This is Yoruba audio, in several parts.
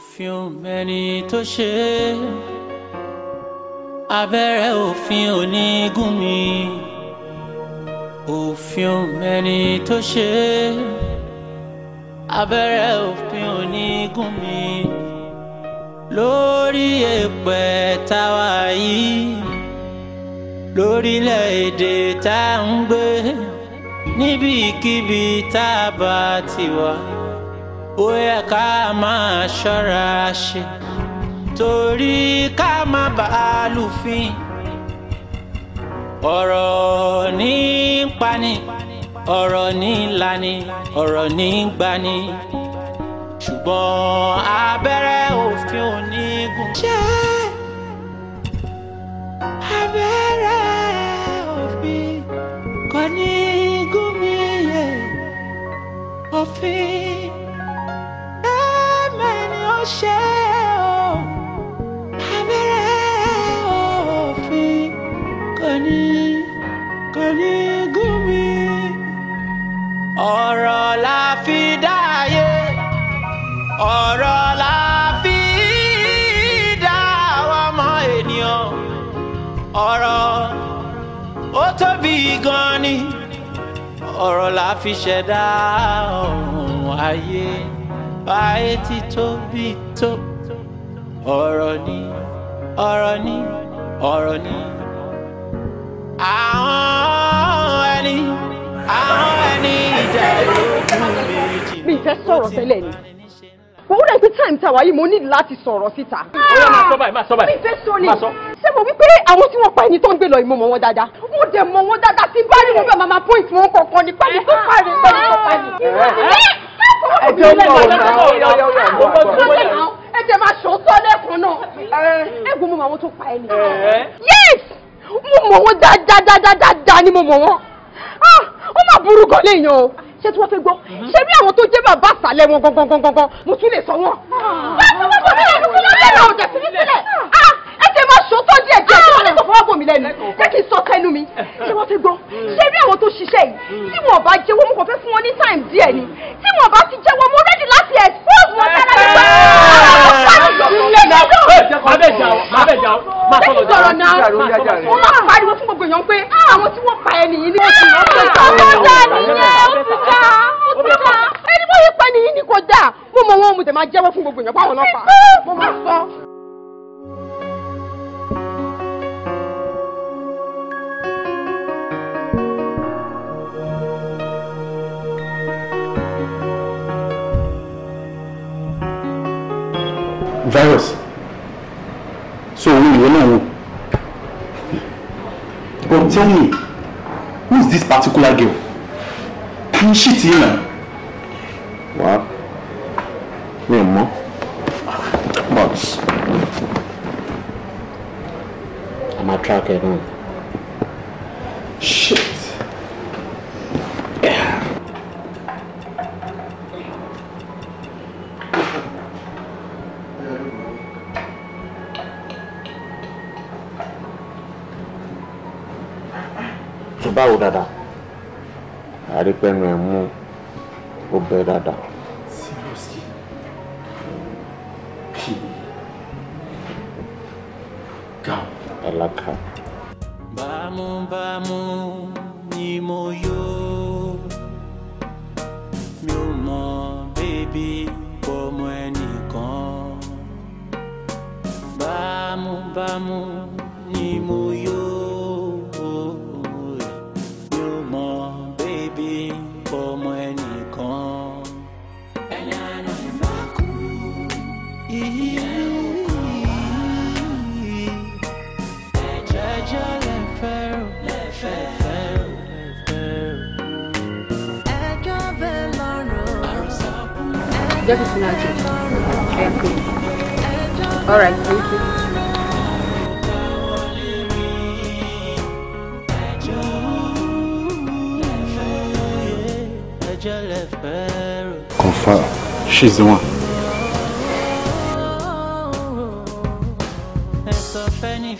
òfin mẹ́ni tó ṣe abẹ́rẹ́ òfin onígun mi òfin mẹ́ni tó ṣe abẹ́rẹ́ òfin onígun mi lórí èpẹ̀ táwa yìí lórílẹ̀‐èdè tá à ń gbé níbikíbi tá a bá ti wà ó yẹ ká máa ṣọ́ra ṣe torí ká má bàa lùfín ọ̀rọ̀ ní pani ọ̀rọ̀ ní lani ọ̀rọ̀ ní gbani ṣùgbọ́n abẹ́rẹ́ òfin onígun. ṣé abẹ́rẹ́ òfin kò ní gún mi yẹ òfin ṣe o abẹ́rẹ́ òfin kò ní kò ní gún mi. ọ̀rọ̀ la fi dáyé ọ̀rọ̀ la fi dá àwọn ọmọ ènìyàn ọ̀rọ̀ ó tóbi gan ni ọ̀rọ̀ la fi ṣẹ̀dá ọ̀hún ayé ayé ti tóbi tó ọ̀rọ̀ ni ọ̀rọ̀ ni ọ̀rọ̀ ni. àwọn ẹni àwọn ẹni ìjà lójú méjì. mi ìfẹ́ sọ̀rọ̀ tẹ́lẹ̀ ni mo wúlò pé time ta wáyé mo need láti sọ̀rọ̀ síta. ọ̀rọ̀ máa sọ báyìí máa sọ báyìí. mi ìfẹ́ sọ ni ṣé mo wí pé àwọn tí wọ́n pa ẹni tó ń gbé lọ ìmọ̀ mọ̀ wọn dáadáa mo dẹ̀ mọ̀ wọn dáadáa tí bá rí wọn bẹ́ẹ̀ máa point wọn kọ̀ọ̀kan nípa ní tó parí pẹ̀lú tó parí ẹjẹ ń bọ̀ ọ̀nà ẹjẹ máa ṣó sọ́lẹ̀kùn náà ẹgùn mọ̀ àwọn tó pa ẹni. yes mo mọ̀ wọ́n dáadáadáadáa ni mo mọ̀ wọ́n ah! ó mà burú gan léèyàn o ṣé tí wọ́n fẹ́ gbọ́ mm-hmm. ṣé bí àwọn tó jẹ́ bàbá àṣàlẹ̀ wọn gangan gangan mo tún lè sọ wọ́n. bá ah. a wọ́n bọ̀ nílẹ̀ ìdúró lọ́wọ́ ọ̀dẹ̀ sí nílẹ̀ má sòótọ́ díẹ̀ díẹ̀ ah! tí wọ́n lè fọwọ́ bò mí lẹ́nu jẹ́ kí n sọ tẹnu mi eh, eh. ṣé wọ́n ti gbọ́ hmm. ṣé rí àwọn tó ṣiṣẹ́ yìí hmm. tí wọ́n bá jẹ́wọ́ mo kàn fẹ́ fún wọn ní time díẹ̀ ni tí wọ́n bá ti jẹ́wọ́ mo ready láti expose wọn sára eh, ní pé ah, àwọn tí wọ́n pa ẹni yìí ní oṣù ọ̀pẹ̀ tó lọ́dà nìyẹn ó ti ká ó ti ká ẹni bóyá pa ẹni yìí ní kò dáa mo mọ̀ wọn mo tẹ̀ máa jẹ́wọ́ fún gbogbo èèyàn báwọn náà pa mo máa sọ. virus so we ìwé náà wò but tell me who is this particular girl kì í ṣì tì í nà. wàá mi ò mọ̀ but I'm a track shit. bá wò dáadáa àrípẹ́nu mú ó bẹ dáadáa. seriously pii gam. ni mo yó mi ò mọ bébí ọmọ ẹnìkan bámúbámú ni mo yó. get it now, Jim. Okay. All thank you. Confirm. She's the one.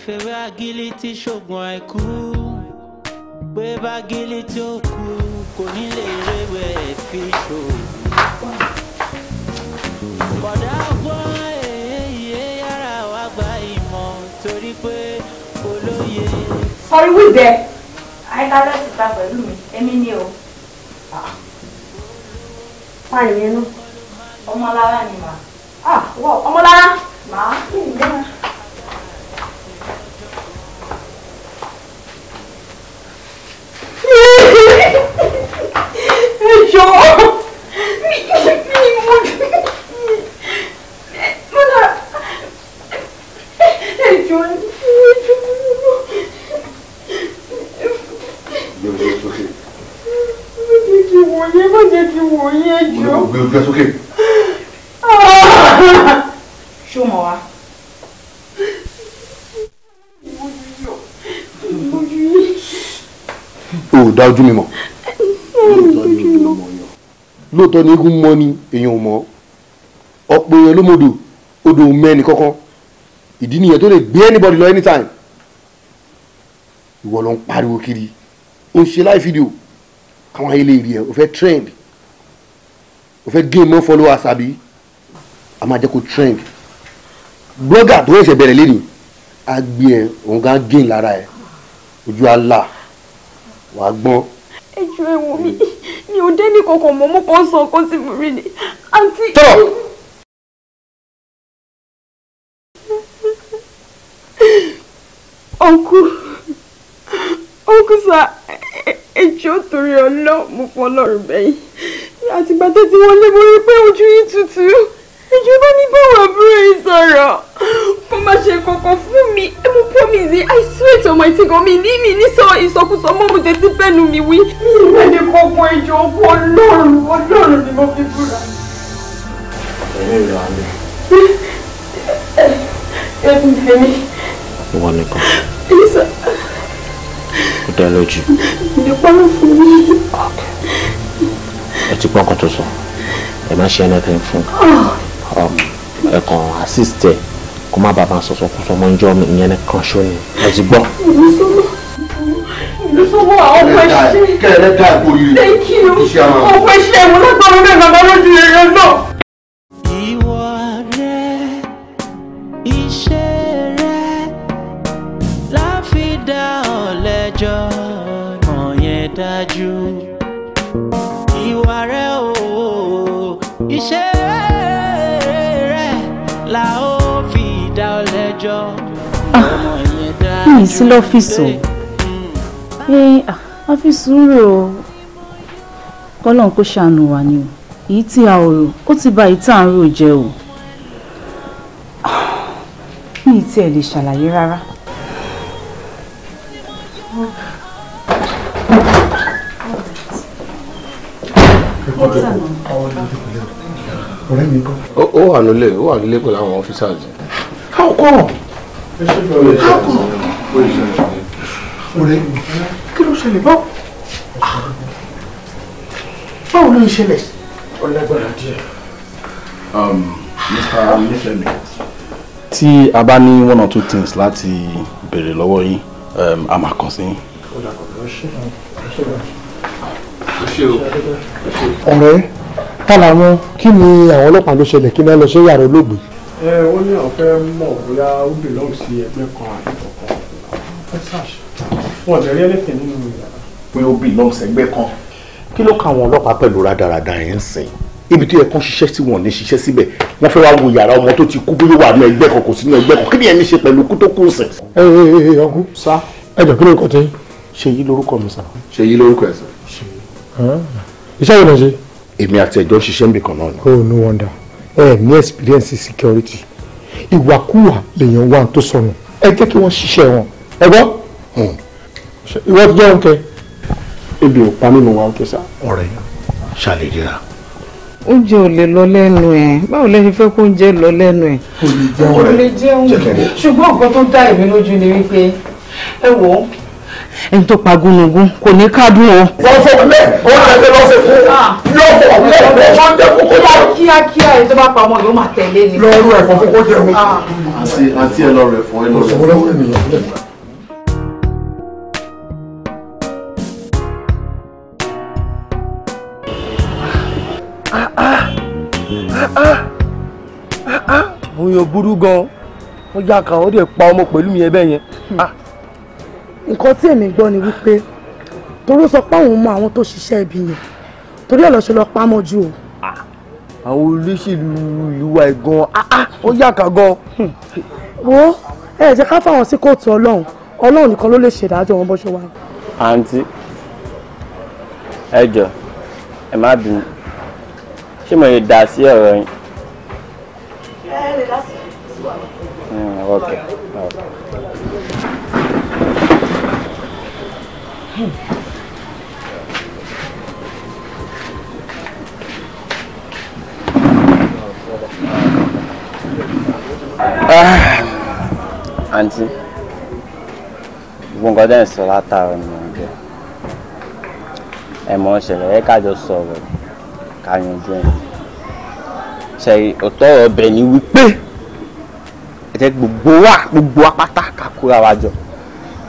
fèrè agili tí ṣògùn àìkú pé bá gili tí ó kú kò ní lè rẹwẹ fi ṣòwò. Sorry, who's there? Àyíká lọ síta pẹ̀lú mi, èmi ni o. Ah. Fáànì yẹn nú. Ọmọlára ni màá. Ah, wọ́n ọmọlára. Màá. Ẹ jọ̀ọ́. yé jù. gbé ojú ẹ sókè. ṣó mọ̀ wá. o dá ojú mi mọ̀. lóòótọ́ ni eégún mọ́ ni èèyàn ò mọ̀ ọ̀pọ̀ èèyàn ló mọ̀dò odò mẹ́ni kankan ìdí nìyẹn tó lè anybody lọ anytime ìwọ ló ń pariwo kiri ó ń ṣe live video Come ayé lè rí ẹ o fẹ́ gain more followers àbí a máa jẹ́ kó trend blogger tó ṣẹ̀ṣẹ̀ bẹ̀rẹ̀ lẹ́nu á gbé ẹ òun gan gain lára ẹ ojú àlà wàá gbọ́n. ẹ ju ẹ̀wọ̀n mi mi ò dé ní kankan mọ́ mo kàn sọ nǹkan tí mo rí ni àǹtí. tọ́lọ̀. ọkù ọkù sá ẹjọ́ torí ọlọ́ mo fọ́ lọ́rùn bẹ́yìn àtìgbà tó ti wọlé mo pé ojú yìí tutù ìjọba mi bá wà búrò yìí sọ̀rọ̀ kó má ṣe kankan fún mi ẹ mo promise i swear to my thing omi ní mi ní sọ ìsọkúsọ mọ́ mo tẹ́tí mi wí. mi ìwé ni kọ́kọ́ ìjọ ọkọ ọlọ́run ọlọ́run ni mo fi búra. ẹ̀mí ìlú àlẹ́. ẹ̀mí. ìwọ nìkan. èyí ó dá lójú. ìdí pọ́nrọ́ fún mi ẹ ti pọ́n kan tó sọ ẹ má ṣe anything fún um, ẹ kàn assist ẹ kó má bàa máa kó sọmọ ń jọ mi ìyẹn ní kan ṣó ni ẹ ti gbọ́. ìlúsọ́wọ́ àwọn ọmọ ẹ̀ṣẹ́ kẹ̀rẹ́ dá ìbò yìí thank you ọmọ ẹ̀ṣẹ́ ìwọ lágbára náà bàbá lójú ẹ̀rọ náà. dájú. ìṣe rẹ̀ la ó fi dá ọ lẹ́jọ́. Ah, mi ì sí lọ́fíìsì o ah, ọ́fíìsì ń rò ó kọ́lọ́n kó ṣàánú wa ni o èyí tí a ò rò ó ti bà ìta à ń o ah, mi ì tiẹ̀ lè ṣàlàyé rárá. Thank you ọ̀rẹ́ mi kọ́. ó wà nílé ó wà nílé pẹ̀lú àwọn officers. how come? how come? ọ̀rẹ́ mi kí ló ṣẹlẹ̀ báwo? báwo ló ń ṣẹlẹ̀? ọlágbára díẹ̀. mr um, nífẹ̀mí. tí a bá ní one or two things láti béèrè lọ́wọ́ yín um, a máa kàn sí yín. ọ̀rẹ́ ta làwọn kí ni àwọn ọlọ́pàá ló ṣẹlẹ̀ kí ni wọ́n lọ ṣe yàrá olóògbé. ẹ ó ní àwọn fẹ́ mọ̀ bóyá ó belong sí ẹgbẹ́ kan àti kọ̀ọ̀kan ẹ ṣáàṣì wọn ò tẹ̀lé ẹlẹ́tẹ̀ nínú yàrá. pé ó belong sẹ́gbẹ́ kan kí ló ka àwọn ọlọ́pàá pẹ̀lú rádaràda yẹn ń sìn ibi tó yẹ kán ṣiṣẹ́ tí wọ́n ní ṣiṣẹ́ síbẹ̀ wọ́n fẹ́ wá wo yàrá ọmọ tó ti kú bóyá wà ní ẹgbẹ́ kan kò sí ní ẹgbẹ́ kan kí ni ẹ ní ṣe pẹ̀lú kú tó kú sẹ̀. ẹ ẹ ẹ ọkùn sá ẹ jọ kí ló kọ tẹ ṣèyí lórúkọ mi sá. ṣèyí lórúkọ ẹ sọ. iṣẹ́ yìí lọ ṣe èmi àti ẹ̀jọ́ ṣiṣẹ́ ń bì kan náà. oh no wonder ẹ ní experience security ìwàkuwà lèèyàn wà tó sọnù ẹ jẹ́ kí wọ́n ṣiṣẹ́ wọn ẹ gbọ́. Hmm. ìwọ ti jẹun kẹ. ebi ò pa nínú wa òkè sá. ọ̀rẹ́ ṣàlèjìra. oúnjẹ ò lè lọ lẹ́nu ẹ̀ báwo lẹ ṣe fẹ́ kó oúnjẹ lọ lẹ́nu ẹ̀. kò lè jẹun ṣùgbọ́n nǹkan tó dá èmi lójú ni wípé ẹ wò ó ẹni tó pa gúnugún kò ní kádùn o. wọ́n fọwọ́ lẹ́ wọ́n á lẹ́gbẹ́ lọ́sẹ̀ fún yóò fọwọ́ lẹ́ wọ́n jẹ́ kókó máa. kíákíá ẹ̀ tó bá pa ọmọ yóò máa tẹ̀lé ni. lọ́rùn ẹ̀fọ́ kókó jẹ́ o. àti àti ẹ̀ lọ́rùn ẹ̀fọ́ ẹ̀ lọ́rùn ẹ̀fọ́. mo yan burú gan-an wọ́n yá kan ó dẹ̀ pa ọmọ pẹ̀lú mi ẹbẹ̀ yẹn nǹkan tí èmi gbọ́ ni wípé torí ó sọ pé òun mọ àwọn tó ṣiṣẹ́ ibi yẹn torí ẹ̀ lọ ṣe lọ pamọ́ ju o. Ah, àwọn olóṣèlú ìlú wa gan ó yàkà gan. wo ẹ jẹ́ ká fáwọn sí kóòtù ọlọ́run ọlọ́run nìkan ló lè ṣèdájọ́ wọn bó ṣe wáyé. àǹtí ẹ ẹ má bínú ṣé mo lè dá sí ọ̀rọ̀ yín. ẹ lè dá sí ọ̀rọ̀ hmm, yín. àǹtí ah, gbogbo nǹkan dẹ́n sọ látara ni wọ́n jẹ́ ẹ̀mọ́ ṣẹlẹ̀ ẹ kájọ sọ̀rọ̀ ká yanjú ẹ̀ ṣe òótọ́ ọbẹ̀ ni wípé ẹ jẹ́ gbogbo wa gbogbo apáta ká kóra wa jọ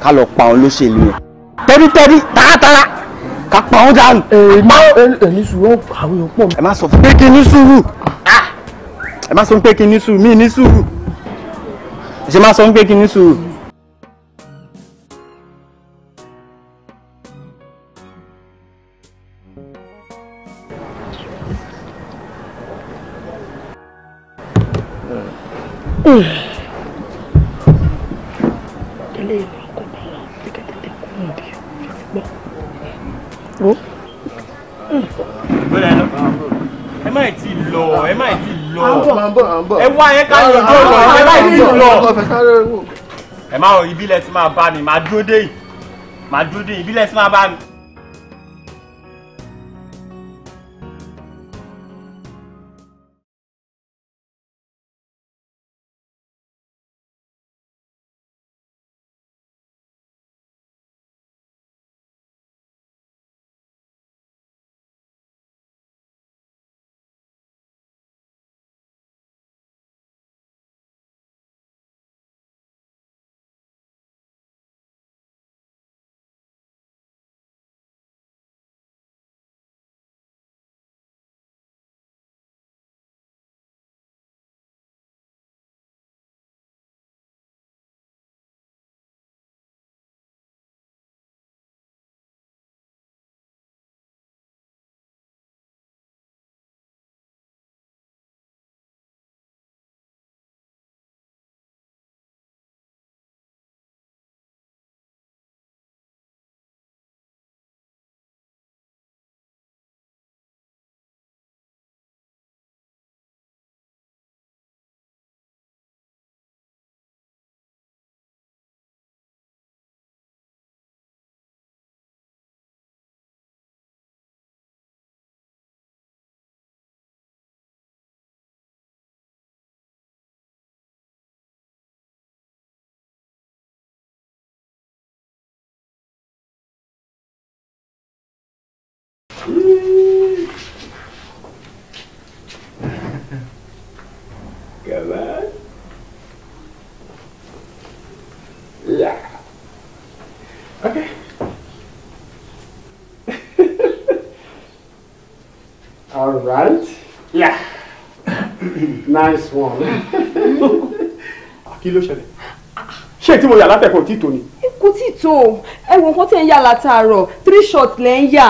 ká lọ pa òun lóṣèlú yẹn tẹ́rítẹ́rí tààtàrà ká pa wọ́n dànù. ẹ ní sùúrù àwọn èèyàn pọ̀. ẹ má sọ pé kí ní sùúrù ẹ má sọ pé kí ní sùúrù ah! mí ní sùúrù ẹ ṣe má sọ pé kí ní sùúrù. sáré wò lọ ẹ má yìí lọ ẹ má wọ ibi lẹ ti máa bá mi máa dúró dé yìí máa dúró dé yìí ibi lẹ ti máa bá mi. Come on. Yeah. Okay. All right. Yeah. nice one. Kí ló ṣẹlẹ̀? Ṣé tí mo yà látẹ̀kọ̀ tí tò ni? Kò tí tò. Ẹ̀wọ̀n kan tẹ̀ ń yà látàárọ̀. Three shots lẹ̀ ń yà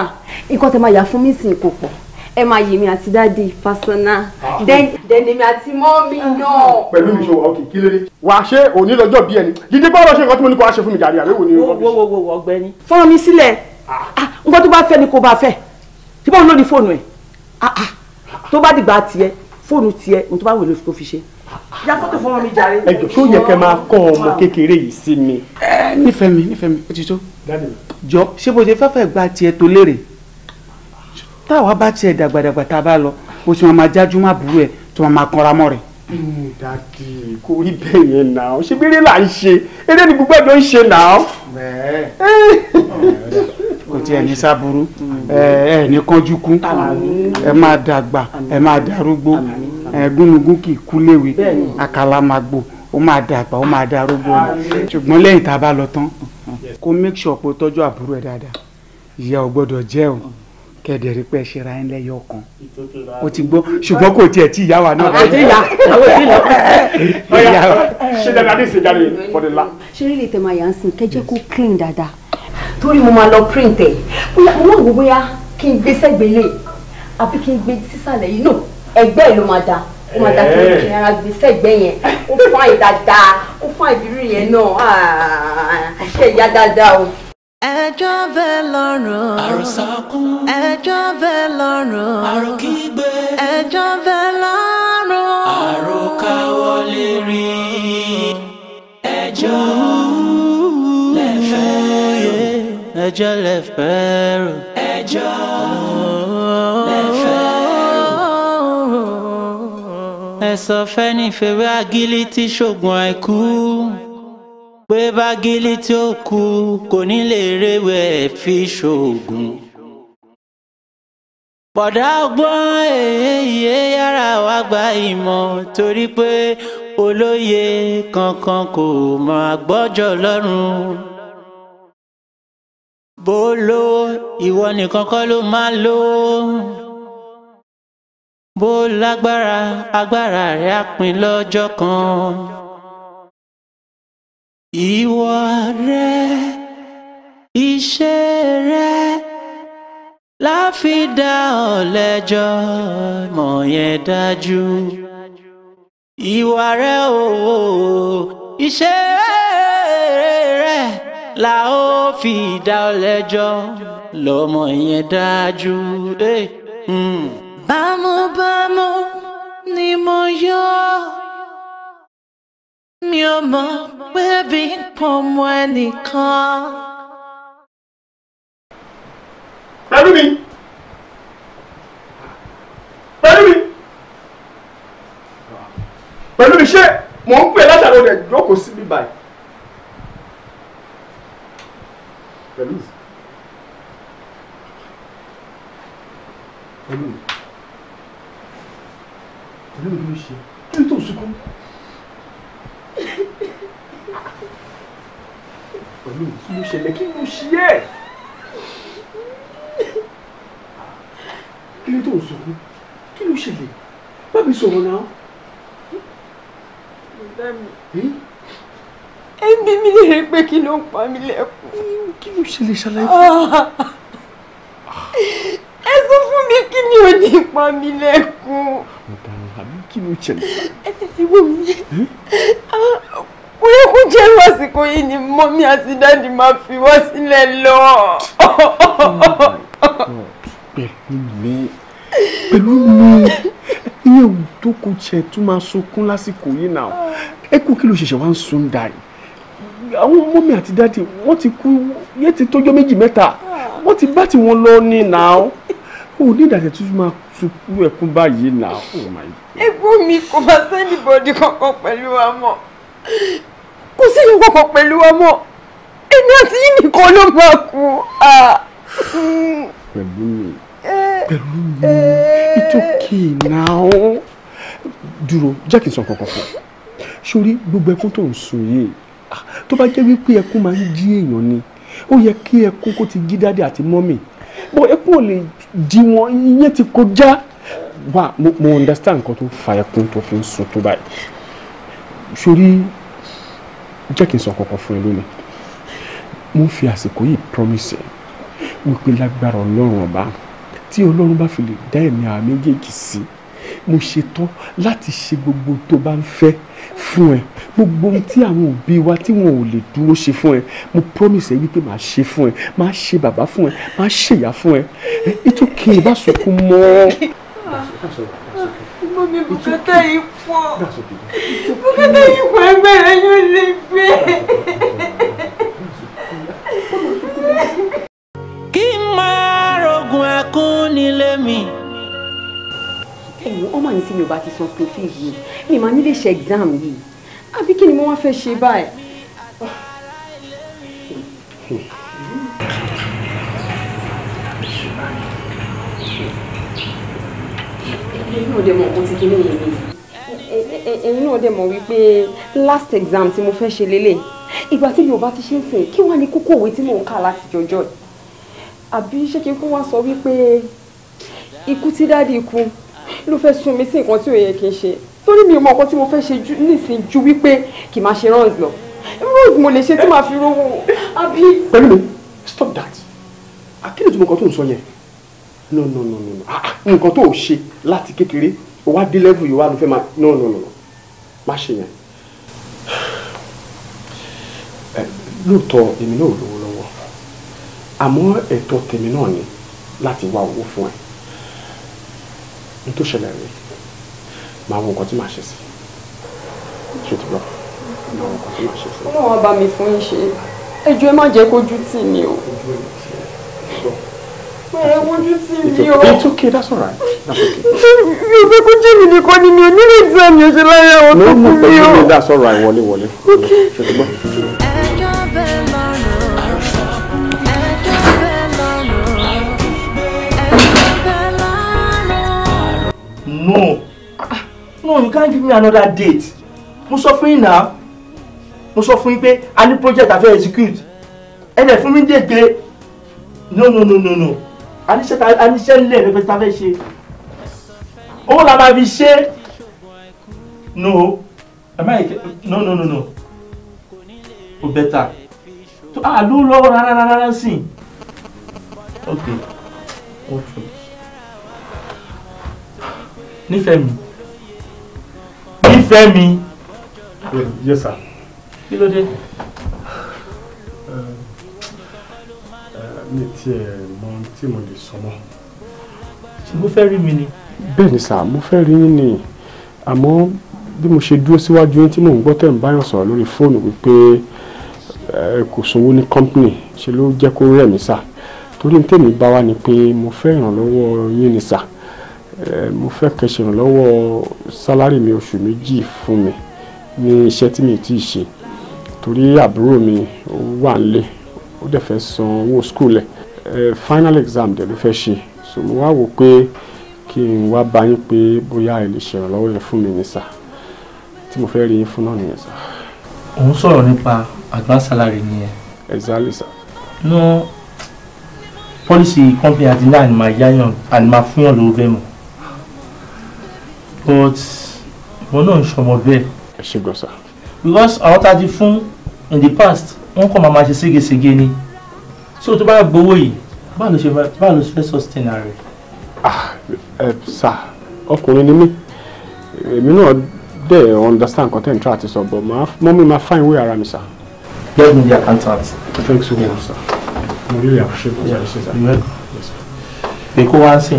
nǹkan tẹ máa yà fún mi sìn kò pọ̀ ẹ máa yèmí àti dáàdi personal dẹnìmí ah. àti mọ́mí ah. náà. pẹ̀lú mi ṣe wà ókè kí ló dé. wà á ṣe òní lọ́jọ́ bí ẹni dídí bá ọ̀rọ̀ ṣe nǹkan mo ni kó wá ṣe fún mi jàre àbẹ̀wò ni. wo wo wo ọ̀gbẹ́ni. fọ́nrán mi sílẹ̀ ah. nǹkan tó bá fẹ́ ni kò bá fẹ́ tí báwo ló di fóònù ẹ̀ tó bá dìgbà tiẹ̀ fóònù e, ní tó bá wù lóṣù kó fi ṣe. ya fọ́tò fọ́nrán mi jàre. ẹ jọ tó yẹ kẹ máa kọ́ ọmọ kékeré yìí sí mi. Eh, nífẹ̀ẹ́ mi nífẹ̀ẹ́ mi ó ti tó jọ ṣé bó ṣe fẹ́fẹ́ gba tiẹ̀ tó lérè táwa bá tiẹ̀ dàgbàdàgbà tá a bá lọ bó ṣe wọn máa jájú má burú ẹ̀ tó wọn máa kanra mọ́ rẹ̀. dadi kò rí bẹ́ẹ̀ yẹn náà ṣé bí eré là ń ṣe eré ni gbogbo ẹ̀ ló ń ṣe náà. kò tiẹ̀ ní sábúrú ẹ ẹ ní kánjú kú ẹ máa dàgbà ẹ máa darúgbó ẹ gúnugún kì í kú àkàlà máa gbò ó máa dàgbà ó máa darúgbó ṣùgbọ́n lẹ́yìn tá a bá lọ tán kó make sure pé ó tọ́jú àbúrò ẹ̀ dáadáa ìyá ò gbọ́dọ̀ jẹ́ o kẹ̀dẹ̀ rí pé ẹ ṣe ra ẹ lẹ́yọ kan o ti gbọ́ ṣùgbọ́n kò tiẹ̀ tí ìyá wa náà. àwọn ti yà àwọn ti lọ. ọ̀ya ṣe dáadáa ní ìsìnjáde fọdùlá. ṣé lílè tẹ̀ máa yà ń sìn kẹ́jẹ́ kó clean dáadáa. torí mo máa lọ print ẹ̀ bóyá mo wò bóyá kí n gbé sẹ́gbẹ̀lẹ̀ àbí kí n gbé sísàlẹ̀ yìí nù ẹgbẹ́ ẹ̀ ló máa da ó máa da kí n kí n ara gbé sẹ́gbẹ́ yẹn ó fún àyè dáadáa ó fún àyè ẹjọ́ bẹ lọ́rùn. àròsà kún. ẹjọ́ bẹ lọ́rùn. àròkígbe. ẹjọ́ bẹ lọ́rùn. àròkáwọlé rí ẹjọ́ lẹ́fẹ́ rò. ẹjọ́ lẹ́fẹ́ rò. ẹjọ́ lẹ́fẹ́ rò. ẹ sọ fẹ́ ní fèrè agilí tí ṣoògùn àìkú pé bágílì tí ó kú kò ní lè rewẹ̀ fi ṣoògùn. bọ̀dá ọgbọ́n èyí yára wá gba ìmọ̀ torí pé olóye kankan kò máa gbọ́jọ́ lọ́rùn. bó lo ìwọ nìkan kọ́ ló máa lò bó lágbára agbára rẹ̀ á pin lọ́jọ́ kan ìwà rẹ iṣẹ́ rẹ la fi dá ọ lẹ́jọ́ mọ̀ yẹn dájú ìwà rẹ o iṣẹ́ rẹ la ó fi dá ọ lẹ́jọ́ lọ́mọ yẹn dájú. Hey. Eh, mm. ni mo yọ mi ò mọ̀ pé bí nǹkan ọmọ ẹnìkan. pẹ̀lú mi pẹ̀lú mi pẹ̀lú mi ṣé mò ń pè látàrí ọ̀rẹ́ ìjókòó sí mi báyìí. pẹ̀lú mi kí ló ṣẹlẹ̀ kí ló ṣe ẹ́ kí ló tó ń sọ̀rọ̀ kí ló ṣẹlẹ̀ bá mi sọ̀rọ̀ náà. ẹ ń bí mi lè pé kí ló ń pa mí lẹ́kùn. kí ló ṣẹlẹ̀ ṣàlàyé fún mi ah! ẹ sọ fún mi kí ni ò ní pa mí lẹ́kùn. ọ̀daràn àbí kí ló ṣẹlẹ̀. ẹ tètè wò mí ó yẹ kó jẹ́ irú àsìkò yìí ni mọ́mí àti dáàdì máa fi wọ́n sílẹ̀ lọ. pẹ̀lú mi pẹ̀lú mi iye òun tó kù jẹ tó máa sunkún lásìkò yìí náà ẹ kú kí ló ṣẹ̀ṣẹ̀ wá ń sun dà yìí àwọn mọ́mí àti dáàdì wọ́n ti kú yé ti tọ́jọ́ méjì mẹ́ta wọ́n ti bá tiwọn lọ ní náà ó ní ìdàtẹ̀ tó máa sunkún ẹkún báyìí náà. Oh ẹ̀gbọ́n mi kò bá sẹ́ni bọ̀dì kankan pẹ̀lú wa mọ́ kò sí ìyẹn pọ̀pọ̀ pẹ̀lú ọmọ èmi àti yín nìkan ló máa kú. pẹ̀lú mi pẹ̀lú mi it's okay now dúró jẹ́ kí n sọ kankan fún sórí gbogbo ẹkún tó ń sun yìí tó bá jẹ́ wípé ẹkún máa ń jí èèyàn ni ó yẹ kí ẹkún kó ti jí dáadé àti mọ́mì bọ́ ẹkún ò lè jí wọn iye ti kọjá wa mo understand nǹkan tó fa ẹkún tó fi ń sun tó báyìí sórí jẹ́ kí n sọ kankan fún ẹ lónìí mo ń fi àsìkò yìí promise wípé lágbára ọlọ́run ọba tí ọlọ́run bá fi lè dá ẹ̀mí àwọn méjèèjì sí mo ṣetán láti ṣe gbogbo tó bá ń fẹ́ fún ẹ gbogbo tí àwọn òbí wa tí wọn ò lè dúró ṣe fún ẹ mo promise ẹ wípé màá ṣe fún ẹ màá ṣe bàbá fún ẹ màá ṣèyá fún ẹ ètò kí n bá mọ́. Ah ó ní bùkátà yìí pọ̀ bùkátà yóò lè gbé. kí n máa rogun ẹkún nílé mi. ẹ̀yin ọmọ yìí tí mi ò bá ti san school fees yìí mi máa nílé ṣe exam yìí àbí kí ni mo wá fẹ́ ṣe báyìí. Hmm. èmi náà dẹ̀ mọ̀ kó ti kíní yẹn ni. èmi náà dẹ̀ mọ̀ wípé last exam tí mo fẹ́ ṣe lélẹ̀ ìgbà tí mi ti ṣe ń sìn kí wàá ní kókó òwe tí mò ń kà láti jọjọ́ àbí ṣé kí n kó wá sọ wípé ikú tí dáàdi ikú ló fẹ́ sún mi sí nǹkan tí ò yẹ kí n ṣe torí mi ò mọ nǹkan tí mo fẹ́ ṣe nísìn ju wípé kì máa ṣe runs lọ runs mo lè ṣe tí màá fi rówó àbí. pẹ̀lú mi stop that akíni tí mo kàn tó ń sọ yẹn no no no no ah, ah, nǹkan tó o ṣe láti kékeré o wá dé level yìí wá ló fẹ́ máa no no no má ṣe yẹn eh, lóòótọ́ èmi náà ò lówó lọ́wọ́ àmọ́ ẹ̀tọ́ tèmi náà ni láti wá owó fún ẹ n tó ṣẹlẹ̀ rèé máa wo nǹkan tí màá ṣe sí ṣe ti gbọ́ máa wo nǹkan tí màá ṣe sí. ọlọ́run bá mi fún yín ṣe ẹjọ́ ẹ má jẹ́ kójú tì mí o pẹ̀rẹ̀ it's okay that's alright that's okay. mi ò fẹ́ kó jẹ́ mi nìkan ni mi ò nílò tí àmì ọ̀ṣẹ́ láyé àwọn tó kú mi o. no no that's alright wọlé wọlé. ok ṣètùbọ́. no no you can't give me another date mo suffering now. yín suffering. Pay. sọ fún project a fẹ́ execute ẹ dẹ̀ fún mi dé gbé no no no no no aníṣẹ́ ńlẹ̀ ní pẹ́sí táfẹ́ ṣe owó la máa fi ṣe no ẹ̀má no no no no ó bẹ́tà tó a ló lọ́wọ́ rárá rárá sí ok ó tù nífẹ̀ẹ́ mi nífẹ̀ẹ́ mi yes sir kí ló dé. mi tiẹ̀ mọ tí mo lè sọ mọ́. ṣé mo fẹ́ rí mi ni. bẹ́ẹ̀ ni sà mo fẹ́ rí yín ni àmọ́ bí mo ṣe dúró síwájú yín tí mò ń gbọ́ tẹ̀ ń báyọ̀ sọ̀rọ̀ lórí fóònù wípé kò sówó ní kọ́ńpìnì ṣe ló jẹ́ kó rẹ̀ mí sà torí ní tèmi bá wá ni pé mo fẹ́ ìrànlọ́wọ́ yín ni sà mo fẹ́ kẹ́ ìrànlọ́wọ́ sálárì mi oṣù méjì fún mi ní iṣẹ́ tí mi ò ṣe torí àbúrò mi ó wà nílé ó dẹ̀ fẹ́ san owó school ẹ̀ final exam dẹ̀ ló fẹ́ ṣe so mo wá wò pé kí n wá bá yín pé bóyá ẹ lè ṣèrànlọ́wọ́ yẹn fún mi ní sà tí mo fẹ́ rí yín fún náà nìyẹn sà. òun sọ̀rọ̀ nípa advance salary nìyẹn. exactly sà. no policy company àti náà ni máa yáyàn àni máa fúnyàn lówó bẹ́ẹ̀ mọ̀ but wọn náà ń ṣọmọ bẹ́ẹ̀. ẹ ṣe gbọ́ sà. because àwọn tá a ti fún in the past wọ́n kọ́ máa ma ṣe ségesège ni so tó bá gbowó yìí báwo ló ṣe báwo ló ṣe fẹ́ sustain ara rẹ̀. Ah, ẹ sà ọkùnrin ni mí èmi náà dẹ̀ understand content tra àti sọ̀bọ̀ mọ́mí máa find way ara mi sà. get me the accountant. thanks so much sir mo really appreciate what yeah. kó wá sí.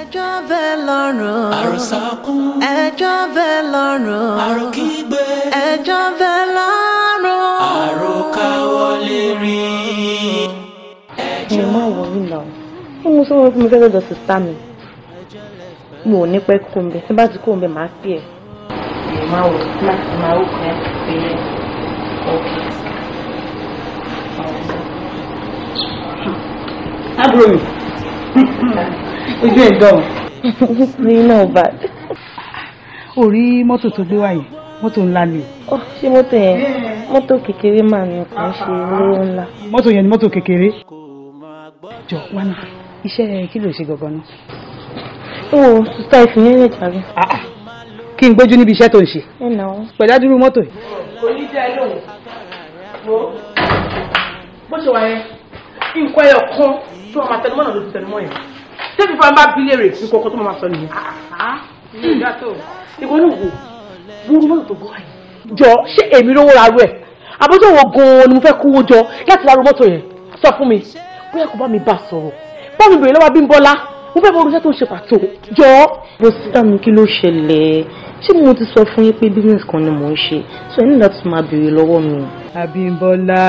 ẹjọ́ bẹ́ẹ̀ lọ́rùn. ẹjọ́ bẹ́ẹ̀ lọ́rùn. ẹjọ́ bẹ́ẹ̀ lọ́rùn. mi má wọrí náà ó mú sọ wọn fún mi fẹ́ lọ́dọ̀ sista mi mi ò ní pẹ́ kó ń bẹ tí bá ti kó ń bẹ máa pè ẹ́. èyí máa wọ láti máa ó kàn án pé ọkẹ. àbúrò mi ojú ẹ̀ dán. mi náà bá. o rí mọ́tò tó gbé wáyé mọ́tò ńlá ni. ó ṣé mọ́tò yẹn mọ́tò kékeré mà ní kò ń ṣe olówó ńlá. mọ́tò yẹn ni mọ́tò kékeré jọ wánà iṣẹ́ kí ló ṣe gangan náà. ó sísá ìfún yẹn lè jàre. Ah, ah, kí n gbójú níbi iṣẹ́ tó ń ṣe. pẹ̀lú adúrú mọ́tò yìí. onídàá lòun wo bó ṣe wà yẹn nǹkan ẹyọ kan tí wọn máa tẹnumọ́ náà ló ti tẹnumọ́ yẹn tẹ́bi fún abá bílẹ̀ rẹ̀ nǹkan kan tó máa sọ nìyẹn. Ah, ìwọ ní wo wúrú mọ́tò tó gbọ́ àyè. jọ ṣé èmi lówó ra rẹ̀ àbójúwò gan-an ni mo fẹ́ kówó jọ láti ra ro mọ́tò yẹn sọ fún mi bóyá kò bá mi bá sọ̀rọ̀ bá mi lọ́wọ́ Bímbọ́lá mo fẹ́ mọ oríṣẹ́ tó ń ṣe pàtó jọ. bó sísá mi kí ló ṣẹlẹ̀ ṣé mo ti sọ fún yín pé business kan ni mò ń ṣe so ẹ ní láti máa bèrè lọ́wọ́ mi. Abímbọ́lá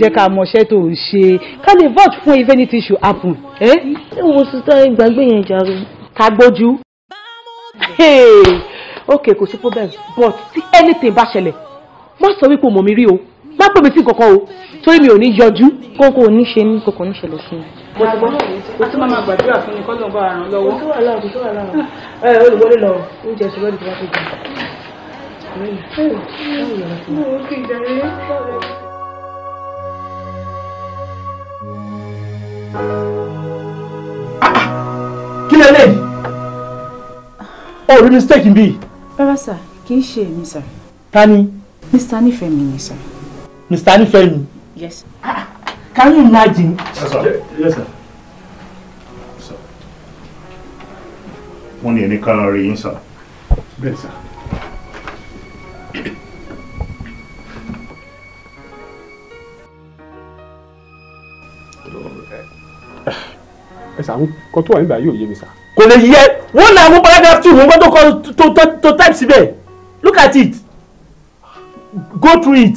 jẹ́ ká mọṣẹ́ tó ń ṣe ká lè vote fún if anything should happen. ẹ eh? ẹ wo sísá ìgbàgbé yẹn jàre. ká gbójú. ok kò sí problem but tí anything bá ṣẹlẹ̀ má sọ wípé mo mi rí o má pè mí sí kankan o torí mi ò ní yọjú kókó ò ní ṣe mí kókó ò ní ṣẹlẹ̀ sí mi. mo ti gbọ́ a tún máa ma gbàdúrà fún ni kọ́ ló ń bá ara ràn lọ́wọ́. kò tó wà láwọn kò tó wà láwọn ẹ olùwọlé lọ oúnjẹ ìṣòro ìdílé wa ti gbà. kí lè léyìí ó rí mistake bí. rárá sà kì í ṣe èmi sà. ta ni. mr nífẹ̀ẹ́ mi ni sà. Mr. Nifemi. Yes. Ah, can you imagine? Yes, sir. Yes, sir. Sir. Wọ́n ní ẹni kára rí yín, sir. Bẹ́ẹ̀ sir. ẹ sà àwọn kan tó wà nígbà yóò yé mi sà. kò lè yẹ wọn náà mú paragraph two wọn gbọ́dọ̀ kọ tó type síbẹ̀ look at it go through it.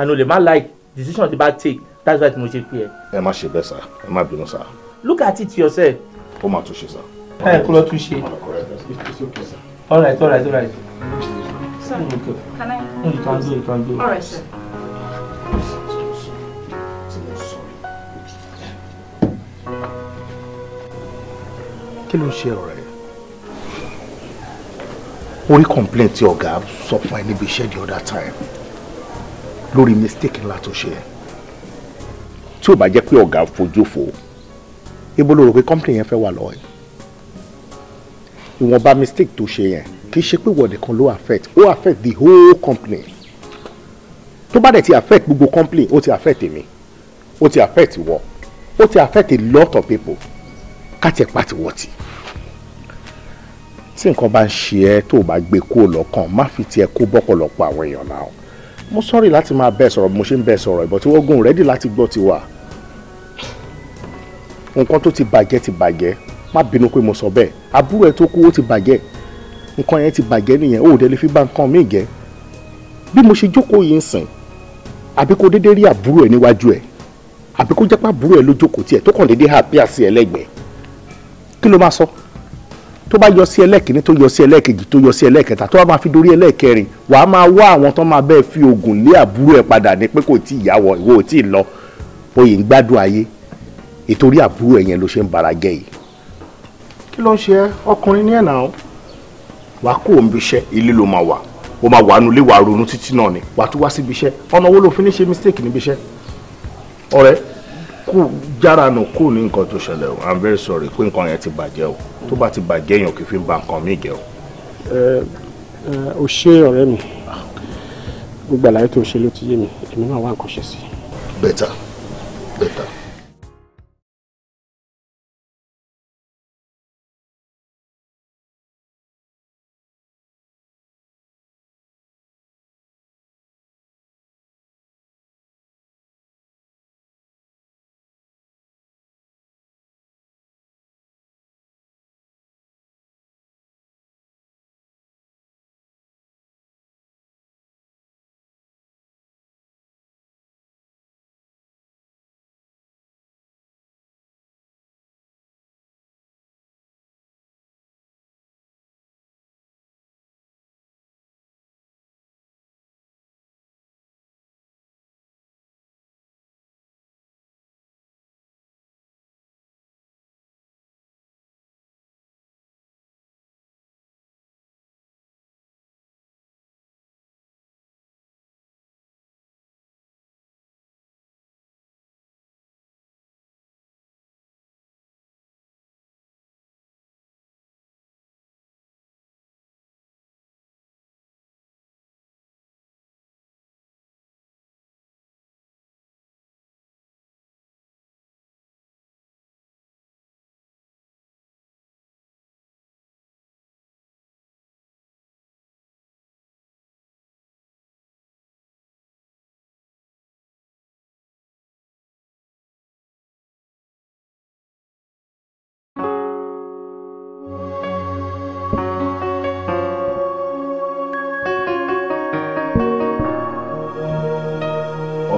and o lè má like decision the bad take that's why tí mo ṣe pè ẹ. ẹ má ṣe bẹ́ẹ̀ sá ẹ má bínú sá. look at it yourself. ó máa tún ṣe sá. ẹ kúrò tún ṣe. all right all right all right. Sorry. Mm, can I? Mm, you can do, you can do. All right, sir. kí ló ń ṣe ọ̀rẹ́ orí complaint tí ọ̀gá sọ fún ẹ níbi iṣẹ́ the other time lórí mistake ńlá tó ṣe tí ò bá jẹ́ pé ọ̀gá fojú fo ibo ló rò pé company yẹn fẹ́ wà lọ́wọ́ yìí ìwọ̀nba mistake tó ṣe yẹn kì í ṣe pé wọ̀de kan ló affect ó affect the whole company tó bá dẹ̀ ti affect gbogbo company ó ti affect èmi ó ti affect ìwọ ó ti affect a lot of people káti ẹ̀ pàtì wọ̀tì tí nǹkan bá ń ṣe ẹ́ tó o bá gbé kó o lọ́kàn má fi tiẹ̀ kó bọ́pọ̀lọpọ̀ àwọn èèyàn náà mo sọ́rí láti máa bẹ́ẹ̀ sọ̀rọ̀ mo ṣe ń bẹ́ẹ̀ sọ̀rọ̀ ìbọn tí wọ́n gùn rẹ́dí láti gbọ́ ti wà nǹkan tó ti bàjẹ́ ti bàjẹ́ má bínú pé mo sọ bẹ́ẹ̀ àbúrò ẹ̀ tó kú ó ti bàjẹ́ nǹkan yẹn ti bàjẹ́ nìyẹn ó dẹ̀ lè fi bá nǹkan míì jẹ́ bí mo ṣe jókòó yìí ń sìn àbí kó déédéé rí àbúrò ẹ̀ níwájú ẹ̀ àbí kó jẹ́ àbúrò ẹ̀ ló tiẹ̀ tó kàn déédéé hà bí àsì ẹ̀ kí ló máa sọ tó bá yọ sí ẹlẹ́kìnní tó yọ sí ẹlẹ́kejì tó yọ sí ẹlẹ́kẹta tó bá máa fi dorí ẹlẹ́kẹrin wàá máa wá àwọn tó máa bẹ́ẹ̀ fi oògùn lé àbúrò ẹ̀ padà ní pé kò tí ì yáwọ̀ ìwọ ò tí ì lọ oyè ń gbádùn ayé ìtorí àbúrò ẹ̀ yẹn ló ṣe ń bara jẹ́ yìí. kí ló ń ṣe ọkùnrin ní ẹ̀nà wàá kó òun bí ilé ló máa wà ó máa wà nulẹ̀ wàá ronú títí náà ni wàá tún wá síbi iṣẹ́ ọ̀nà kó jára nù kó ní nǹkan tó ṣẹlẹ̀ o i'm very sorry pé nǹkan yẹn ti bàjẹ́ o tó bá ti bàjẹ́ yẹn kì í fi ba nǹkan mi jẹ́ o. ẹ ẹ o ṣe ọ̀rẹ́ mi gbogbo àlàyé tó ṣe ló ti yé mi èmi náà wá nǹkan ṣe sí better better.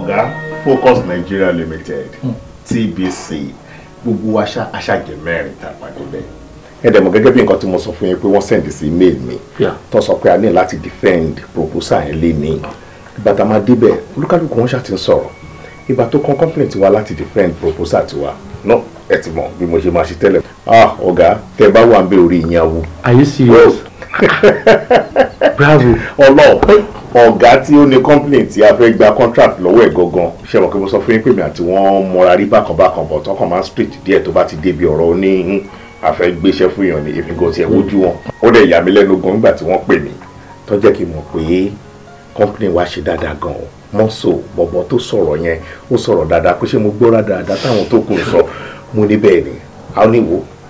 ọ̀gá Focus Nigeria Limited hmm. TBC gbogbo aṣáájẹ mẹ́rin tá a pàdé bẹ́ẹ̀ ẹ̀dẹ̀mọ̀ gẹ́gẹ́ bí nǹkan tí mo sọ fún yín pé wọ́n send sí email mi tó sọ pé a ní láti defend proposal yẹn lé ní bàtà máa débẹ̀ olúkálùkù wọn ṣàti ń sọ̀rọ̀ ìgbà tó kan company tiwa láti defend proposal tiwa náà ẹ ti mọ̀ bí mo ṣe máa ṣe tẹ́lẹ̀ ah ọ̀gá tẹ bá wà ń bẹ orí ìyẹn are you serious? Oh. bravo. ọlọ́ọ̀ ọ̀gá tí ó ní complaint tí a fẹ́ gba contract lọ́wọ́ ẹ̀ gangan ṣe mọ̀ pé mo sọ fún yín pé mi àti wọ́n mọra rí bákan bákan bọ̀ tọkàn máa ń díẹ̀ tó bá ti débi ọ̀rọ̀ oní àfẹ́ hmm, gbéṣẹ́ fún èèyàn ní èmi gan tiẹ̀ wojú wọn ó dẹ̀ yà mí lẹ́nu gan nígbà tí wọ́n pè mí tó jẹ́ kí n mọ̀ pé company wa ṣe dáadáa gan o mọ́ so bọ̀bọ̀ tó sọ̀rọ̀ yẹn ó sọ̀rọ̀ dáadáa pé ṣé mo gbọ́ra dáadáa táwọn tó kù sọ mo ní ni a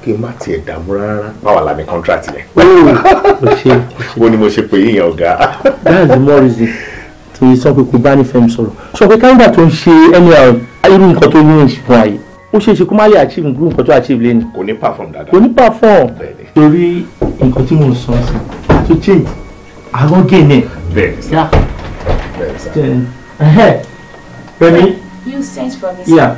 kí n má tiẹ̀ dààmú rárá báwa la ní kọ́ńtrátì yẹn. ó ní mo ṣe pé yíyan ọ̀gá. that's the more reason to sọ pé kò bá ní fẹ́mi sọ̀rọ̀ sọ pé káńdà tó ń ṣe irú nǹkan tó ní ìṣùn àyè ó ṣeé ṣe kó má lè achieve irú nǹkan tó achieve lẹ́nu. kò ní perform dáadáa. kò ní perform. torí nǹkan tí mo ń sọ sí to change àwọn gèèyàn. bẹ́ẹ̀ni sá bẹ́ẹ̀ni sá. Remi. you sent for me. yeah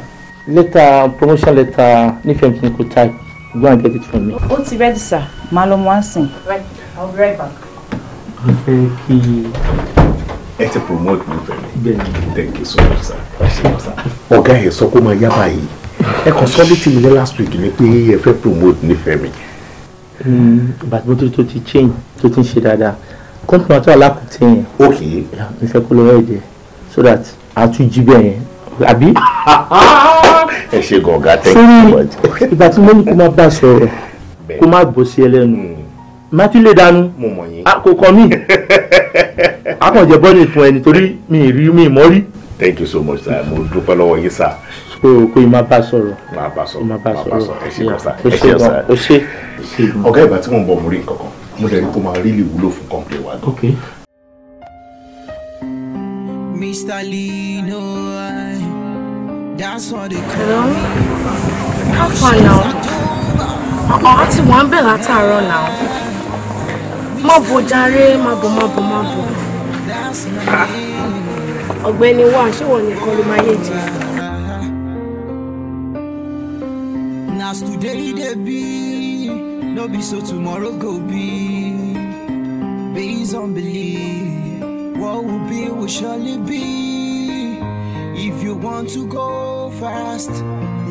letter promotion letter nífẹ̀ẹ́ mi kò type Go and get it for me. Ó ti ready sir. Màá lọ mú wá Right. I'll be right back. Ó fẹ́ kí ẹ ti promote mi fẹ́mi. Bẹ́ẹ̀ni. Thank you so much sir. Ẹ ṣe lọ sir. Ọ̀gá ẹ̀ sọ kó máa yá báyìí. Ẹ kàn sọ létí mi ní last week ni pé ẹ fẹ́ promote ní fẹ́mi. Hmm, Bàtí mo tó ti change tó ti ń ṣe dáadáa. Kọ́ńtùmọ̀ tó alákùtì yẹn. Ok. Ìfẹ́ kó lọ́wọ́ ẹ̀dẹ̀ so that a tún jí bẹ́ẹ̀ yẹn. Àbí? ẹ ṣe gànga thank you so much. ìgbà tí mo ní kó má bá sọ̀rọ̀ kó má gbọ́ sí ẹlẹ́nu má lè dànù kò kàn mí akànjẹ bọ́ọ̀nì fún ẹni torí mi rí mi mọ́ rí. thank you so much sir mo dúpẹ́ lọ́wọ́ yín sir. pé kò má bá sọ̀rọ̀ má bá sọ̀rọ̀ má bá sọ̀rọ̀ ẹ ṣe kọ́ sá ẹ ṣe ọ̀sá ẹ ọ̀gá ìgbà tí mo ń bọ̀ mo rí nǹkan mo dẹ̀ rí kó máa rí lè wúlò fún kọ́ńpìlẹ̀ wa. Mr. Lino. That's what they call Hello? me. How far now? Ọ̀ọ́ àti wọ́n ń bẹ̀ látàárọ̀ náà. Má bò jàre, má bò, má bò, má bò. Ah. Ọ̀gbẹ́ni wa, ṣé wọ́n nìkan ló máa yé As today dey be, no be so tomorrow go be. Based on belief, what will be will surely be. If you want to go fast,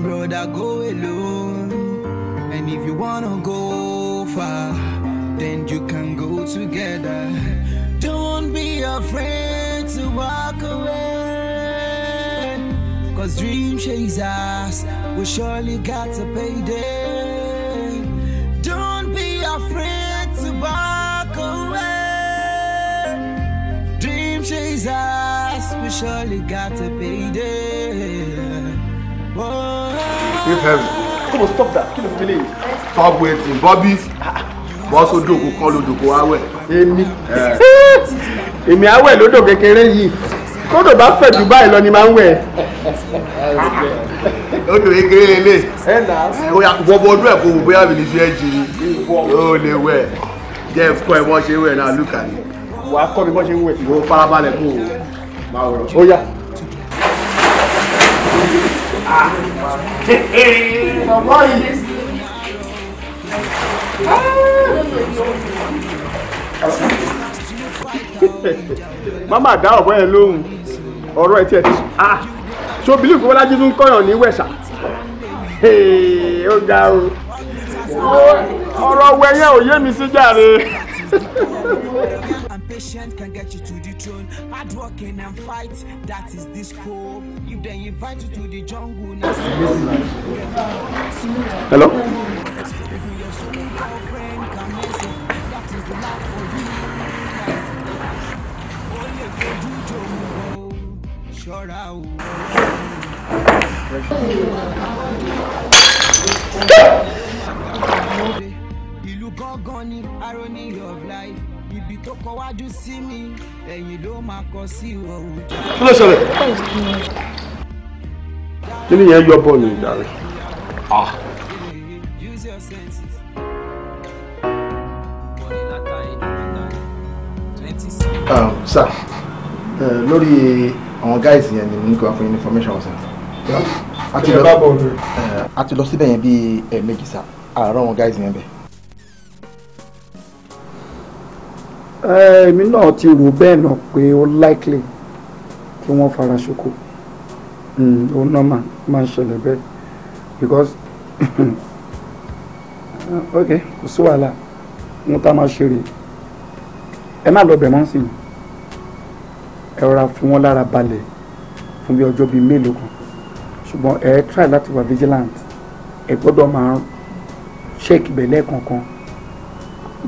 brother, go alone. And if you wanna go far, then you can go together. Don't be afraid to walk away. Cause dream chasers will surely got to pay them. Don't be afraid to walk away. Dream chasers. surely got to pay debt. Hey, Perry, come on, stop that. Kill him, please. Stop waiting, Bobby. Wọ́n so dòkò kọ́ lodòkò awẹ̀. Èmi èmi awẹ̀ lódò kékeré yìí. Kódò bá fẹ̀ jù báyìí lọ ni máa ń wẹ̀. Odò kékeré lélẹ̀. Bọ̀bọ̀ ọdún ẹ̀ kò wò bóyá mi ní fi ẹ́ jìnnì. Ó lè wẹ̀. Jẹ́ ẹ̀kọ́ ẹ̀ wọ́n ṣe wẹ̀ náà lùkà ni. Wà á kọ́ mi bọ́ ṣe ń wẹ̀. Mo farabalẹ̀ kó o máa wọ̀rọ̀ ó yá. bàbá ah. yìí. mama dá ọ̀bọ yẹn lóhùn ọ̀rọ̀ ẹ̀ tiẹ̀ ti sùn ah so believe kó bọ́lájí tún kọ́yàn ní wẹ̀sà ó ga o ọ̀rọ̀ wẹ̀yẹ ò yé mi sí jàre hard working and fight that is this hope if they invite you to the jungle na hello ìlú gángan ni irony of life ibi tó kọ wájú sí mi ẹ̀yìn ló máa kọ sí òun. kí ló ṣẹlẹ̀ kí ni yẹn yọ bọ́ọ̀ ní ìdarí. Ah. Um, sir eh, lórí àwọn guys yẹn ni mo ní kí wọ́n fún yín information ọ̀sán a eh, lọ síbẹ̀ yẹn bíi ẹ̀ẹ̀mejì sir àárọ̀ àwọn guys yẹn bẹ́ẹ̀. Eh, èmi náà ti rò bẹ́ẹ̀ náà pé ó likely kí wọ́n fara ṣoko ó hmm, normal máa ń ṣẹlẹ̀ bẹ́ẹ̀ because ok kò sí wàhálà mo tá máa ṣe rè ẹ má lọ bẹ̀ mọ́ sí i ẹ rọra fi wọ́n lára balẹ̀ fún bí ọjọ́ bíi mélòó kan ṣùgbọ́n ẹ try láti wà vigilant ẹ gbọ́dọ̀ máa check bẹ̀lẹ́ kankan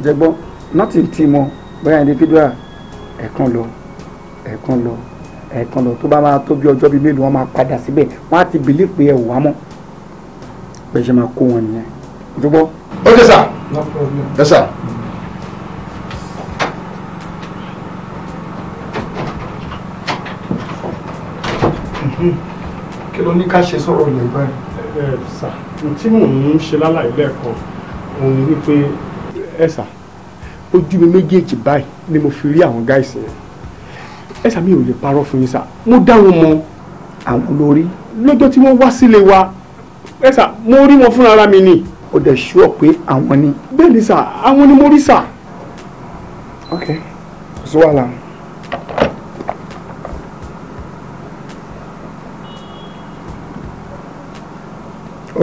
jẹ́gbọ́n nothing tí mo bóyá individual ẹ̀kan lọ ẹ̀kan lọ ẹ̀kan lọ tó bá máa tó bí ọjọ́ bíi mélòó wọn máa padà síbẹ̀ wọn á ti bìlí pé ẹ wà mọ́ bẹ́ẹ̀ ṣe máa kó wọn nìyẹn dúpọ́. ok sir no problem yes sir. Mhm. kí ló ní ká ṣe sọ̀rọ̀ ilẹ̀ báyìí. ẹ ẹ sà tí mò ń ṣe lálàyé lẹ́ẹ̀kan òun wípé ẹ eh, sà ojú mi méjèèjì báyìí ni mo fi rí àwọn gáìsì yẹn ẹ sàmì ò lè parọ́ fún yín sá mo dá wọn mọ àwọn lórí lọ́jọ́ tí wọ́n wá sílé wa ẹ sà mo rí wọn fúnra ara mi ni. ó dẹ̀ ṣúọ̀ pé àwọn ni. bẹ́ẹ̀ ni sà àwọn ni mo rí sà. ok kò sí wàhálà.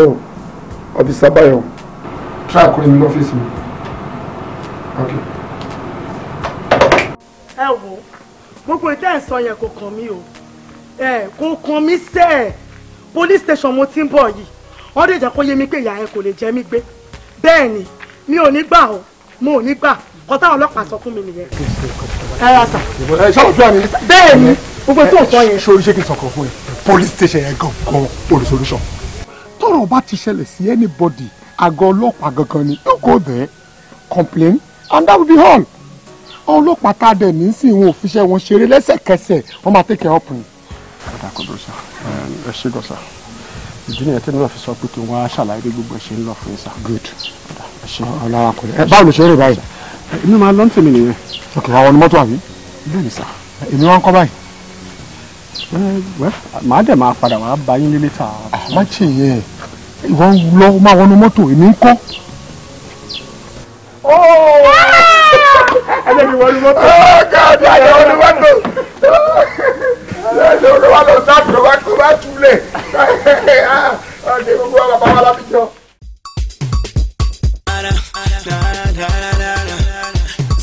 oh ọ̀bìsà báyọ̀ tíráàkùnrin ní ọ́fíìsì mi ẹ wo gbogbo ìtẹ́ ẹ̀ sọ yẹn kò kàn mí o ẹ kò kàn mí sẹ́ ẹ̀ police station mo ti ń bọ̀ yìí wọ́n dẹ̀ jẹ́ kó yé mi pé ìyá ẹ kò lè jẹ́ mi gbé bẹ́ẹ̀ ni mi ò ní gbà o mo ò ní gbà kọ́ táwọn ọlọ́pàá sọ fún mi nìyẹn. ẹ ra sà. ẹ ṣáà fún mi. bẹ́ẹ̀ ni gbogbo tó sọ yẹn. ṣé oríṣiríṣi sọkàn fún yìí police station yẹn gangan olùsolúṣọ. tọ́rọ̀ bá ti ṣẹlẹ̀ sí anybody àgọ́ ọlọ́pàá gangan ni yóò Go there. complain and that will be all àwọn ọlọ́pàá tá a dẹ̀ ní sí ìwọ̀n òfiṣẹ́ wọn ṣeré lẹ́sẹ̀kẹsẹ̀ wọ́n máa tẹ̀kẹ̀ ọ̀pìn. ọ̀dà kò dùn sá ẹ ṣe gọ sá ìdí nìyẹn tẹ́lẹ̀ náà fi sọ pé kí wọ́n á ṣàlàyé bí gbogbo ẹ̀ ṣe ń lọ fún sá. good ọ̀la kọlẹ̀ ẹ báwo ló ṣe rè báyìí. èmi máa lọ́n tèmi nìyẹn. ok àwọn ni mọ́tò àbí. bẹ́ẹ̀ ni sá. èmi wá ń kọ́ báyìí. màá dẹ̀ máa padà wá bá yín lé ẹlẹ́ni wọlé mọ́tò. ọ̀gáàdì ayọ̀ wọlé mọ́tò. lẹ́yìn olú wa lọ sáà tó wá tó bá túlẹ̀. ọ̀dẹ̀ gbogbo wa bàbá wa lábí jọ.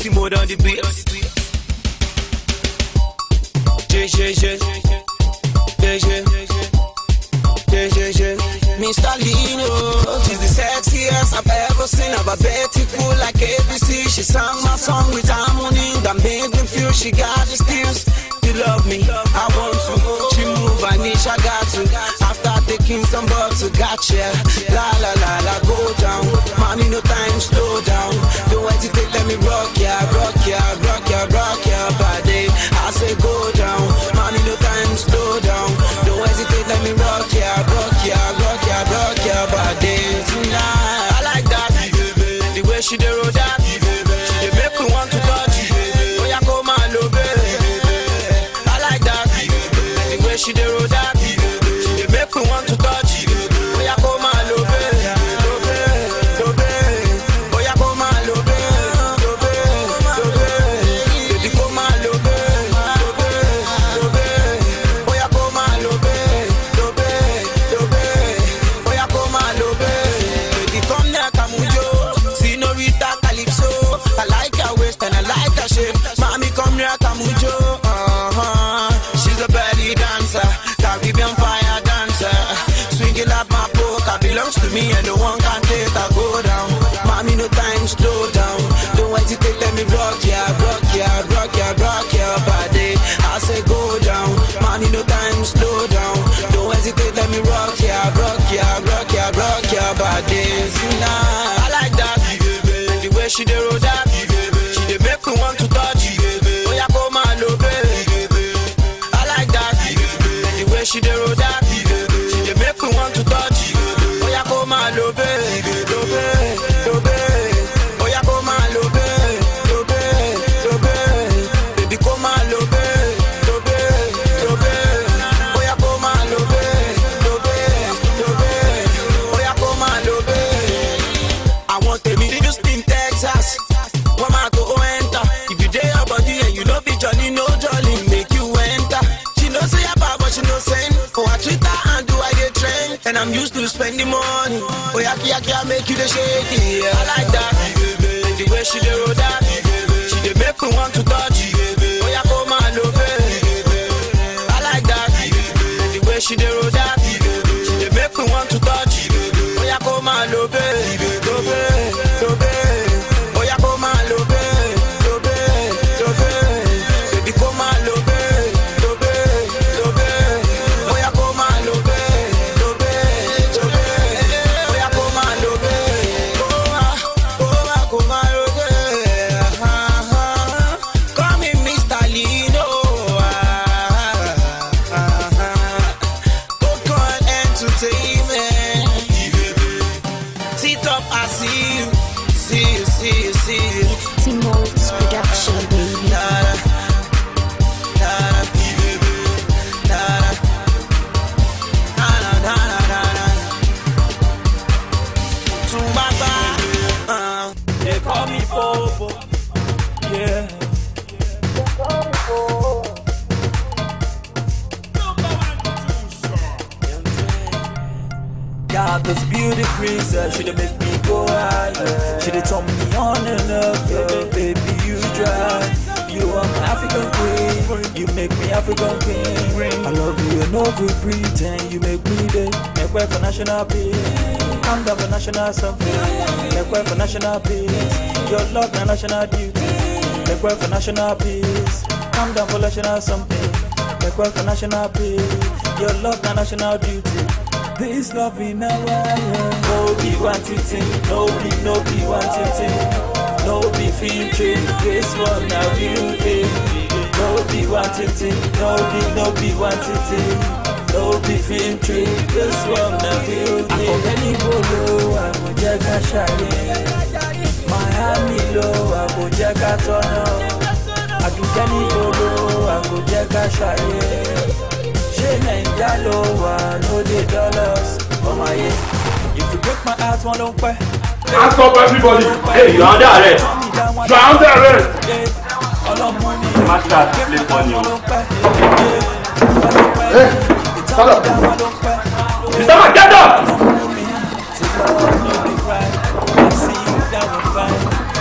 tí mo dán di bí. ṣe ṣe ṣe ṣe ṣe ṣe ṣe ṣe Mr. Lino. years I've ever seen of a Betty cool like ABC. She sang my song with harmony that made me feel she got the skills. You love me, I want to. She move, I need, I got to. After taking some bucks, gotcha. La la la la, go down. Mommy, no time, slow down. Don't hesitate, take, let me rock me, I know girl make you the shake it. Yeah. I like that. The way she dey roll that, she dey make me want to touch. Oya ko come lo babe. I like that. The way she dey. national duty. Make way for national peace. Come down for national something. Make way for national peace. Your love na national duty. This love in our life. No be one thing, no be no be one thing. No be filtering, this one na real thing. No be one thing, no be no be one thing. no be victory this one a real thing. akọ̀bẹ́ni gbòòrò àmọ̀jẹ́gà ṣàyẹ̀. mi lò àkójẹ́ ká tọ́nà àdùjẹ́ nígboro àkójẹ́ ká ṣàyè ṣé nàìjà ló wà lóde dollars ọmọ ayé if you break wọn ló ń pẹ́. I stop everybody hey you are under arrest you are under arrest. master play funny o. Hey, stand up. Mr. Man, get up!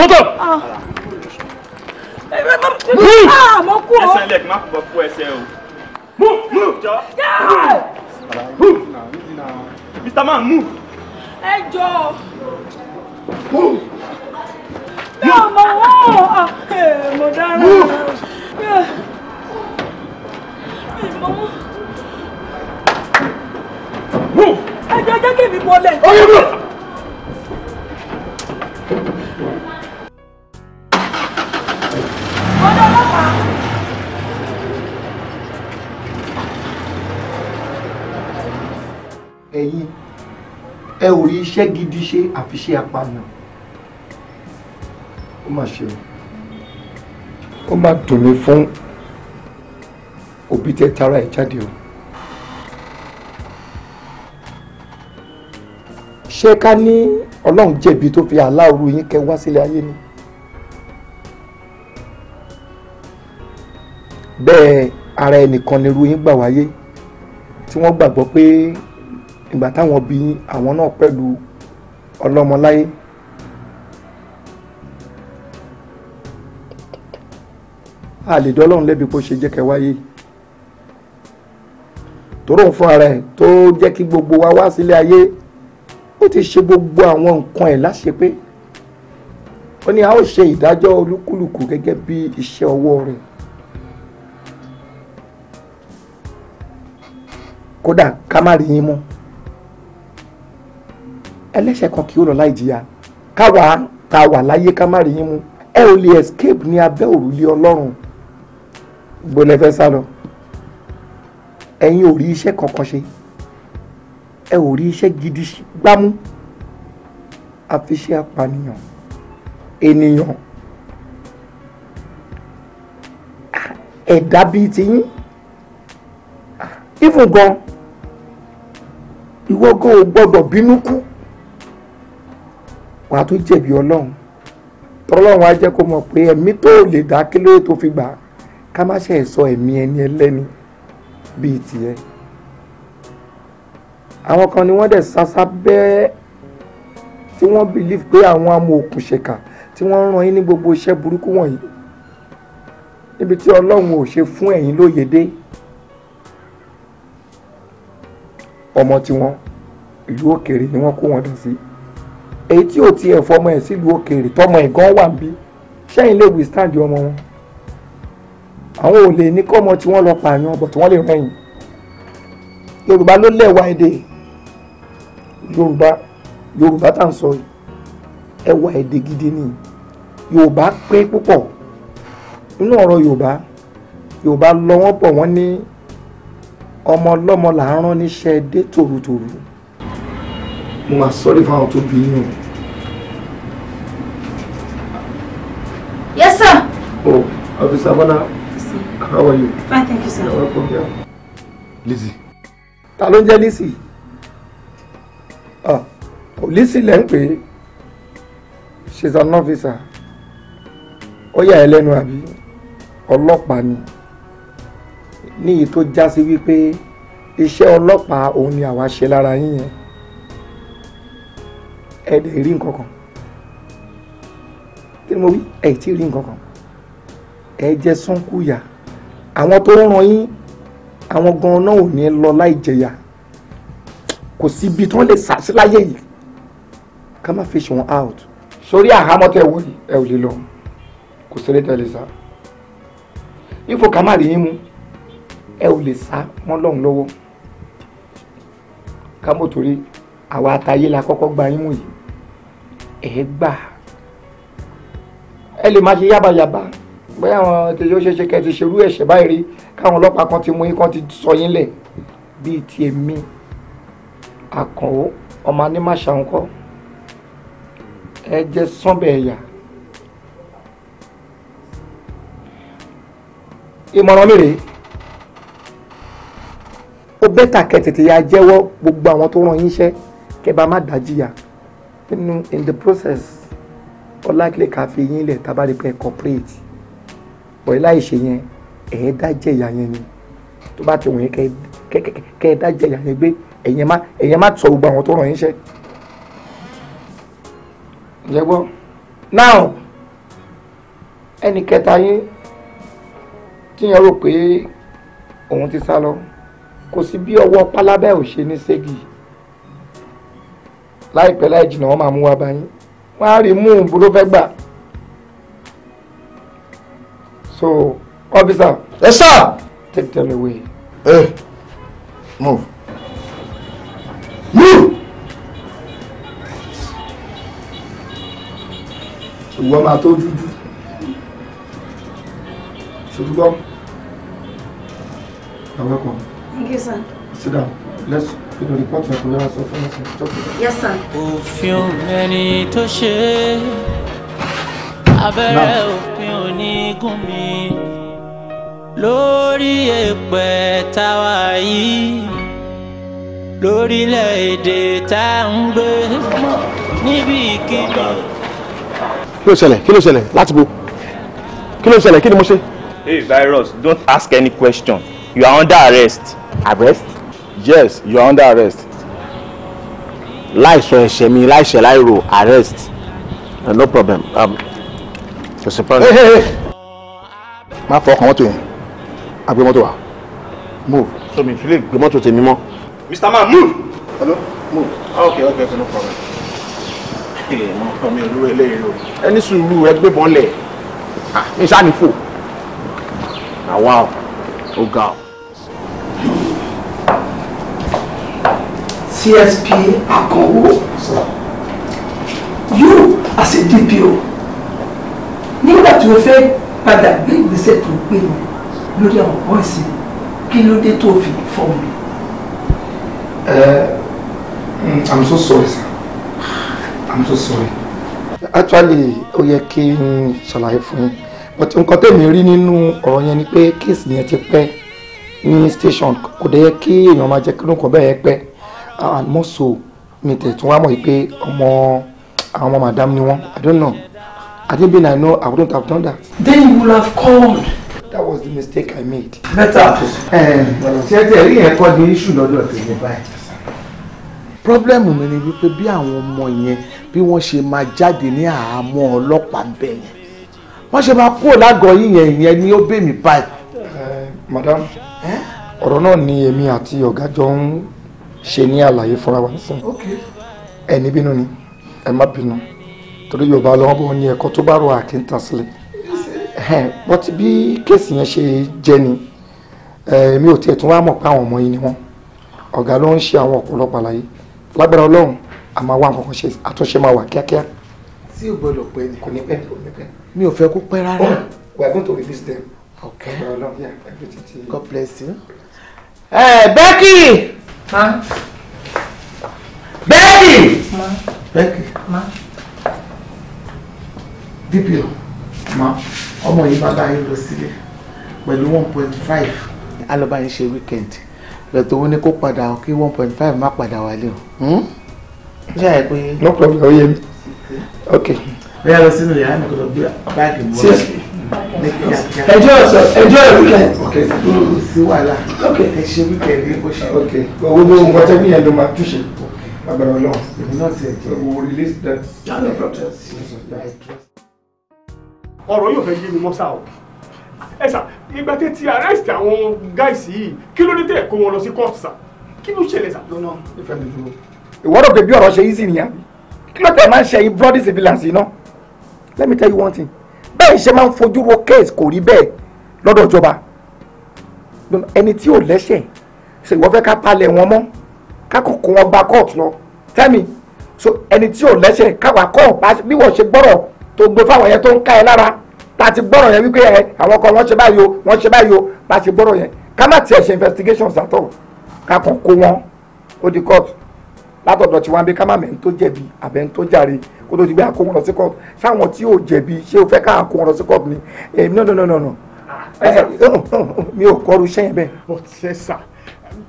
Shut ah. up! Move! Ah, mo kú o. Ẹsẹ̀ lẹ̀ kí má bọ̀ fún ẹsẹ̀ Move! Move! Jọ. Move! Mr. Man, move! Hey, Joe! Move! Mi my mọ̀ wọ́n. Ah, mo dára. Move! Mi ò mọ̀ wọ́n. Move! Ẹ jọ jẹ́ kí mi wọlé. ẹ ò rí iṣẹ́ gidi ṣe àfi ṣe apààyàn ó mà ṣe o ó má dùn mí fún òbí tẹ tara ẹ jáde o ṣé ká ní ọlọ́run jẹ̀bi tó fi aláòru yín kẹ wá sílé ayé ni bẹ́ẹ̀ ara ẹnìkan nírú yín gbà wáyé tí wọ́n gbàgbọ́ pé ìgbà táwọn bí àwọn náà pẹ̀lú ọlọ́mọláyé. a lè dọ́ lọ́run lẹ́bi bó ṣe jẹ́ kẹ́ wáyé tóró ń fún ara ẹ̀ tó jẹ́ kí gbogbo wa wá sílé ayé ó ti ṣe gbogbo àwọn nǹkan ẹ̀ láṣepé ó ní a ó ṣe ìdájọ́ olúkúlùkù gẹ́gẹ́ bí iṣẹ́ ọwọ́ rẹ̀ kódà ká má rí yín mọ́ ẹlẹ́ṣẹ̀ kan kì í lọ láì jìyà káwa tá a wà láyé ká má rí yín mú ẹ ò lè escape ní abẹ́ òrùlé ọlọ́run gbọ́lẹ̀ fẹ́ sá lọ ẹ̀yin ò rí iṣẹ́ kankan ṣe ẹ ò rí iṣẹ́ gidi gbámú àfiṣẹ́ apànìyàn ènìyàn ẹ̀dá bíi tiyín ìfún gan ìwọ gan ò gbọdọ̀ bínú kú wàá tó jẹ̀bi ọlọ́run tọ́lọ́run á jẹ́ kó mọ̀ pé ẹ̀mí tó lè dá kí lóye tó fi gbà ká má ṣe sọ ẹ̀mí ẹni ẹlẹ́ni bíi tiẹ̀ àwọn kan ni wọ́n dẹ̀ sásá bẹ́ẹ̀ tí wọ́n believe pé àwọn amòòkùnṣèkà tí wọ́n ń ran yín ní gbogbo iṣẹ́ burúkú wọ̀nyí níbi tí ọlọ́run ò ṣe fún ẹ̀yin lóye dé ọmọ tiwọn ìlú òkèèrè ni wọ́n kó wọn dà sí. Si èyí tí ò tiẹ̀ fọmọ ẹ̀ sílùú òkèèrè tọmọ ẹ̀ gan wà níbí sẹ́yìn lè withstand ọmọ wọn àwọn ò lè ní kọ́mọ tí wọ́n lọ pààyàn bọ̀ tí wọ́n lè rẹ́yìn yorùbá ló lẹ́wà èdè yorùbá yorùbá tá n sọ yìí ẹwà èdè gidi ni yorùbá pé púpọ̀ nínú ọ̀rọ̀ yorùbá yorùbá lọ wọ́n pọ̀ wọ́n ní ọmọ ọlọ́mọ là ń rán níṣẹ́ dé tòrutòru mo máa sọ́rí fáwọn tó bí yín o. Officer Bona. How are you? Fine, thank you, sir. You're welcome here. Lizzie. Ta Lizzie? Ah, oh, Lizzie lẹ́ ń She's an officer. Oya, yà ẹ́ lẹ́nu àbí? ni. ito jasi já sí wípé iṣẹ́ ọlọ́pàá òun ni àwa ṣe lára yín yẹn. Ẹ dẹ̀ rí nǹkan kan. Kí mo wí? Ẹ ti rí nǹkan ẹ jẹ́ sọ́nkúyà àwọn tó ń ran yín àwọn gan-an náà ò ní lọ láì jẹyà kò sí ibi tí wọ́n lè sá sí láyé yìí ká má fish wọn out sórí àhámọ́ tẹ wọ yìí ẹ ò lè lọ kò sẹ́lẹ̀ tẹ lè sá ifo ká má rí yín mu ẹ ò lè sá mọ́ lọ́hùn lọ́wọ́ ká mọ̀ torí àwa àtayé la kọ́kọ́ gba yín mú yìí ẹ gbà ẹ lè má ṣe yábàyàbà bóyá àwọn tèyí ó ṣeéṣe kẹ́ ti ṣerú ẹ̀ṣẹ̀ báyìí rí káwọn ọlọ́pàá kan ti mú yín kan ti sọ yín lẹ̀ bíi ti èmi àkànwó ọmọ anímàṣà ńkọ ẹ jẹ sánbẹ̀ ẹ̀yà ìmọ̀ràn mi rèé ó bẹ́tà kẹ́ tètè ya jẹ́wọ́ gbogbo àwọn tó ràn yín iṣẹ́ kẹ́ bá má dájìyà nínú in the process ó likely ká fi yín lẹ̀ tá a bá rí pé cooperate bọ̀ láì ṣe yẹn ẹ̀ẹ́dá jẹ́ ìyá yẹn ni tó bá ti wọ̀nyí kẹ́ẹ̀dá jẹ́ ìyá yẹn gbé ẹ̀yẹn má ẹ̀yẹn má sọ gbogbo àwọn tó ràn yín ṣẹ́. ǹjẹ́ gbọ́ now ẹnì kẹta yín tíyẹn rò pé òun ti sá lọ kò sí bí ọwọ́ pálábá ò ṣe ní ségi láìpẹ́ láì jìnnà wọ́n máa mú wa bá yín á rí mú un bó ló fẹ́ gbà. So, officer. Yes, sir. Take them away. Hey, move. Move! Ìwọ máa tó dúdú. Ṣojú gbọ́. You're welcome. Thank you, sir. Sit down. Let's you know, report my collateral so Yes, sir abẹ́rẹ́ òfin ò ní gún mi lórí èpẹ̀ táwa yìí lórílẹ̀‐èdè tá à ń gbé níbi ìkíni. kí ló ṣẹlẹ̀ kí ló ṣẹlẹ̀ láti bo kí ló ṣẹlẹ̀ kí ni mo ṣe. hey virus don't ask any question you are under arrest. arrest? yes you are under arrest. láìsọ ẹ̀ṣẹ̀ mi láìṣẹ̀ láìro arrest uh, no problem. Um, kò sí pọ́lì. má to him? mọ́tò bring àgbé to her. move. so mi ìfilè gbé mọ́tò tèmi mọ́. mr man move. hello move. Ah, okay, okay, ok no problem. ilé mọ ọmọ ìlú eléyìí o late. It's ẹgbẹ́ bọ́ọ̀lẹ̀ ah mi ṣáà ní fò. àwa CSP Akanwo you as a DPO nígbà tí o fẹ́ padà gbé ìgbésẹ̀ tó gbé mi lórí àwọn bọ́ọ̀sì kí ló dé tó fi fọ́ mi. I'm so sorry sir I'm so sorry. actually ó yẹ kí n ṣàlàyé fún yín but nǹkan tẹ̀mí rí nínú ọ̀rọ̀ yẹn ni pé kéèsì yẹn ti pẹ́ ní station kò dẹ̀ yẹ kí èèyàn máa jẹ́ kínú kan bẹ́ẹ̀ yẹn pẹ́ and most of mi tẹ̀ tún wá mọ̀ pé ọmọ àwọn ọmọ madam ni wọ́n I don't know. Had it been, I know I wouldn't have done that. Then you would have called. That was the mistake I made. Better. Pọ́blẹ́mù eh, mi ni wípé bí the issue of bí Problem ṣe máa jáde ní àhámọ́ ọlọ́pàá ń bẹ̀ yẹn. Wọ́n ṣe máa kúrò lágọ̀ọ́ yìnyẹn ìyẹn ni ó bè mí báyìí. Eh, madam, eh? ọ̀rọ̀ náà ni èmi àti ọ̀gá jọ ń ṣe ní àlàyé fúnra wa nísìnyí. Ẹni bínú ni, ẹ má bínú. torí yorùbá lọ́wọ́ bó ní ẹ̀kọ́ tó bá rọ àkíntàn sílẹ̀ wọ́n ti bí kéèsì yẹn ṣe jẹ́ ni èmi ò tiẹ̀ tún wá mọ̀ pé àwọn ọmọ yìí ni wọ́n ọ̀gá ló ń ṣe àwọn ọ̀pọ̀lọpọ̀ àlàyé lágbára ọlọ́run a máa wà kíákíá. tí ò gbọdọ̀ ni kò ní pẹ́ mi ò fẹ́ kó pẹ́ rárá. Oh, release God bless ẹ dpo ma ọmọ yìí bá bá yín lọ sílé pẹ̀lú one point five a lọ bá yín ṣe weekend bẹ̀tọ̀ owó ni kó padà kí one point five má padà wálé o ó hmm? ṣàyẹ̀ pé. no problem ó yé mi ok. bóyá lọ sínú yàrá mi kò lọ gbé báàgì mọ́ ẹjọ́ ọ̀sán ẹjọ́ weekend. ok sí wàhálà ẹ ṣe weekend ní bó ṣe. ok owó ló ń wọ́tẹ́ wíyẹn ló máa túṣe agbára ọlọ́run. èmi náà ti ẹ̀ jẹ́ owó release that ọ̀rọ̀ yóò fẹ́ yé mi mọ́ o ẹ sà ìgbà tẹ ti arrest àwọn guys yìí kí ló dé tẹ̀ kó wọn lọ sí court sà kí ló ṣẹlẹ̀ sà. lọ́nà ìfẹ́ mi dúró. ìwọ́dọ̀ pé bí ọ̀rọ̀ ṣe yí sí nìyà kí ló tẹ̀ máa ń ṣe yín broad civilians yìí ná let me tell you one thing bẹ́ẹ̀ ṣe máa ń fojú ro case kò rí bẹ́ẹ̀ lọ́dọ̀ ìjọba ẹni tí ò lẹ́sẹ̀ ṣe ìwọ fẹ́ ká palẹ̀ wọn mọ́ ká kó wọn gba court lọ tell me so ẹni tí ò lẹ́sẹ̀ káwa kọ́ bí wọ́n ṣe gbọ́rọ̀ tó gbé fáwọn yẹn tó ń ká ẹ lára ta ti gbọ́rọ̀ yẹn wípé ẹ àwọn ọkọ wọn ṣe báyìí o wọn ṣe báyìí o ta ti gbọ́rọ̀ yẹn ká má tiẹ̀ ṣe investigations at all ká kàn kó wọn ó di court látọ̀dọ̀ tí wọ́n á bí ká má mẹ́ni tó jẹ̀bi àbẹ́ni tó jàre kó tó ti gbé àkó wọn lọ sí court sáwọn tí ò jẹ̀bi ṣé o fẹ́ ká àkó wọn lọ sí court ni ẹ no no no no no mi ò kọ́ru iṣẹ́ yẹn bẹ́ẹ̀. but ẹ sà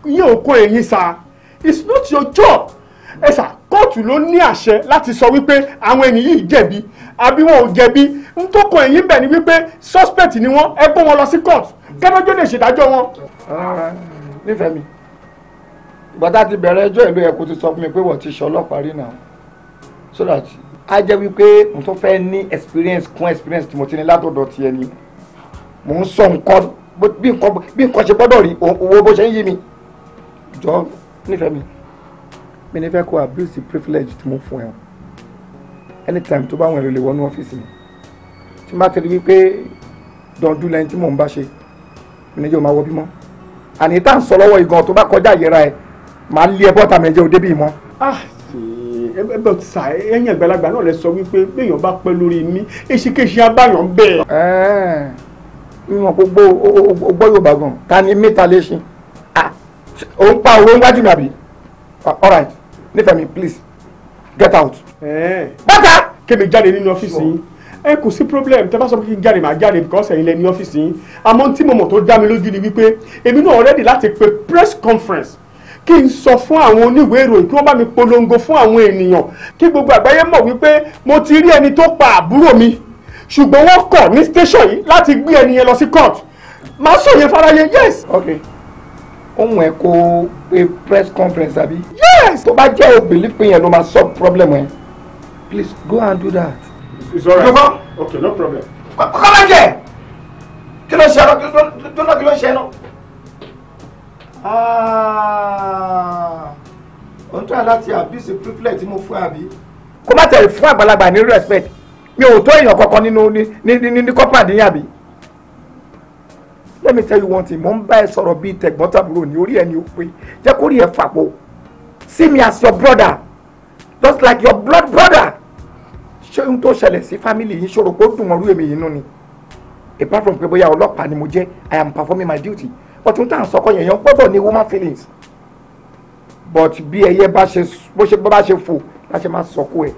yín ò kó èyí sà it's not your job ẹ kóòtù ló ní àṣẹ láti sọ wípé àwọn ẹni yìí jẹ̀bi àbí wọn ò jẹ̀bi n tó kọ ẹ̀yìn bẹ̀ ni wípé suspect ni wọ́n ẹ kó wọn lọ sí court kẹ́lọ́jọ́ lè ṣèdájọ́ wọn. nífẹ̀ẹ́ mi a ti bẹ̀rẹ̀ ẹjọ́ ìlú ẹ̀kú ti sọ fún mi pé wọ́n ti ṣe ọlọ́pàá rí náà so that a jẹ́ wípé mo tún fẹ́ ní experience kún experience tí mo ti ní látọ̀dọ̀ tiẹ̀ ni mo ń sọ nǹkan bí nǹkan ṣe gbọ́dọ̀ rí owó bó ṣe ń yí mi jọ nífẹ̀ẹ́ mi mi ní fẹ́ kó abuse privilege tí mo fún ẹ o anytime tó bá wọn èrò lè wọnú ọ́fíìsì mi tí má tẹ̀lé wípé dọ̀ọ́dún lẹ́yìn tí mò ń bá ṣe mi ní jẹ́ o máa wọ bímọ àní tá à ń sọ lọ́wọ́ ìgan tó bá kọjá ìyẹra ẹ màá lé ẹ bọ́ta mi jẹ́ o débì mọ́. ẹbẹ ah, sà ẹ̀yin àgbàlagbà náà lè sọ wípé béèyàn bá pẹ́ lórí mi èsìkéṣe abáyàn bẹ́ẹ̀. ìwọ̀n gbogbo ogbó Yorùbá gan ta ni mẹ́ta lè ah, ṣe ó ń pa owó wájú mi àbí ah, all right nífẹ̀ẹ́ mi please get out. Eh. bàtà. kébè jáde nínú ọ́fíìsì yín ẹ kò sí problem tẹ bá sọ pé kí n jáde màá jáde because ẹ̀yin lẹ ní ọ́fíìsì yín àmọ́ tí mo mọ̀ tó dá mi lójú ni wípé èmi náà ready láti pe press conference kí n sọ fún àwọn oníwèé ìròyìn kí wọ́n bá mi polongo fún àwọn ènìyàn kí gbogbo àgbáyé mọ̀ wípé mo ti rí ẹni tó pa àbúrò mi ṣùgbọ́n wọ́n kọ̀ ní station yìí láti gbé ẹni yẹn lọ sí court màá sọ yẹn fáráyé yes. okay ohun ẹ kó pe press conference àbí. yes tó bá jẹ́ o believe pé yẹn ló máa solve problem ẹ please go and do that. it's alright jọba okay no problem. kọ́lá jẹ kí ló ṣe ẹ náà tó náà kí ló ṣe ẹ náà. Ah! òun tó yà láti abuse privilege tí mo fún ẹ àbí. kó má tẹ̀ fún àgbàlagbà ní respect mi ò tó èèyàn kankan nínú ní ní ní ní kọ́pà níyàbí let me tell you one thing mo ń bá ẹ sọ̀rọ̀ bíi tẹ̀gbọ́ntàbúrò ní orí ẹni ó pé jẹ́ kó ẹ fàpọ̀ see me as your brother just like your blood brother ṣé ohun tó ṣẹlẹ̀ sí family yìí ṣòro kó dùn ọrú èmi yìí nù ni apart from pé bóyá ọlọ́pàá ni mo jẹ́ i am performing my duty but n tàn sọkọ yẹn yẹn gbọ́dọ̀ ní woman feelings but bí ẹyẹ bá ṣe bó ṣe bá ṣe fò la ṣe máa sọkọ ẹ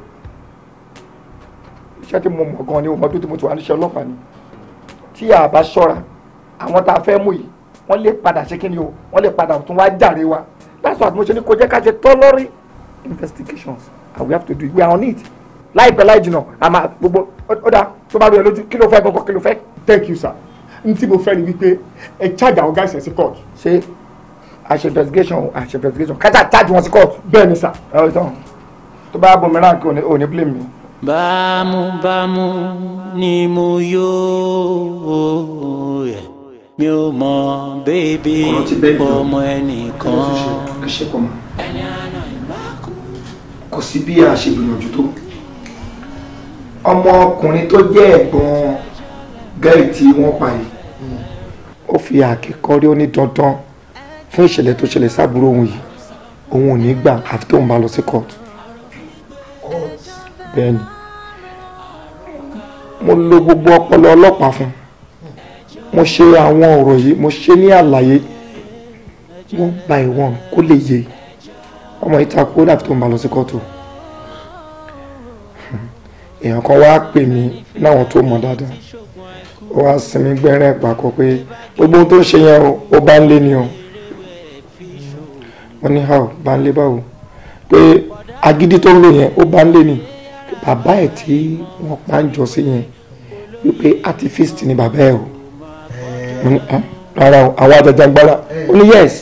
iṣẹ́ tí mo mọ̀ gan ni o mọ̀ tó ti mo ti wà níṣẹ́ ọlọ́pàá ni tí a bá ṣọ́ra àwọn tá a fẹ́ mú yìí wọ́n lè padà ṣe kí ni o wọ́n lè padà tún wá jàre wa that's why mo ṣe ní kó jẹ́ ká ṣe tọ́lọ́rí investigations and we have to do it we are on it láìpẹ́ láì jìnnà àmà gbogbo ọ̀dà tó bá rí ẹ lójú kí ló fẹ́ gbọ́ngàn kí ló fẹ́. thank you sir n tí mo fẹ́ ni wípé ẹ charge àwọn guys ẹ̀ sí court. ṣé àṣẹ investigation àṣẹ investigation kájà charge wọn sí court. bẹ́ẹ̀ ni sir. ẹ ọ tán tó bá boomerang kò ní ò ní blame mi. bámúbámú ni mo yóò. Yeah yóò mọ bébí ọmọ ẹnìkan. kò sí bí a ṣe gbìyànjú tó ọmọkùnrin tó jẹ́ ẹ̀gbọ́n gẹ́rì tí wọ́n pa yìí ó fi àkíkọ́rí ó ní dandan fún ìṣẹ̀lẹ̀ tó ṣẹlẹ̀ sábúrò òun yìí òun ò ní gbà àfi tóun bá lọ sí kóòtù bẹ́ẹ̀ ni mo lo gbogbo ọpọlọ ọlọ́pàá fún un mo ṣe àwọn ọ̀rọ̀ yìí mo ṣe ní àlàyé one by one kó lè yé ọmọ yìí takú ó dàbí tó ń bá lọ sí kóòtù èèyàn kan wá pè mí láwọn tó mọ̀ dáadáa ó wá sinmi gbẹ́rẹ́ pàkó pé gbogbo ohun tó ń ṣe yẹn ó bá ń lé ni o wọ́n ní how bá ń lé báwo pé agídí tó ń lò yẹn ó bá ń lé ni bàbá ẹ̀ tí wọ́n pa ń jọ sí yẹn wípé artifist ni bàbá ẹ̀ o Mm, mm. rárá àwọn àjàjàgbara ó ní yes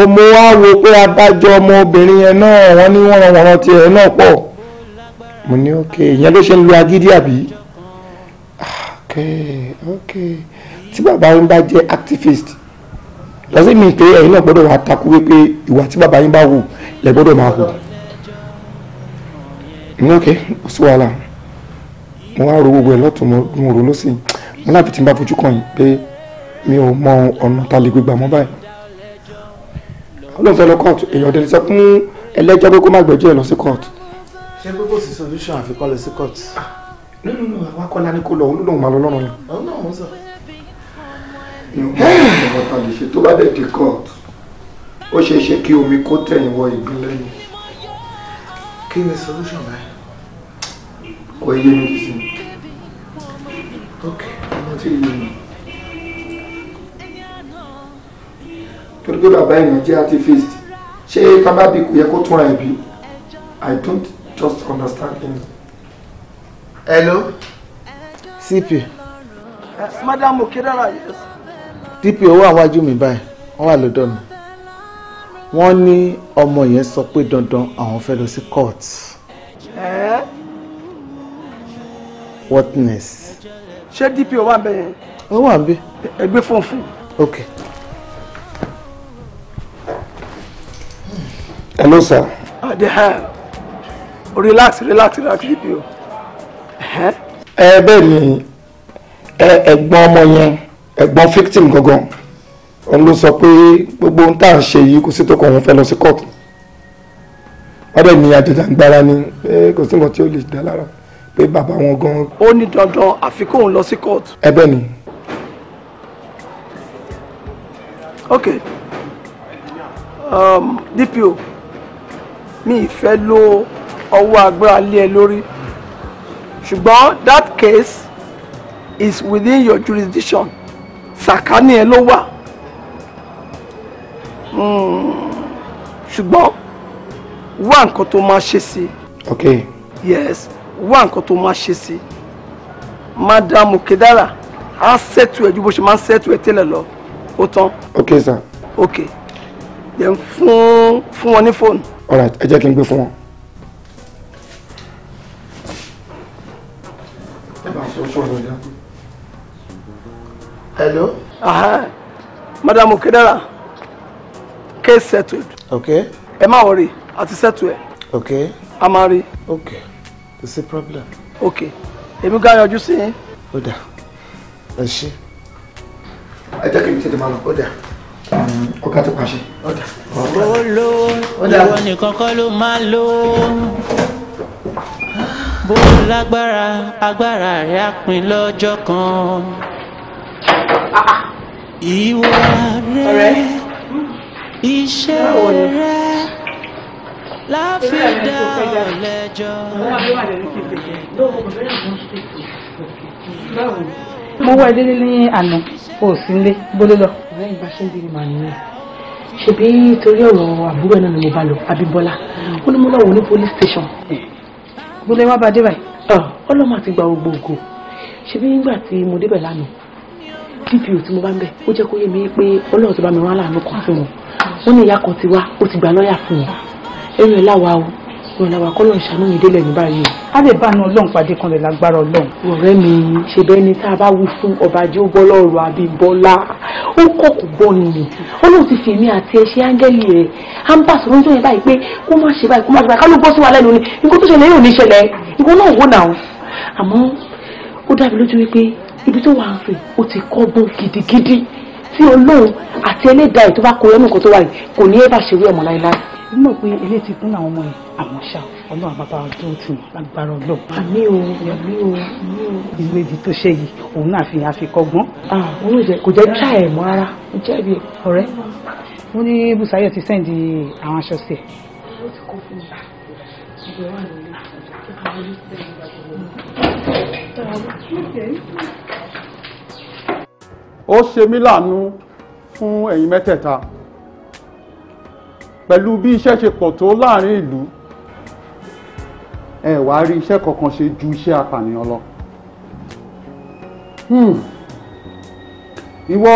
ó mú wá wo pé abájọ ọmọbìnrin yẹn náà wọ́n ní wọ́n rànwọ́n tiẹ̀ náà pọ̀ mo ní ok ìyẹn ló ṣe ń lo agídí àbí ah, ok ok tí bàbá yín bá jẹ́ activist lọ́sí mi pé ẹ̀yin náà gbọ́dọ̀ wàá takú wípé ìwà tí bàbá yín bá wù lẹ gbọ́dọ̀ máa hù ní ok ó sì wàhálà mo wá ro gbogbo ẹ̀ lọ́tún mo ronú sí i mo láfi tí n bá fojú kàn yín pé mi ò mọ ọ̀nà tá a lè gbégbà mọ́ báyìí olóòfẹ́ lọ kóòtù èèyàn ọ̀dẹ̀ lè sọ fún ẹlẹ́jọ́ pé kó má gbẹ́jọ́ ẹ̀ lọ sí kóòtù. ṣé pé kò sí solution àfikọ́ lọ sí kóòtù. nínú àwọn akọ́lá ni kò lọ òun lòun máa lọ lọ́rùn yẹn. òun náà wọ́n sọ. ìwọ̀n ta lè ṣe tó bá dẹ̀ di kóòtù ó ṣeé ṣe kí omi kó tẹ̀yìn wọ ìgbín lẹ́yìn. kí ni solution báyìí. kò yé mi sí. okay tí ì yìí torí pé bàbá èèyàn jẹ́ activist ṣé kábàbí kò yẹ i don't just understand him. hello. cp. Uh, eh, madam okidara yes. dp owó àwájú mi báyìí wọ́n wà lọ́dọ̀ mi wọ́n ní ọmọ yẹn sọ pé dandan àwọn fẹ́ lọ sí court. Eh? ṣé DPO wà bẹ́ẹ̀ yẹn. ó wà níbí. ẹ gbé fóònù fún. ok. hello sir. adiham relax relax relax DPO. ẹ bẹ́ẹ̀ ni ẹ̀gbọ́n ọmọ yẹn ẹ̀gbọ́n victim gangan òun ló sọ pé gbogbo ohun tá à ń ṣe yìí kò sí tó kọ òun fẹ́ lọ sí kóòtù wọ́n dẹ̀ ní àjẹjàngbara ni kò sí nǹkan tí ó lè dá lára pé bàbá wọn gan. ó ní dandan àfi lọ sí kóòtù. ẹ̀bẹ̀ ni. ok um, DPO mi ìfẹ́ lo ọwọ́ agbára lé ẹ lórí ṣùgbọ́n that case is within your jurisdiction sàkání ẹ ló wà hmm. ṣùgbọ́n wá nǹkan tó máa ṣe sí. ok. yes wá nǹkan tó máa ṣe sí madam Kedara á ṣètò ẹ ju bó ṣe máa ń ṣètò ẹ tẹ́lẹ̀ lọ ó tán. ok sir. ok yẹn fún fún wọn ní fóònù. alright ẹ jẹ́ kí n gbé fún wọn. hello. Aha. madam Kedara case settled. ok. ẹ má wọrí àti settle ẹ. ok. a máa rí. ok. okay kò sí problem. ok èmi ká yọjú sí yín. ó dà ẹ ṣe ẹ jẹ́ kí n tètè máa lọ ó dà kó ká tó pàṣẹ. ó lò ìwọ nìkan kọ́ ló máa lò bó lágbára agbára rẹ̀ á pin lọ́jọ́ kan ìwà rẹ̀ iṣẹ́ rẹ̀ láfíìdá ọ̀lẹ́jọ́. mo wá ilé ní àná o sì ń lé bólé lọ. ọ̀rẹ́ ìgbà ṣe ń bí màá nìyẹn ṣèbí torí ọ̀rọ̀ àbúrò ẹ̀ náà ni mo bá lọ Abímbọ́lá ó ní mo lọ́wọ́ ní police station. bólé wá bá dé báyìí. ọlọ́mọ àti gba gbogbo ògo ṣèbí nígbà tí mo débẹ̀ lánàá dpo tí mo bá ń bẹ̀ ó jẹ́ kó yé mi pé ọlọ́run tó bá mi rán láàánú kan fún wọn wọ́n ní ìyá kan ti wá ó ti gba lọ́ọ̀yà fún wọn eré ọláwa o ìrànlọ́wọ́ kọ́ lọ́n ṣàánú yìí délẹ̀ ní báyìí o. a lè bá àna ọlọ́run pàdé kan lè lágbára ọlọ́run. ọ̀rẹ́ mi ṣe bẹ́ẹ̀ ni tá a bá wí fún ọba jẹ́ ó gbọ́ lọ́rọ̀ Abímbọ́lá ó kọ̀ kó gbọ́ nìyí ọlọ́run ti fi èmi àti ẹṣẹ́ áńgẹ́lì rẹ̀ à ń bá sọ̀rọ̀ nítorí báyìí pé kó má ṣe báyìí kó má ṣe báyìí ká ló sí wa lẹ́nu ni nǹkan tó ṣẹlẹ̀ yóò ní ṣẹlẹ̀ ìwọ náà wò náà àmọ́ ó dàbí èmi mọ̀ pé ilé ti kún àwọn ọmọ yìí àmọ́ ṣá ọlọ́run àbábá tó tù wọ́n lágbára ọlọ́run. àmì o àmì o àmì o. ìlú èdè tó ṣe yìí òun náà fi àfikọ́gbọ́n. Ah, òun jẹ kò jẹ tíra ẹ̀ mọ́ ara kò jẹ́ ibi ọ̀rẹ́. wọ́n ní Bùsáyọ̀ ti sẹ́ǹdì àwọn aṣọ sí ẹ̀. ó ti kọ́ fún mi ìgbẹ́ wà lórí ó ṣe mí láàánú fún ẹ̀yin mẹ́tẹ̀ẹ̀ta pẹ̀lú bí iṣẹ́ ṣe pọ̀ tó láàrin ìlú ẹ wàá rí iṣẹ́ kankan ṣe ju iṣẹ́ apànìyàn lọ. Hmm. ìwọ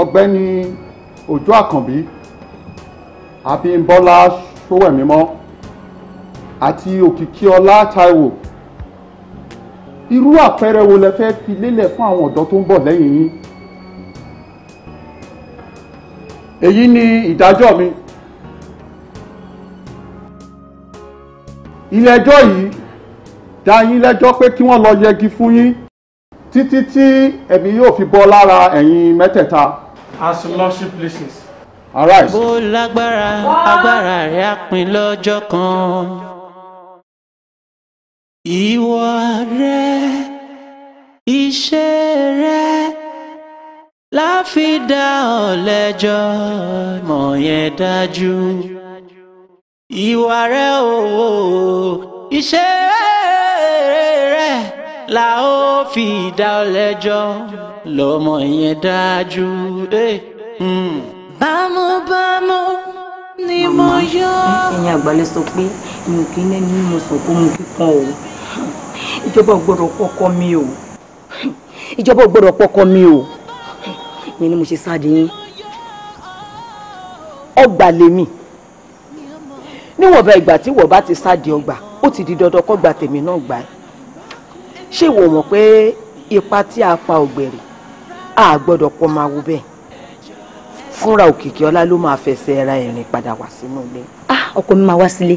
ọ̀gbẹ́ni Òjó Àkànbí Abímbọ́lá Sówẹ̀mímọ́ àti òkìkí ọlá Táíwò irú àpẹẹrẹ wo lẹ fẹ́ fi lélẹ̀ fún àwọn ọ̀dọ́ tó ń bọ̀ lẹ́yìn yín èyí ni ìdájọ́ mi. ilé ẹjọ́ yìí dá yín lẹ́jọ́ pé kí wọ́n lọ yẹgi fún yín títí tí ẹ̀mí yóò fi bọ́ lára ẹ̀yin mẹ́tẹ̀ẹ̀ta. as lordship places. arise. bó lágbára agbára rẹ̀ á pin lọ́jọ́ kan. ìwọ rẹ iṣẹ́ rẹ láfi dá ọ lẹ́jọ́ mọ̀ yẹn dájú ìwà rẹ o iṣẹ́ rẹ la ó fi dá ọ lẹ́jọ́ lọ́mọ yẹn dájú. Eh, hmm. bámúbámú ni mo yọ. ẹ̀yin àgbàlẹ̀ sọ pé mi ò kí ń lẹ́nu mo sọ kó mu kíkan o ìjọba ò gbọ́dọ̀ pọkọ mi o ìjọba ò gbọ́dọ̀ pọkọ mi o ìyẹn ni mo ṣe sáà dé yín ọgbà lèmi níwọ̀nba ìgbà tí wọ́n bá ti sá di ọgbà ó ti di dandan kọ́ gba tèmi náà gbà ẹ́ ṣé ìwọ mọ̀ pé ipa tí a pa ògbèrè a gbọ́dọ̀ pọ̀ máa wo bẹ́ẹ̀ fúnra òkìkí ọlá ló máa fẹsẹ̀ ra ìrìn padà wá sínú ilé. ah ọkọ mi máa wá sílé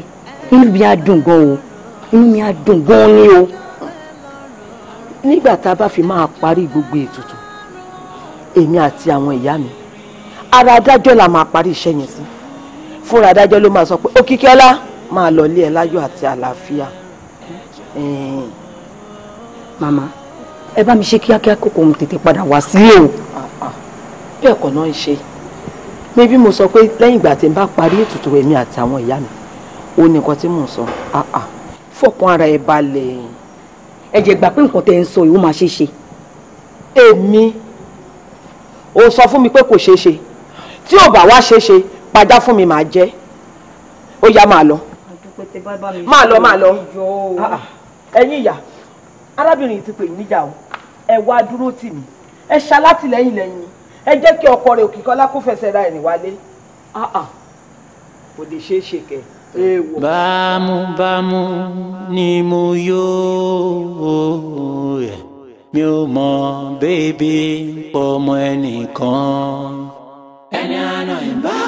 inú mi á dùn gan o inú mi á dùn gan ni o. nígbà tá a bá fi máa parí gbogbo ètùtù èmi àti àwọn ìyá mi ara adájọ́ la máa parí iṣẹ́ yẹn sí. Si fúnra adájọ́ ló máa sọ pé Òkìkíọ́lá máa lọ ilé ẹ láyọ̀ àti àlàáfíà. màmá ẹ bá mi ṣe kíákíá kókò òun tètè padà wá sílé o. Ah, ah. bẹ́ẹ̀ kọ́ náà ń ṣe mi bí mo sọ pé lẹ́yìn ìgbà tí n bá parí ètùtù èmi àti àwọn ìyá mi ó ní nǹkan tí mò ń sọ ah, fọkàn ara ẹ balẹ̀. ẹ jẹ́ gbà pé nǹkan tẹ́ ń sọ yìí máa ṣe é ṣe. èmi ò sọ fún mi pé kò ṣeé ṣe tí ò bá wá ṣeé ṣe padà fún mi màá jẹ́ ó yá máa lọ máa lọ máa lọ ẹ̀yin ìyá arábìnrin ti pè ní ìyá o ẹ wá dúró tì mí ẹ ṣalátìlẹ́yìn lẹ́yìn ẹ jẹ́ kí ọkọ rẹ̀ Òkìkọ́lá kó fẹsẹ̀ ra ẹ̀rìn wálé kò lè ṣeé ṣe kẹ. bámúbámú ni mo yó mi ò mọ bébí pọ̀ mọ́ ẹnìkan ẹni àná ìbá.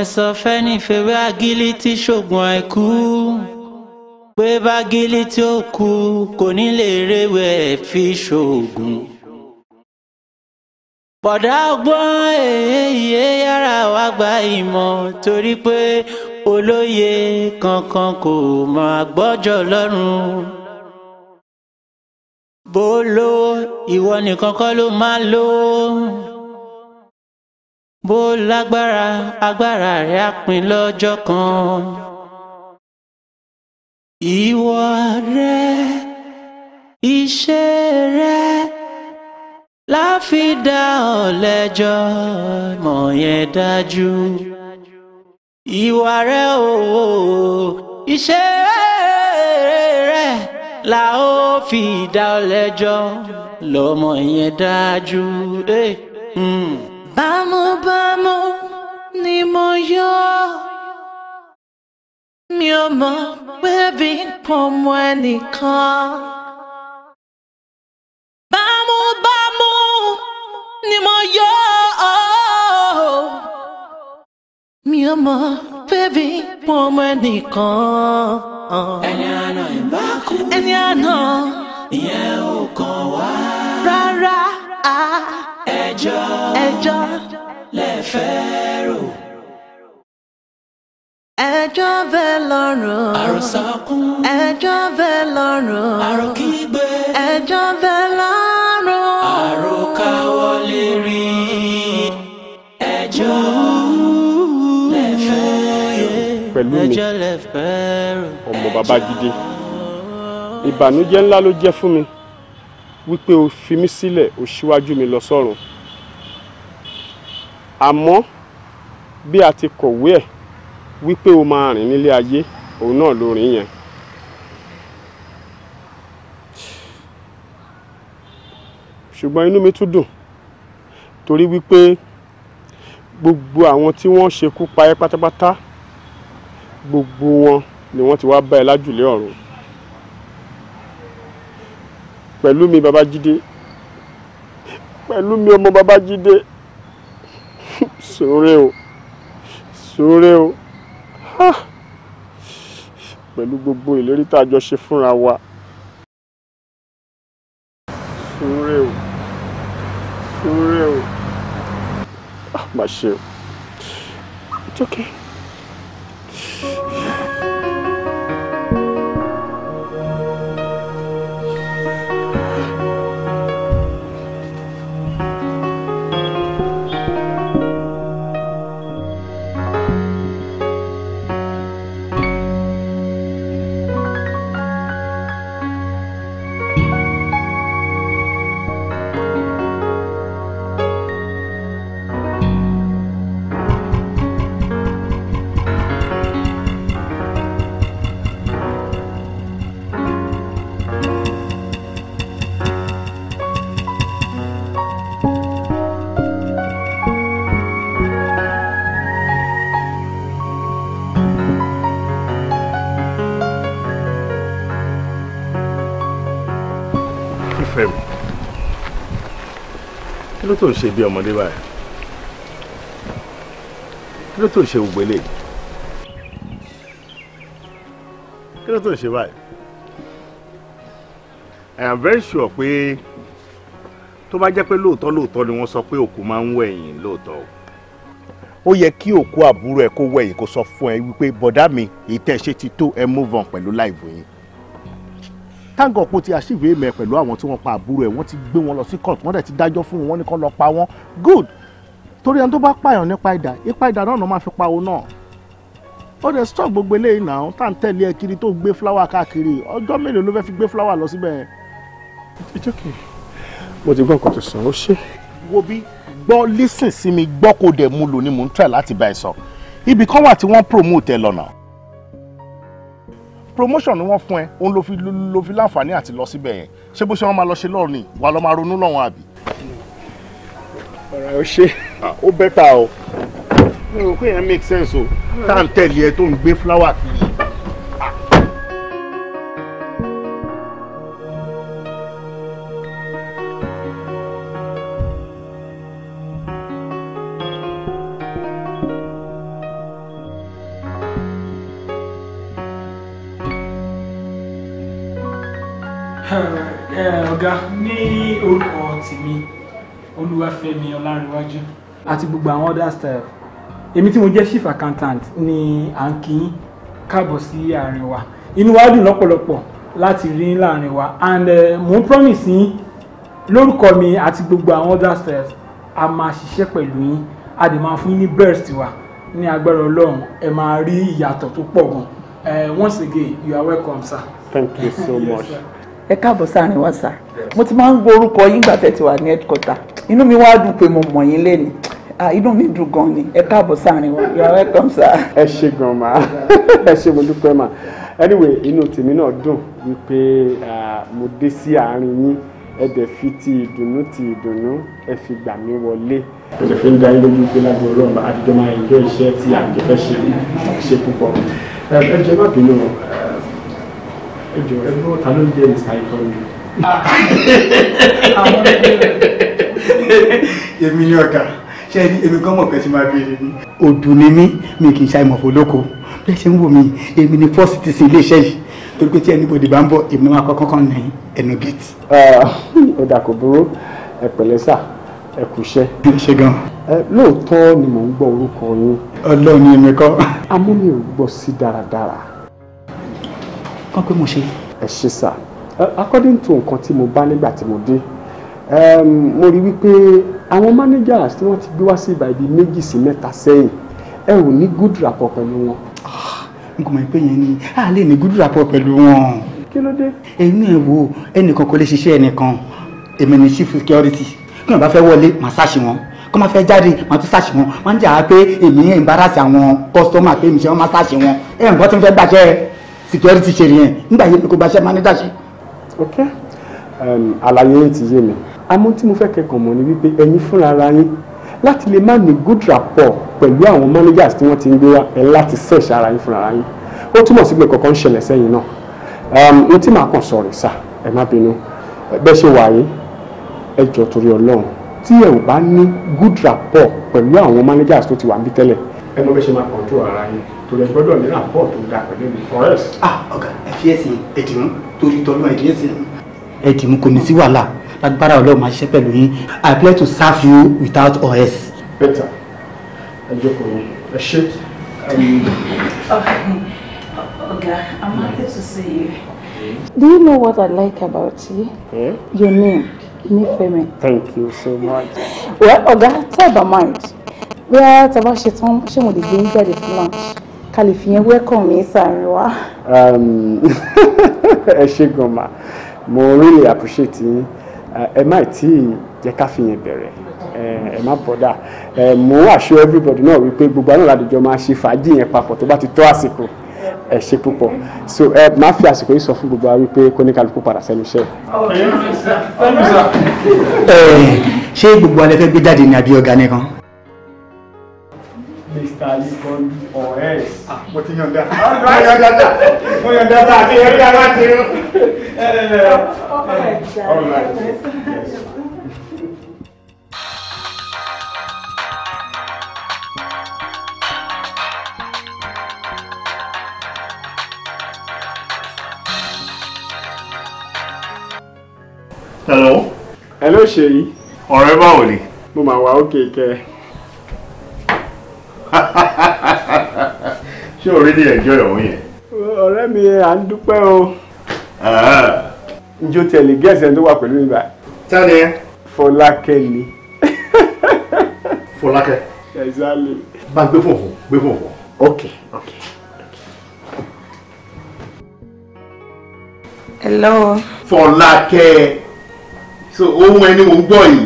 ẹ sọ fẹ́ni fèrè agili tí ṣògùn àìkú pé bágili tí ó kú kò ní lè rewé ẹ̀ fi ṣògùn. bọ̀dá ọgbọ́n èyí yára wá gba ìmọ̀ torí pé olóye kankan kò mọ̀ àgbọ́jọ́ lọ́rùn bó lo ìwọ nìkan kọ́ ló máa lówó bó lágbára agbára rẹ̀ á pin lọ́jọ́ kan. ìwọ rẹ iṣẹ́ rẹ láfi dá ọ yẹn dájú. ìwà rẹ o iṣẹ́ rẹ la ó fi dá ọ lẹ́jọ́ yẹn dájú. Hey. Eh, mm bámúbámú ni mo yọ mi ò baby pé bí kò mọ ẹnìkan. ni mo yọ mi ò baby pé bí kò mọ ẹnìkan. ẹni àná ìbá kú ẹni àná ìyẹn ẹja ẹja lẹ́fẹ́ rò. ẹja bẹ lọ́rùn. àròsà kún. ẹja bẹ lọ́rùn. àròkígbe. ẹja bẹ lọ́rùn. àròkáwọlé rí ẹja lẹ́fẹ́ rò. pẹ̀lú mi ọmọ bàbá gidi ìbànújẹ́ ńlá ló jẹ́ fún mi wípé o fi mí sílẹ̀ o ṣíwájú mi lọ sọ́run àmọ́ bí a ti kọ̀wé ẹ̀ wípé o máa rìn nílé ayé òun náà ló rìn yẹn. ṣùgbọ́n inú mi tún dùn torí wípé gbogbo àwọn tí wọ́n ṣekú pa pátápátá gbogbo wọn ni wọ́n ti wá bá ẹ lájùlé ọ̀run pẹ̀lú mi babájídé pẹ̀lú mi ọmọ babájídé sóore o sóore o pẹ̀lú gbogbo ìlérí tá a jọ ṣe fúnra wa sóore o sóore o ah, má ṣe o it's okay. ló tó ń ṣe bí ọmọdé báyìí kí ló tó ń ṣe gbogbo eléyìí kí ló tó ń ṣe báyìí I am very sure pé tó bá jẹ́ pé lóòótọ́ lóòótọ́ ni wọ́n sọ pé òkú máa ń wẹ̀yìn lóòótọ́ o ó yẹ kí òkú àbúrò ẹ kó wẹ̀yìn kó sọ fún ẹ wípé bọ̀dá mi èyí tẹ́ ṣe ti tó ẹ move on pẹ̀lú láìvò yín thank God ti achieve èèmẹ̀ pẹ̀lú àwọn tí wọ́n pa àbúrò ẹ̀ wọ́n ti gbé wọn lọ sí court wọ́n dẹ̀ ti dájọ́ fún wọn wọ́n ní lọ pa wọ́n good torí ẹni tó bá pààyàn nípa ìdá ipa ìdá náà máa fi pa òun náà ó dẹ̀ stop gbogbo eléyìí náà tá à ń tẹ̀lé ẹ kiri tó gbé fúláwà káàkiri ọjọ́ mélòó ló fẹ́ fi gbé fúláwà lọ síbẹ̀ yẹn. it's okay mo ti gbọ́ nǹkan tó sàn ó ṣe. wo bí gbọ́ lísìn sí mi gbọ́ kó dẹ̀ mu lò ni mò ń tẹ̀ láti bá ẹ sọ ibì kan promote ẹ lọ́nà promotion ni wọ́n fún ẹ òun ló fi ló fi láǹfààní àti lọ síbẹ̀ yẹn ṣé bó ṣe wọ́n máa lọ ṣe lọ́ọ̀ni wà lọ́ máa ronú lọ́wọ́n àbí. ọ̀rọ̀ ẹ ṣe ah, ó bẹ́tà o mi ò kó yẹn make sense o tá à ń tẹ̀lé ẹ tó ń gbé flower kiri olúwàfẹ́mi ọlárẹwájú. àti gbogbo àwọn other staff èmi tí mo jẹ́ chief accountant ni à ń kí káàbọ̀ sí àárín wa inú wa dùn lọ́pọ̀lọpọ̀ láti rí láàrin wa and eh, mo ń promise yín lórúkọ mi àti gbogbo àwọn other staff a máa ṣiṣẹ́ pẹ̀lú yín a dẹ̀ máa fún yín ní best wa ní agbára ọlọ́run ẹ máa rí ìyàtọ̀ tó pọ̀ gan eh, once again you are welcome sir. thank you so yes, much. Sir ẹ káàbọ̀ sáàrin wa sà mo ti máa ń gbọ́ orúkọ yín gbà tẹ́ ti wà ní headquarter inú mi wá dùn pé mo mọ̀ yín lẹ́nu inú mi dùn gan ni ẹ káàbọ̀ sáàrin wa you are welcome sir. ẹ ṣe gan ma ẹ ṣe mo dúpẹ́ ma anyway inú tèmi náà dùn wípé mo dé sí àárín yín ẹ dẹ̀ fi ti ìdùnnú ti ìdùnnú ẹ fi gbà mí wọlé. ẹ lè fi ń dá ilé gbígbé lágbo ọlọ́run àtijọ́ máa ń iṣẹ́ tí àjẹfẹ́ ṣe ṣe púpọ̀ ẹ jẹ́ má bínú ẹjọ ẹgbẹ ọta ló ń jẹ mr ikọni. èmi ni ọ̀gá ṣe ni èmi gan mọ̀ pé ti máa béèrè ni. òdù ni mí mi kì í ṣe àìmọ̀fọ́ lóko bí ẹ ṣe ń wò mí èmi ni first citizen iléeṣẹ́ yìí torí pé tí anybody bá ń bọ̀ èmi máa kọ́kọ́ kan ní ẹnu gẹ̀ẹ́tì. ó dà kò burú ẹ pẹ̀lẹ́ sà ẹ kú iṣẹ́. ẹ ṣe gan. lóòótọ́ ni mò ń gbọ́ orúkọ yín. ọlọ́run ni èmi kọ́. amúnirò gbọ́ sí dáradára kán pé mo ṣe. ẹ ṣe sà according to nǹkan tí mo bá nígbà tí mo dé mo rí wípé àwọn managers tí wọ́n ti gbé wá sí ibà ibi méjì sí mẹ́ta sẹ́yìn ẹ ò ní good rapport pẹ̀lú wọn. n kò mọ̀ pé yẹn ni a lè ní good rapport pẹ̀lú wọn. kí ló dé. ẹ̀yin ẹ̀ wo ẹnìkan kò lè ṣiṣẹ́ ẹnìkan èmi ni chief security kí wọn bá fẹ́ wọlé màá ṣáàṣì wọn kọ́ máa fẹ́ jáde màá tún ṣàṣì wọn máa ń jà á pé èmi ń embarrass àwọn kọ́sítọ́mà pé èmi ṣe wọ́n máa ṣàṣì wọn ẹ̀ ń bọ́ tí wọ́n fẹ́ gbàṣẹ́ security ṣe yẹn nígbà yẹn kò bá ṣe manager ṣe. ok àlàyé yẹn ti yé mi àmọ́ tí mo fẹ́ kẹ́kọ̀ọ́ mọ̀ ni wípé ẹ̀yin fúnra ara yín láti lè má ní good rapport pẹ̀lú àwọn managers tí wọ́n ti ń gbé wá ẹ̀ láti search ara yín fúnra ara yín ó túmọ̀ sí pé kankan ń ṣẹlẹ̀ sẹ́yìn náà ohun tí màá kàn sọ̀rọ̀ sà ẹ má bínú bẹ́ẹ̀ ṣe wà yín ẹ jọ torí ọlọ́run tí ẹ ò bá ní good rapport pẹ̀lú àwọn managers tó ti wà níbí tẹ́lẹ̀ ẹ mọ bẹ́ẹ̀ ṣe máa control ara yín torí ẹ gbọ́dọ̀ ní rapport tó ga pẹ̀lú mi forest. ah ọ̀gá ẹ fi ẹ̀sìn ẹ̀dìmú torí tọ́lú ẹ̀dìmú ẹ̀sìn ẹ̀dìmú kò ní sí wàhálà lágbára ọlọ́run máa ṣiṣẹ́ pẹ̀lú yín i plan to serve you without ọ̀s. bẹ́tà ẹ jókòó ẹ ṣe. Um, oh, ọ̀gá i'm happy to see you. do you know what i like about you? Hmm? your name Nifemi. thank you so much. well ọ̀gá tẹ́ ẹ mind Well, a ta bá ṣe tán ṣé be lè gbé yín lunch ká lè fi yẹn wẹ́kàn mi sàárín wa. Um, ẹ ṣe gan ma mo really appreciate yín ẹ má tí ì jẹ́ ká fi yẹn bẹ̀rẹ̀ ẹ má bọ̀dà mo assure everybody náà wípé gbogbo àwọn àlejò máa ṣe fàájì yẹn papọ̀ tó bá ti tó àsìkò ẹ ṣe púpọ̀ so ẹ máa fi àsìkò yìí sọ fún gbogbo àwọn wípé kó ní kálukú padà sẹ́nu iṣẹ́. ṣé gbogbo alẹ́ fẹ́ gbé jáde ní abíọ́gá nìkan physically body or else. Ah, mo ti yàn dáadáa mo yàn dáadáa mo yàn dáadáa àti yàn dáadáa láti rú. all right. Yes. hello. hello ṣèyí. ọ̀rẹ́ báwo ni. mo máa wà ókè kẹ́ ṣé o really enjoy ọ̀hún yẹn. ọ̀rẹ́ mi à ń dúpẹ́ o. njó tiẹ̀ lè gẹ̀ẹ́sì tó wà pẹ̀lú mi báyìí. tani ẹ. fọlákẹ́ ni. fọlákẹ́. exactly. bá gbé fòfò gbé fòfò. ok ok. hello. fọlákẹ́ so ohun ẹni mò ń gbọ́ yìí.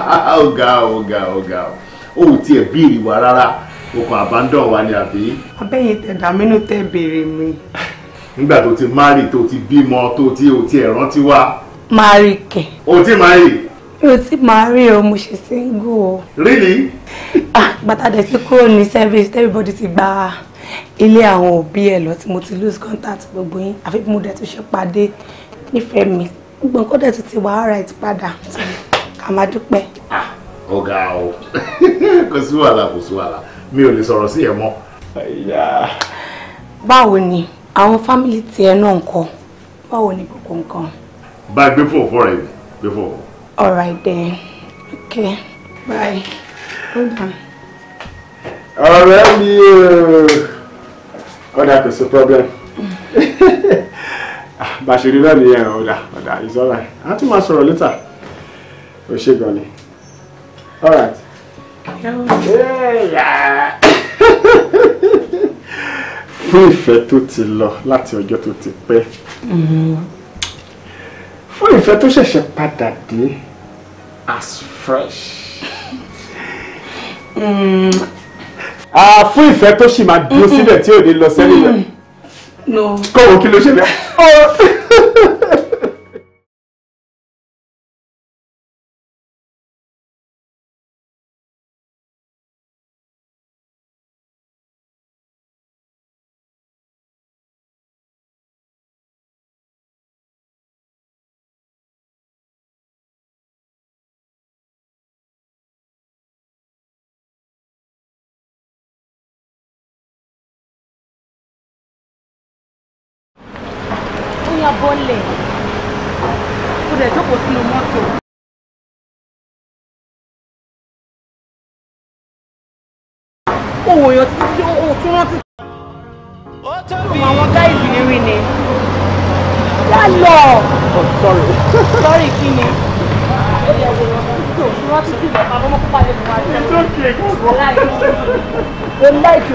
ó ga ó ga o ò tiẹ̀ béèrè wa rárá o kàn abandon wa ni àbí. abẹ́yẹ tẹ̀dá mínú tẹ́ béèrè mi. nígbà tó ti márì tó ti bímọ tó ti ò tiẹ̀ rántí wa. márì kẹ. o ti márì. mi ò tí márì o mo ṣe single o. really. ah gbàtàdé tí kúrò ní service everybody ti gba ilé àwọn òbí ẹ lọ tí mo ti lose contact gbogbo yín àfi bí mo dẹ̀ tún ṣe pàdé nífẹ̀ẹ́ mi gbogbo nǹkan dẹ̀ tún ti wà alright padà ká máa dúpẹ́. ah ọ̀gá o kò sí wàhálà kò sí wàhálà mi ò lè sọ̀rọ̀ sí ẹ mọ́. báwo ni àwọn fámìlì tiẹ̀ náà ń kọ́ báwo ni gbogbo nǹkan. bá a gbé fòfò rẹ gbé fòfò. all then okay bye hold on. ọ̀rẹ́ mi ọ̀dà kò sí problem bá a ṣe rí náà nìyẹn ọ̀dà ọ̀dà it's all right a tún máa sọ̀rọ̀ later ó ṣe gan ni. Alright. right. Fún ìfẹ́ tó ti lọ láti ọjọ́ tó ti pẹ́. Fún ìfẹ́ tó ṣẹ̀ṣẹ̀ padà dé as fresh. Mm. Ah, fún ìfẹ́ tó ṣì máa dúró síbẹ̀ tí ò ní lọ sẹ́lẹ̀. Mm. Mm. Kọ̀wọ́ kí ló ṣẹlẹ̀? yọ bọ́lẹ̀ kó dẹ̀ jókòó sínú mọ́tò. òwò èèyàn títí ó tún rántí. ó tóbi àwọn gáìsì ní rí ni. yá lọ. Oh, sọ́rí kí ni. Mo láìkì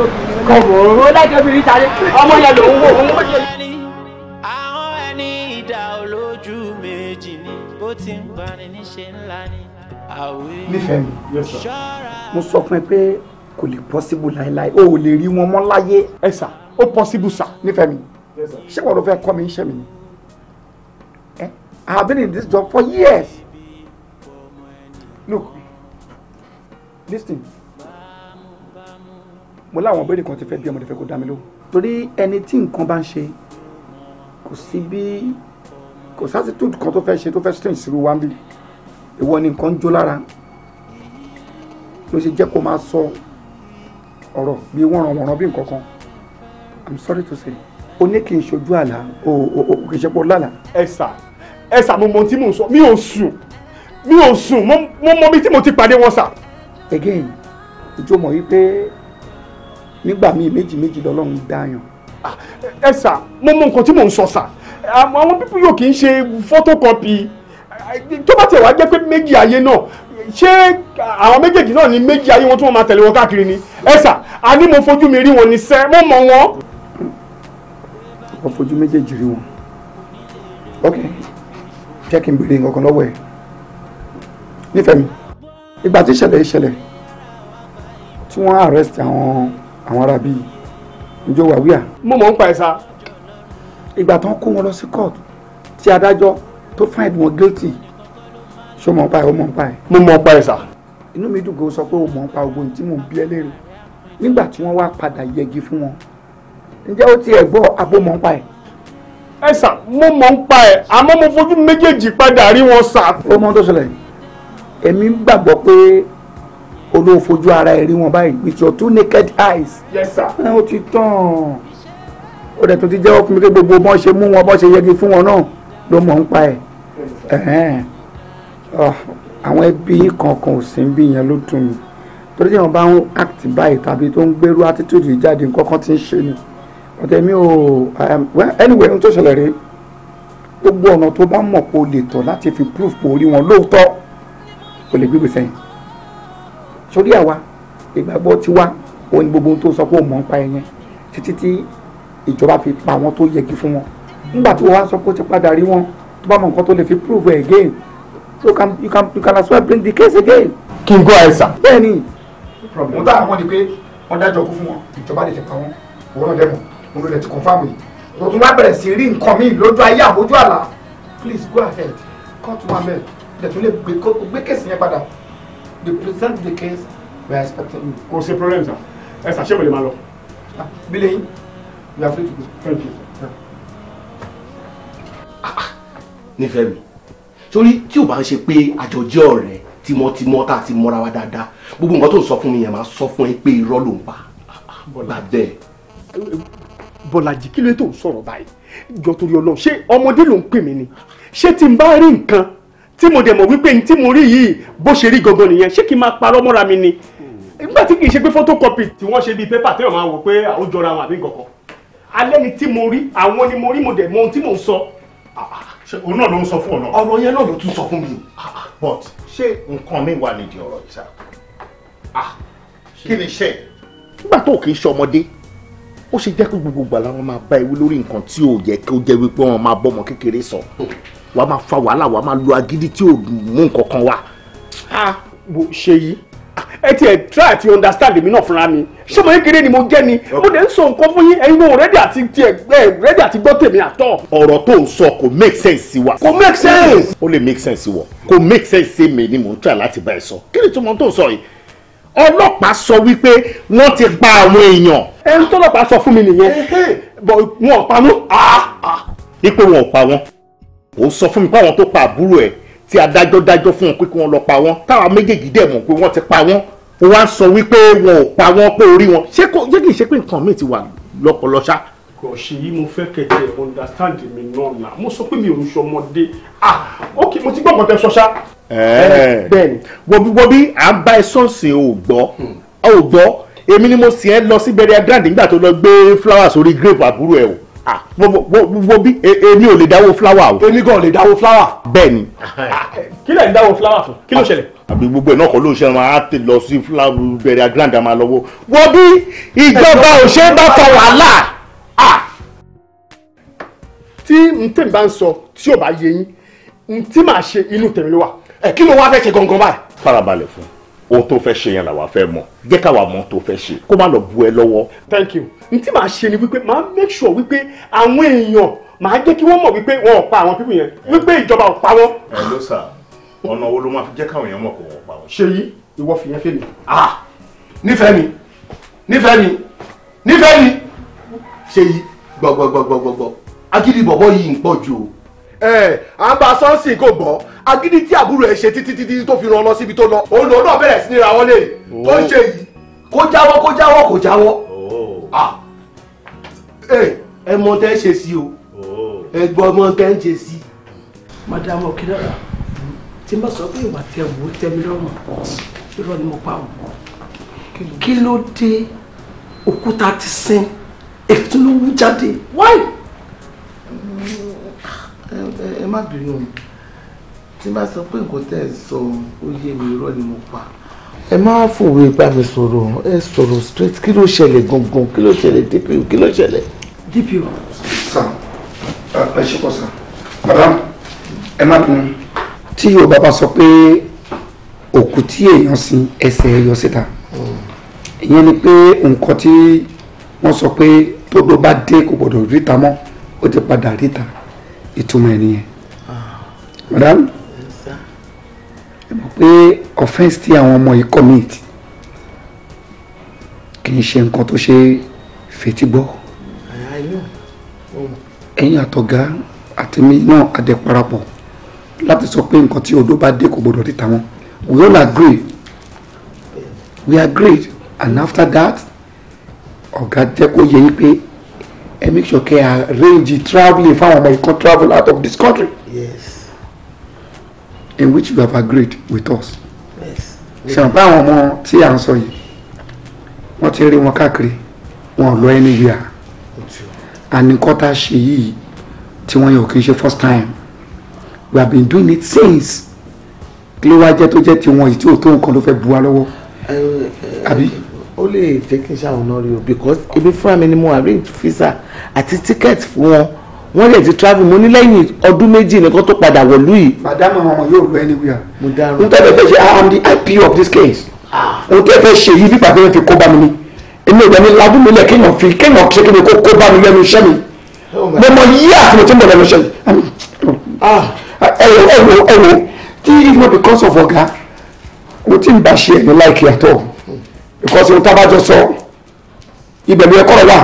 obìnrin. Mo láìkì obìnrin tàbí ọmọ yẹn lòun wò. nífẹ̀ẹ́ mi mo sọ fún ẹ pé kò lè pọ́síbù láéláé o ò lè rí wọn mọ́ láyé. ẹ sà ó pọ́síbù sà. nífẹ̀ẹ́ mi ṣé wọ́n ló fẹ́ kọ́ mi iṣẹ́ mi ni I have been in this job for years look this thing mo láwọn ìbéèrè kan ti fẹ́ bí ọmọdé fẹ́ kó dá mi lóhùn. torí ẹni tí nǹkan bá ń ṣe kò sí bí kò sásìtúdù kan tó fẹ́ ṣe tó fẹ́ strange sí wa ń bí ìwọ ni nǹkan ń jó lára ló ṣe jẹ́ kó máa sọ ọ̀rọ̀ bíi wọ́nranwọ̀nran bíi nǹkan kan i'm sorry to say o ní kí n ṣojú àlá o o kì í ṣe pọ̀ ẹ sà ẹ sà mo mọ tí mò ń sọ mi ò sùn mi ò sùn mo mọ bí tí mo ti pàdé wọn sà. again ìjọ mọ̀ wípé nígbà míì méjì méjì lọ́lọ́run dáyàn. ẹ sà mo mọ nǹkan tí mò ń sọ sà àwọn pípú yóò kì í ṣe photocopy tó bá tiẹ̀ wá jẹ́ pé méjì ayé náà ṣé àwọn méjèèjì náà ni méjì ayé wọn tí wọ́n máa tẹ̀lé wọn káàkiri ni ẹ sà á ní mo fojú mi rí wọn ní sẹ́ mo mọ̀ wọn. mo fojú méjèèjì rí wọn ok jẹ́ kí n béèrè nǹkan lọ́wọ́ ẹ̀ nífẹ̀ẹ́ mi ìgbà tí ìṣẹ̀lẹ̀ ìṣẹ̀lẹ̀ tí wọ́n arrest àwọn àwọn ará bíi njó wàwíà. mo mọ̀ ń pa ẹ̀ sá. ìgbà tán kó wọn lọ sí court tí adájọ́ tó find wọn guilty ṣó mọ̀ ń pa ẹ̀ ó mọ̀ ń pa ẹ̀. mo mọ̀ ń pa ẹ̀ sà. inú mi dùn kó sọ pé ó mọ̀ ń pa ogun tí mò ń bí ẹ léèrè nígbà tí wọ́n wá padà yẹgi fún wọn ǹjẹ́ ó ti ẹ̀ gbọ́ abó mọ̀ ń pa ẹ̀. ẹ sà mo mọ̀ ń pa ẹ̀ àmọ́ mo fojú méjèèjì padà rí wọn sà. ó mọ tó ṣẹlẹ̀ èmi gbàgbọ́ pé olóò ara ẹ̀ rí wọn báyìí with your two naked eyes. yes sir. ẹ ó ti tán ó dẹ̀ tó ti jẹ́wọ́ fún mi pé gbogbo bọ́n ṣe mú wọn bọ́n ṣe yẹgi fún wọn ló mọ̀ ń pa ẹ̀ ah, àwọn ẹbí kankan ò sí ń bí yẹn ló dùn mí torí tí wọn bá ń act báyìí tàbí tó ń gbèrú attitude yìí jáde kankan ti ń ṣe ni ọ̀tẹ̀ mi ò um, anyway ohun tó ṣẹlẹ̀ rèé gbogbo ọ̀nà tó bá mọ̀ pé o lè tọ̀ láti fi proof pò orí wọn lóòótọ́ o lè gbégbé sẹ́yìn sórí àwa ìgbàgbọ́ tiwa òun ni gbogbo ohun tó sọ pé o mọ̀ ń pa ẹ̀yẹn títí tí ìjọba fi pa àwọn tó yẹgi fún wọn nígbà tí o wá sọ pé o ti padà rí wọn tó bá mọ nǹkan tó lè fi prove it again so you can you can you can as well bring the case again. kí n go àìsàn. bẹ́ẹ̀ni. mo dá àwọn ni pé wọn dájọ́ kú fún wọn ìjọba lè ti pa wọn òun náà dẹmọ òun lè ti confam yìí o tún wá bẹ̀rẹ̀ sí rí nǹkan mi lójú ayé àbójú àlá please go ahead court wa mẹ́ẹ̀ lẹ́tún lè gbé kéèsì yẹn padà they present the case we are expecting you. kò sí problem sir ẹ ṣàṣẹ́wò lè máa lọ. Ah, bílẹ̀ yín you are free to go. thank you. nífẹ̀ẹ́ mi sórí tí o bá ń ṣe pé àjọjẹ́ ọ̀rẹ́ tímọ́tímọ́ tá a ti mọ́ra wa dáadáa gbogbo nǹkan tó ń sọ fún mi yẹn máa sọ fún ẹ pé irọ́ ló ń pa bọ́lá bẹ́ẹ̀. Bọ́lájí kí ló tó ń sọ̀rọ̀ báyìí jọ torí Ọlọ́run ṣé ọmọdé ló ń pè mí ni ṣé tí n bá rí nǹkan tí mo dẹ̀ mọ̀ wípé ní tí mo rí yìí bó ṣe rí gangan nìyẹn ṣé kí n máa parọ́ mọ́ra mi ni nígbà tí kì í ṣe pé photocopy tí wọ́n ṣe bíi pépà tẹ́wọ̀n máa wò pé àwọn ṣe òun náà ló ń sọ fún ọ náà. ọ̀rọ̀ yẹn náà ló tún sọ fún mi. Ah, ah. but ṣé nǹkan mi wà nídìí ọ̀rọ̀ yìí sá. Ah, kí ni iṣẹ́ nígbà tó kì í ṣe ọmọdé ó ṣe jẹ́ kó gbogbo gbà láwọn máa bá ewé lórí nǹkan tí ò yẹ kó jẹ́ wípé wọ́n máa bọ́mọ kékeré sọ oh. wàá máa fa wàhálà wàá máa lo agídí tí ò mú nǹkan kan wá. wo ṣe yìí ẹ ti ẹ try to understand èmi náà fúnra mi ṣé mo kékeré ni mo jẹ́ ni mo dẹ̀ ń sọ nǹkan fún yín ẹ̀yin náà rẹ́dí àti tiẹ̀ rẹ́dí àti gbọ́ tèmi àtọ̀. ọ̀rọ̀ tó ń sọ kò make sense sí wa. kò make sense. ó lè make sense sí wọ kò make sense sí mi ni mò ń try láti bá ẹ sọ kí ni tó mọ tó ń sọ yìí ọlọ́pàá sọ wípé wọ́n ti pa àwọn èèyàn. ẹni tọ́lọ́pàá sọ fún mi nìyẹn wọn ò pa ah, ah. wọn. ipò wọn ò pa wọn ò sọ fún mi pé àwọn tó pa àbúrò ẹ̀ tí adájọ́ dájọ́ fún wọn pé kí wọ́n lọ pa wọ́n táwa méjèèjì dẹ̀ mọ̀ pé wọ́n ti pa wọ́n ó sọ wípé wọn ò pa wọ́n pé orí wọn ṣé kò jẹ́ kí n ṣe pé nǹkan míì ti wà lọ́pọlọ ṣá. gọ̀ọ́sì yìí mo fẹ́ kẹ̀kẹ́ understand mi náà là mo sọ pé mi ò ń ṣọmọdé ah ok mo ti gbọ́dọ̀ tẹ sọ ṣá. bẹ́ẹ̀ni wọbíwọbí à ń bá ẹ sọ́ọ̀sì ò gbọ́ hmm. ò gbọ́ èmi ni mo sì ẹ lọ sí bẹ̀rẹ̀ grand nígbà tó lọ gbé flowers orí grape àbúrò ẹ̀ o Ah, wo bí e, èmi o lè dáwó fúláwà o. èmi gan ò lè dáwó fúláwà. bẹ́ẹ̀ ni. Ah, eh, kí lẹ̀ ń dáwó fúláwà fún kí ló ah, ṣẹlẹ̀. àbí gbogbo ẹ̀ náà kọ́ ló ṣe máa tè lọ sí fúláwà bẹ̀rẹ̀ grand ama lọ́wọ́. wo bí ìjọba ò ṣe bá fa wàhálà. tí ntẹ̀ bá ń sọ tí ò bá yẹ yín ntí màá ṣe inú tèmi ló wà eh, kí ló wá fẹ́ ṣe gangan báyìí. farabalẹ̀ fún un ohun tó fẹ́ ṣe yẹn làwa fẹ́ mọ̀ jẹ́ káwa mọ̀ tó fẹ́ ṣe kó má lọ bu ẹ lọ́wọ́. thank you n tí màá ṣe ni wípé màá make sure wípé àwọn èèyàn màá jẹ́ kí wọ́n mọ̀ wípé wọn ò pa àwọn pípì yẹn wípé ìjọba ò pa wọn. ẹ ló sà ọ̀nà wo ló máa fi jẹ́ káwọn èèyàn mọ̀ kó wọ́n pa wọn. ṣe yí ìwọ fi yẹn fẹ́ mi. ah nífẹ̀ẹ́ mi nífẹ̀ẹ́ mi nífẹ̀ẹ́ mi ṣe yí gbọ̀gbọ̀gbọ̀gbọ̀gbọ̀ agídí bọ̀bọ̀ yìí ń pọ̀ ju o ẹ à ń bá sọ́ọ̀sì kò gbọ́ agídí tí àbúrò ẹ ṣe títí títí tó fi ran lọ síbi tó lọ òun lòun náà bẹ̀rẹ̀ sí ní ra wọlé yìí oh. tó ń ṣe yìí kó jáwọ́ kó jáwọ́ kó jáwọ́ oh. ah. ẹ mọ tẹ́ ṣe sí o oh. ẹ gbọ́ mọ tẹ́ ń ṣe sí. madam okidara tí n bá sọ pé ìwà tẹ wò ó tẹ mi lọ́rùn irọ́ ni mo pa ọ́ kí ló dé òkúta ti sin ètò jáde ẹ má bínú tí n bá sọ pé nǹkan tẹ́ ẹ sọ ó yé mi irọ́ ni mo pa. ẹ má fòwe bá mi sọ̀rọ̀ ẹ sọ̀rọ̀ straight kí ló ṣẹlẹ̀ gangan kí ló ṣẹlẹ̀ DPO kí ló ṣẹlẹ̀. DPO. sà ẹ ṣe kọ sà madam ẹ má bínú. tí Yorùbá bá sọ pé òkú tí èèyàn sin ẹsẹ̀ ẹ yọ síta ìyẹn ni pé nǹkan tí wọ́n sọ pé tó ló bá dé kò gbọ́dọ̀ ríta mọ́ ó ti padà ríta ìtumọ̀ ẹ̀ madam ẹ mọ̀ pé offence tí àwọn ọmọ yìí commit kì í ṣe nǹkan tó ṣe fetí gbọ́ oh. ẹ̀yin àtọ̀gá àtẹ̀mí náà adẹ parapọ̀ láti sọ pé nǹkan tí odó bá dé kò gbọdọ̀ dé tàwọn we all agree we agreed and after that ọ̀gá jẹ́ kó yẹ yín pé ẹ make sure kẹ́ arrange travelling fáwọn ọmọ yìí kan travel out of this country. yes. in which you have agreed with us. yes. ṣàǹpá àwọn ọmọ tí à ń sọ yìí wọ́n ti rí wọn káàkiri wọn lọ ẹni yìí à àníkọ́tà ṣe yìí tí wọ́n yàn kì first time we have been doing it since kí ló wá jẹ́ tó jẹ́ tiwọn yìí tí ò tó nǹkan ló fẹ́ bu wa lọ́wọ́ uh, àbí ó lè jẹ́ kí n ṣàwọn náà rí o because ebi fúnra mi ni mo arrange visa àti ticket fún wọn wọ́n lè ti travel mo ní lẹ́yìn ọdún méjì nìkan tó padà wọ̀lú yìí. madam àwọn ọmọ yóò lọ anywhere. mo dára n tẹ́lẹ̀ fẹ́ ṣe ah, i am the IP of this case. Ah. n tẹ́lẹ̀ fẹ́ ṣe yìí bí bàbá yẹn fi kó bá mi ní. èmi ìgbà mi ládùn mi lẹ̀ kéèyàn fi kéèyàn ṣe kí ni kó kó bá mi lẹ́nu iṣẹ́ mi. Oh mo mọ yí àtúntò tí mo lẹ́nu iṣẹ́ mi. ẹ̀wọ̀ ẹ̀wọ̀ ẹ̀wọ̀ tí if not because of ọ̀gá mo ti ń bá ṣe ẹ̀yìn láìkí àtọ̀ because ohun tábàjọ sọ ibẹ̀ ló yẹ kọ́rọ̀ wà.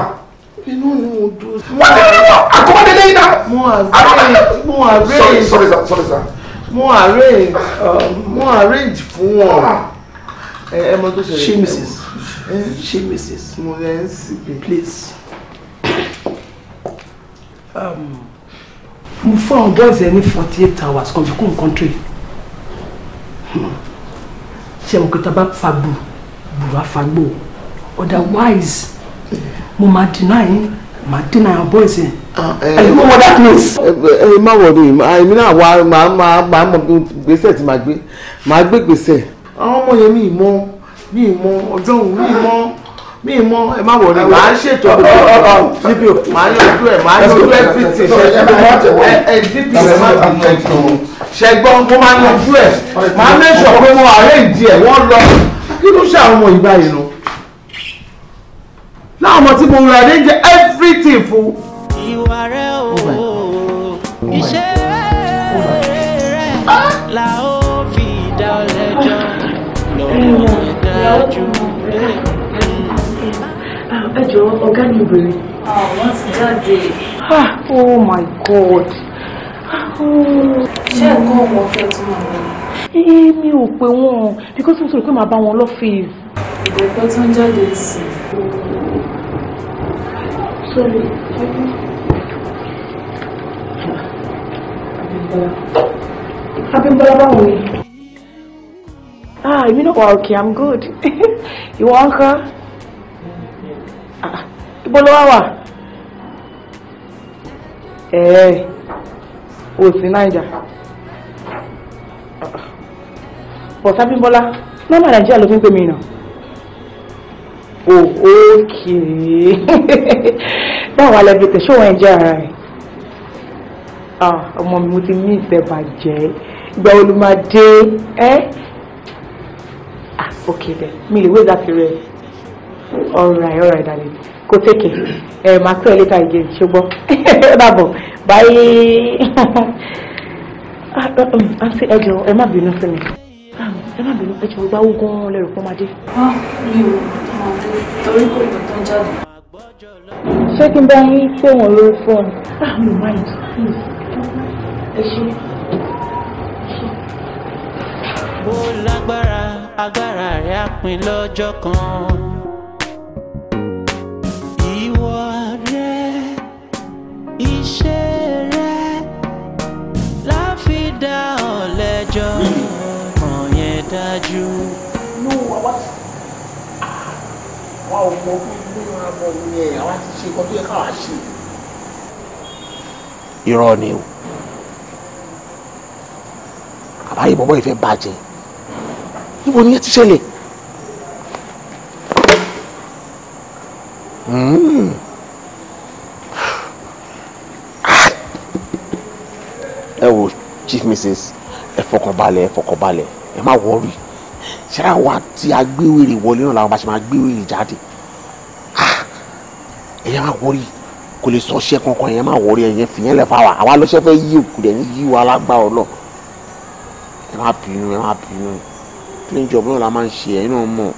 inú ni mo dúró sí. wọ́n ti rí wọn àkọ́mọdé lẹ́yìn náà. mo arrange mo arrange sorry mo arrange mo arrange fún wọn ah. ẹ mọ tó ṣẹlẹ̀. she misses she misses mo rẹ ń síbi. please. Um, mo fún àwọn boys ẹ ní forty eight hours kan fi kún un country hmm. ṣé mo kí n ta bá fa gbùrù bùbá fagbó otherwise mo máa deny máa deny our boys yẹn. ẹ mú wọn that place. ẹ eh, eh, eh, má wọlé ah, èmi náà wá máa máa máa mọ gbèsè tí màá gbé màá gbé gbèsè. àwọn ọmọ yẹn mi ì mọ mi ì mọ ọjọ́ òun mi ì mọ mi ì mọ ẹ má wọlé màá ṣètò àbúrò fídíò màá yọjú ẹ màá yọjú ẹ fìtì ẹ ẹ dípì ẹ má bínú ẹ jù ṣẹgbọn kó máa yọjú ẹ màá mẹsàn pé wọn àárẹ ìdí ẹ wọn lọ kí ló ṣe àwọn ọmọ yìí báyìí láwọn ọmọ tí mo ra dé jẹ everything fún. ìwà rẹ o iṣẹ́ rẹ la ó fi dá ọ lẹ́jọ́ lọ́wọ́ ìdájú ẹ jọ ọgá mi bèrè. wọ́n ti jáde. oh my god. Ah, oh. ṣé ẹ̀kọ́ ọmọ fẹ́ tún mọ̀ wọ́n mi ò pè wọ́n because mo sọ pé màá bá wọn lọ́fíìsì. ìgbẹ́pẹ́ tó ń jáde sí i. sọ́rí Abímbọ́lá báwo ni? Ah, you know wà òkè, I'm good. You Ìwọ ńkọ́? Ibo ló her. Ah, wà? Ẹ̀ẹ́, òsì Naija but Abímbọ́lá nọ́mbà nàìjíríà ló fi ń pè mí nà o ókè báwo alẹ́ bí tẹ̀ ṣé òun ẹ̀jẹ̀ ara rẹ̀ ah ọmọ mi mo ti ní ìfẹ́ bàjẹ́ ìgbà wo ló máa dé ẹ́ ah okay then mi lè wé láti rẹ̀ alright alright darling go take care ẹ̀ máa pẹ́ later again ṣùgbọ́n ó dàbọ̀ bye àǹtí ah, um, um, ẹ̀jọ̀ ẹ má bínú sí mi ẹ má bínú ẹjọ ìgbà wo gan lẹrù pọ́n máa dé. Ah, mi ò máa dé torí kò tó ń jáde. ṣé kí n bá yín pè wọ́n lórí fóònù. ah mi ò máa yìí ẹ ṣe. mo lágbára agbára rẹ̀ á pin lọ́jọ́ kan. iṣẹ́. dájú. inú àwa ti àwa ah, ò mọ bí inú àmọ ni ẹ àwa ti ṣe nǹkan tó yẹ káwa ṣe. irọ́ ni o àbáyé bọ́bọ́ ìfẹ́ bàjẹ́ níbo ni ẹ ti ṣẹlẹ̀. Hmm. Ah. ẹ wo chief mrs ẹ fọkànbalẹ̀ ẹ fọkànbalẹ̀ ẹ má wọrí ṣé àwa tí a gbé wèrè wọlé náà làwọn bá ṣe máa gbé wèrè jáde ẹ̀yẹ ah! má wọrí kò lè sọ ṣẹ́ kankan ẹ̀yẹ má wọrí ẹ̀yẹ fìyẹn lẹ̀ fáwa àwa lọ́ṣẹ́ fẹ́ yí òkú rẹ̀ ní yí wa lágbá ọ lọ ẹ má bínú ẹ má bínú clean job náà la máa ń ṣe ẹ̀yìn náà mọ̀.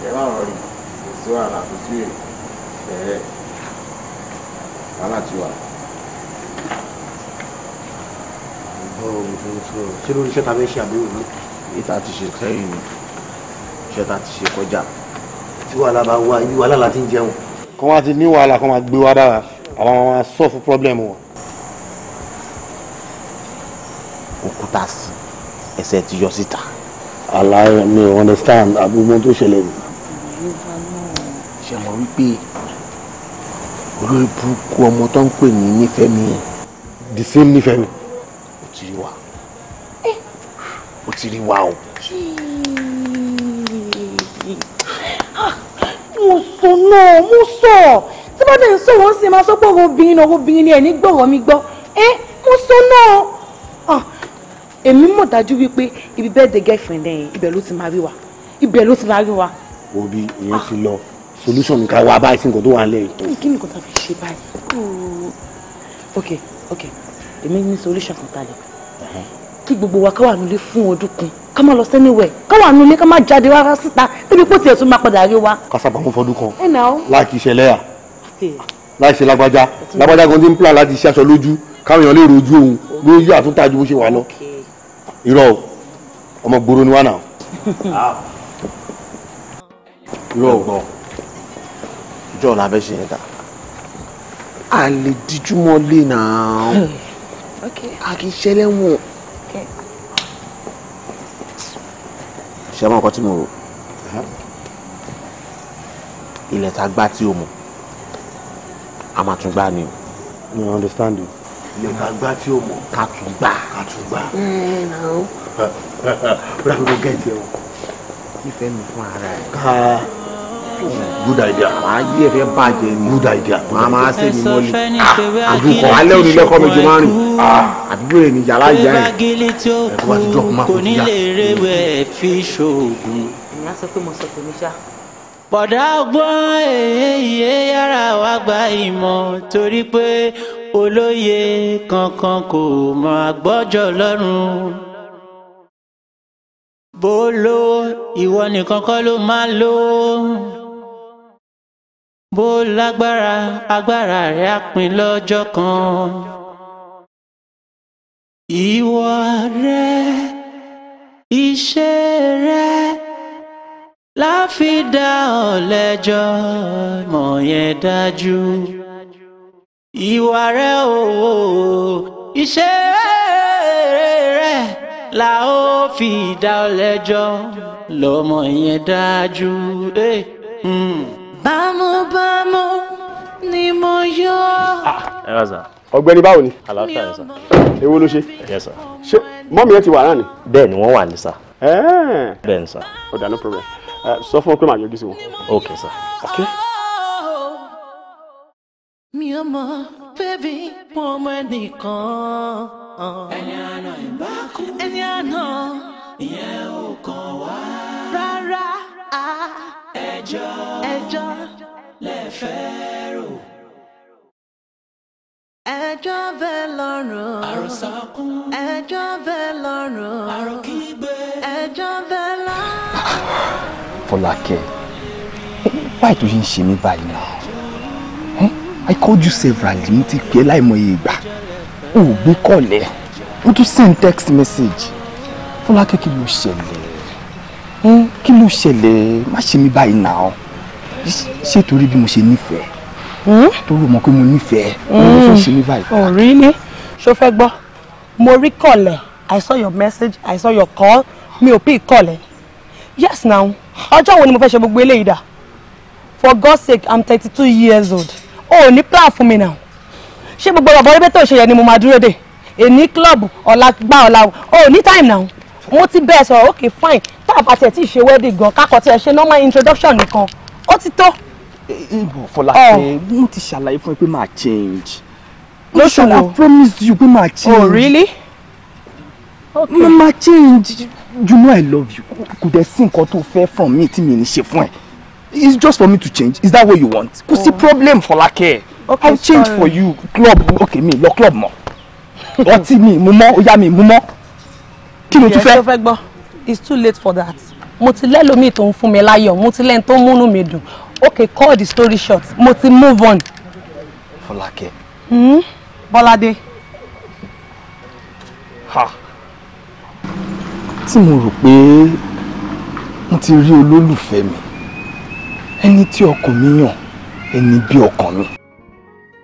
ẹ má wọrí kò sí wàhálà kò sí èrè ẹ wàhálà ti wà. ṣé lórí iṣẹ́ ta fẹ́ ṣe àbẹ̀wò náà ìta ti ṣe sẹ́yìn ni iṣẹ́ ta ti ṣe kọjá tí wàhálà bá wá ibi wàhálà la ti ń jẹun. kọ́ wá ti ní wàhálà kọ́ máa gbé wa dára àwọn ọmọ máa sọ fún pọ́blẹ́mù wọn. òkúta sí ẹsẹ̀ ti yọ síta. aláì mi ò understand àbúrò tó ṣẹlẹ̀ ni. ṣe mọ̀ wípé olórí burúkú ọmọ tó ń pè ní nífẹ̀ẹ́ mi. the same nífẹ̀ẹ́ mi. ó ti wà ó ti rí wa o. Ah, mo sọ náà mo sọ tí bá dẹ̀ ń sọ̀rọ̀ ó sì máa sọ pé òun obìnrin náà obìnrin ni ẹ̀ ní gbọ̀rọ̀ mi gbọ́ ẹ mo sọ náà ah, èmi mọ̀ dájú wípé ibi bẹ́ẹ̀ dé girlfriend ẹ̀ ibẹ̀ ló ti máa rí wa ibẹ̀ ló ti máa rí wa. òbí ìyẹn ah. ti lọ solution mi ká báyìí sí nǹkan tó wà nílẹ̀ yìí. kí ni nǹkan tá ṣe báyìí. ok ok èmi ní solution kan tá a kí gbogbo wa ká wà nílé fún ọdún kan ká má lọ sẹ́niwẹ̀ ká wà nílé ká má jáde rárá síta débi pò tiẹ̀ tún máa padà rí wa. kásábà fún fọdún kan láìkí ìṣẹ̀lẹ̀ à láìṣe lágbájá lágbájá gan ti ń plan láti ṣe aṣọ lójú káwọn èèyàn lè rojú òun lójú àtúntàjú bó ṣe wà lọ irọ́ ọmọ gbòòrò ni wà náà ah. irọ́ ọ̀gbọ́n ìjọ la fẹ́ ṣe yẹn ta a lè díjú mọ́ lé náà a kì í ṣẹlẹ̀ wọn ṣé àwọn nǹkan tí mo rò ilẹ̀ tá a gbá tí o mọ̀ a máa tún gbá ni o. mi understand you. ilẹ̀ tá a gbá tí o mọ̀ ká tún gbá. ká tún gbá. bóyá mi ò gẹ̀ẹ́tì ẹ̀ o. nífẹ̀ẹ́ mi fún ara ẹ̀ good idea. màá yí ẹ̀fẹ̀ bàjẹ́ ni good idea. màá máa ṣe ah, mi mọ́lẹ̀ àdúkọ alẹ́ òní lọ́kọ́ mi jù máa rìn ah, àdúgbò rẹ̀ ní yàrá ìyá yẹn ẹ̀kọ́ àti drop map kò ní yá. ìyá sọ pé mo sọ tèmi ṣá. bọ̀dá ọgbọ́n èyí yára wá gba ìmọ̀ torí pé olóye kankan kò mọ àgbọ́jọ lọ́rùn bó ló ìwọ nìkan kọ́ ló máa lò ó bó lágbára agbára rẹ̀ á pin lọ́jọ́ kan. ìwọ rẹ iṣẹ́ rẹ la fi dá ọ lẹ́jọ́ yẹn dájú. ìwà rẹ o iṣẹ́ rẹ la ó fi dá ọ lẹ́jọ́ yẹn dájú. Hey. Eh, mm bámúbámú ni mo yọ. Ah, ẹ wá sà. ọ̀gbẹ́ni báwo ni. àlàáfíà ni sà. èwo ló ṣe. ẹ sà. ṣé mọ́mí ẹ ti wà náà ni. bẹ́ẹ̀ ni wọ́n wà ní sà. bẹ́ẹ̀ ni sà. ọ̀dà no problem sọ fún ọ pé màá yọjú sí wọn. ok sà. ok. mi ò mọ bébí mo mọ ẹnìkan. ẹni àná ìbákú. ẹni àná. ìyẹn ò kàn wá. rárá ẹjọ́ ẹjọ́ lẹ́fẹ̀ẹ́ rò. ẹjọ́ bẹ́ẹ̀ lọ́rùn. àròsọ kún. ẹjọ́ bẹ́ẹ̀ lọ́rùn. àròkígbe. ẹjọ́ bẹ́ẹ̀ lọ́rùn. Fọlákẹ́ báyìí tó ṣe ń ṣe mí báyìí náà I called you several, mo ti pè é láìmọye ìgbà o ò gbé kọ̀lẹ́ o tún send text message Fọlákẹ́ kí ló ṣẹlẹ̀. Hm, kí ló ṣẹlẹ̀ má ṣe mí báyìí nà ọ́ ṣé bí mo ṣe nífẹ̀ẹ́ hm? torí mọ̀ pé mo nífẹ̀ẹ́ mo fẹ́ ṣe mí báyìí. oh really ṣó fẹ́ gbọ́ mo rí kọ̀lẹ̀ i saw your message i saw your call mi ò pè kọ̀lẹ̀ yes now ọjọ́ wo ni mo fẹ́ ṣe gbogbo eléyìí dà for God's sake i'm thirty two years old o ò ní plan fún mi now ṣé gbogbo ọ̀bọ̀ orí bẹ́ẹ̀ tó ṣe yẹ ni mo máa dúró dè èní club ọ̀la gbá ọ̀la o ò ní time now mo ti bẹ́ẹ̀ sọ̀rọ̀ okay fine tá a bá tiẹ̀ ṣe wedding gan kákọ̀ tí ẹ ṣe normal introduction nìkan ó ti tó. ìbò fọlákẹ́ oh. mo ti ṣàlàyé fún ẹ pé máa change lóṣù wo I promise you pé máa oh, change. oh really. okay máa change you know I love you kò dẹ̀ sí nǹkan tó fẹ́ from me tí mi ní ṣe fún ẹ it's just for me to change is that what you want kò sí oh. problem fọlákẹ́ okay, I change for you club okay mi lọ club mọ́ ọtí mi mú mọ́ ó yá mi mú mọ́ kí ló tún fẹ́. ìyẹn tó fẹ́ gbọ́ it's too late for that mo ti lẹ́lòmíì tó ń fún mi láyọ̀ mo ti lẹ́ni tó ń múnú mi dùn okay call the story short mo ti move on. Fọlákẹ́. Mm? Bọ́ládé. ha tí mo rò pé mo ti rí olólùfẹ́ mi ẹni tí ọkàn mi yàn ẹni bí ọkàn mi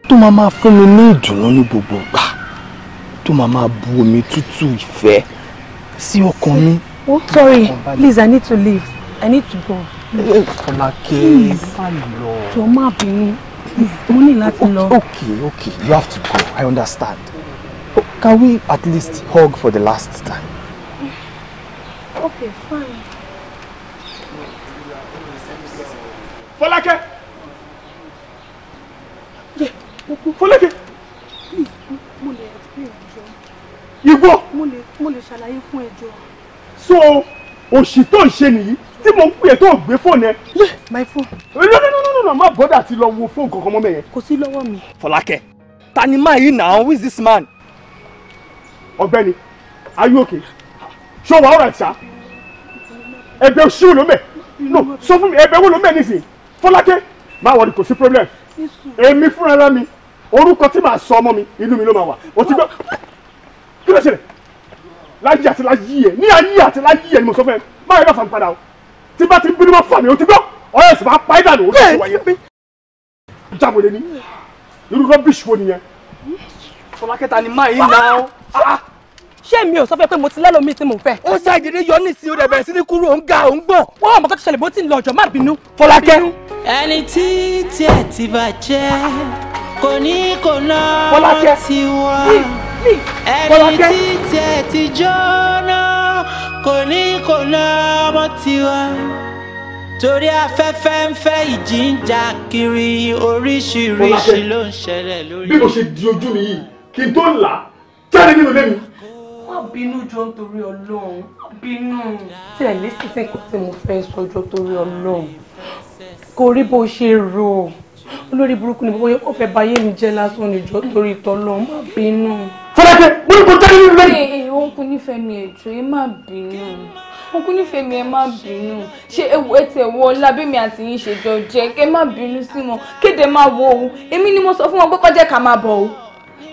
tó máa máa fún mi ní ìdùnnú ní gbogbo ìgbà tó máa máa bu omi tútù ìfẹ́ sí ọkàn mi. Si Oh, sorry. Please, I need to leave. I need to go. Fọlákẹ́, má lọ. Jọ̀ọ́ má bínú. Mo ní láti oh, Okay, okay. You have to go. I understand. Can we at least hug for the last time? Okay, fine. Fọlákẹ́! Yeah, Fọlákẹ́! Please, mo lè explain ẹjọ́. Ìgbọ́! Mo lè ṣàlàyé fún ẹjọ́ so òṣì tó ń ṣe nìyí tí mo ń pè tó gbé fóònù ẹ. my phone. no no no no no má bọ́dà ti lọ wo fóònù kankan mọ́ mẹ́yẹn. kò sí lọ́wọ́ mi. fọlákẹ́ ta ni máa yí náà who is this man. ọ̀gbẹ́ni are you okay ṣé o wà ọ̀rọ̀ ẹ̀ṣá ẹ̀bẹ̀ òṣìwò ló mẹ̀ no sọ fún mi ẹ̀bẹ̀ wo ló mẹ̀ nísìnyí fọlákẹ́ má wọlé kò sí problem èmi fúnra mi orúkọ tí màá sọ ọmọ mi inú mi ló máa wà ó ti gbọ́ kí ló ṣẹlẹ̀ láyé àti láyé ẹ ní ayé àti láyé ẹ ni mo sọ fún ẹ báyìí bá fà padà o tí bá ti bínú máa fà mí o ti gbọ́ ọ̀rẹ́ ẹ̀sìn máa pa ẹ́ dànù orí ìṣòwò ayé jábọ̀ lé ní irú rọ́bìṣì wo nìyẹn. fọlákẹ́ta ni máa yín ah! na ah! ọ́. ṣé mi ò sọ fẹ́ pé mo ti lẹ́lọ́ mi tí mo fẹ́. ó ṣe àjèjì yọ nísìnyí ó dẹ̀ bẹ̀rẹ̀ sí ní kúrò ń ga ó ń wọ́n mọ̀ kó ṣẹlẹ̀ bó ti lọ ọjọ́ ẹni tí tiẹ̀ ti jóná kò ní kò ná ọmọ tiwa torí afẹ́fẹ́ ń fẹ́ ìjì ń jà kiri oríṣiríṣi ló ń ṣẹlẹ̀ lórí. bí mo ṣe di ojú mi yìí kí n tó là jáde nínú ilé mi. wọ́n bínú jọ nítorí ọlọ́run bínú. tiẹ̀ lísì sí nǹkan tí mo fẹ́ sọ jọ torí ọlọ́run kò rí bó ṣe rò ó olórí burúkú ni bó yẹ kó fẹ́ báyé mi jẹ́ lásán níjọ́ torí tọ́lọ́ má bínú fọlẹ́pẹ́ mo ní kò jáde nínú lẹ́yìn. ẹ ẹ òun kò nífẹ̀ẹ́ mi ẹ̀jọ̀ ẹ má bínú òun kò nífẹ̀ẹ́ mi ẹ má bínú ṣé ẹ tẹ̀ wọ lábẹ́mi àti yín ṣèjọ jẹ́ ẹ má bínú sí wọn kéde má wo òun èmi ni mo sọ fún wọn pé kó jẹ́ ká máa bọ̀ o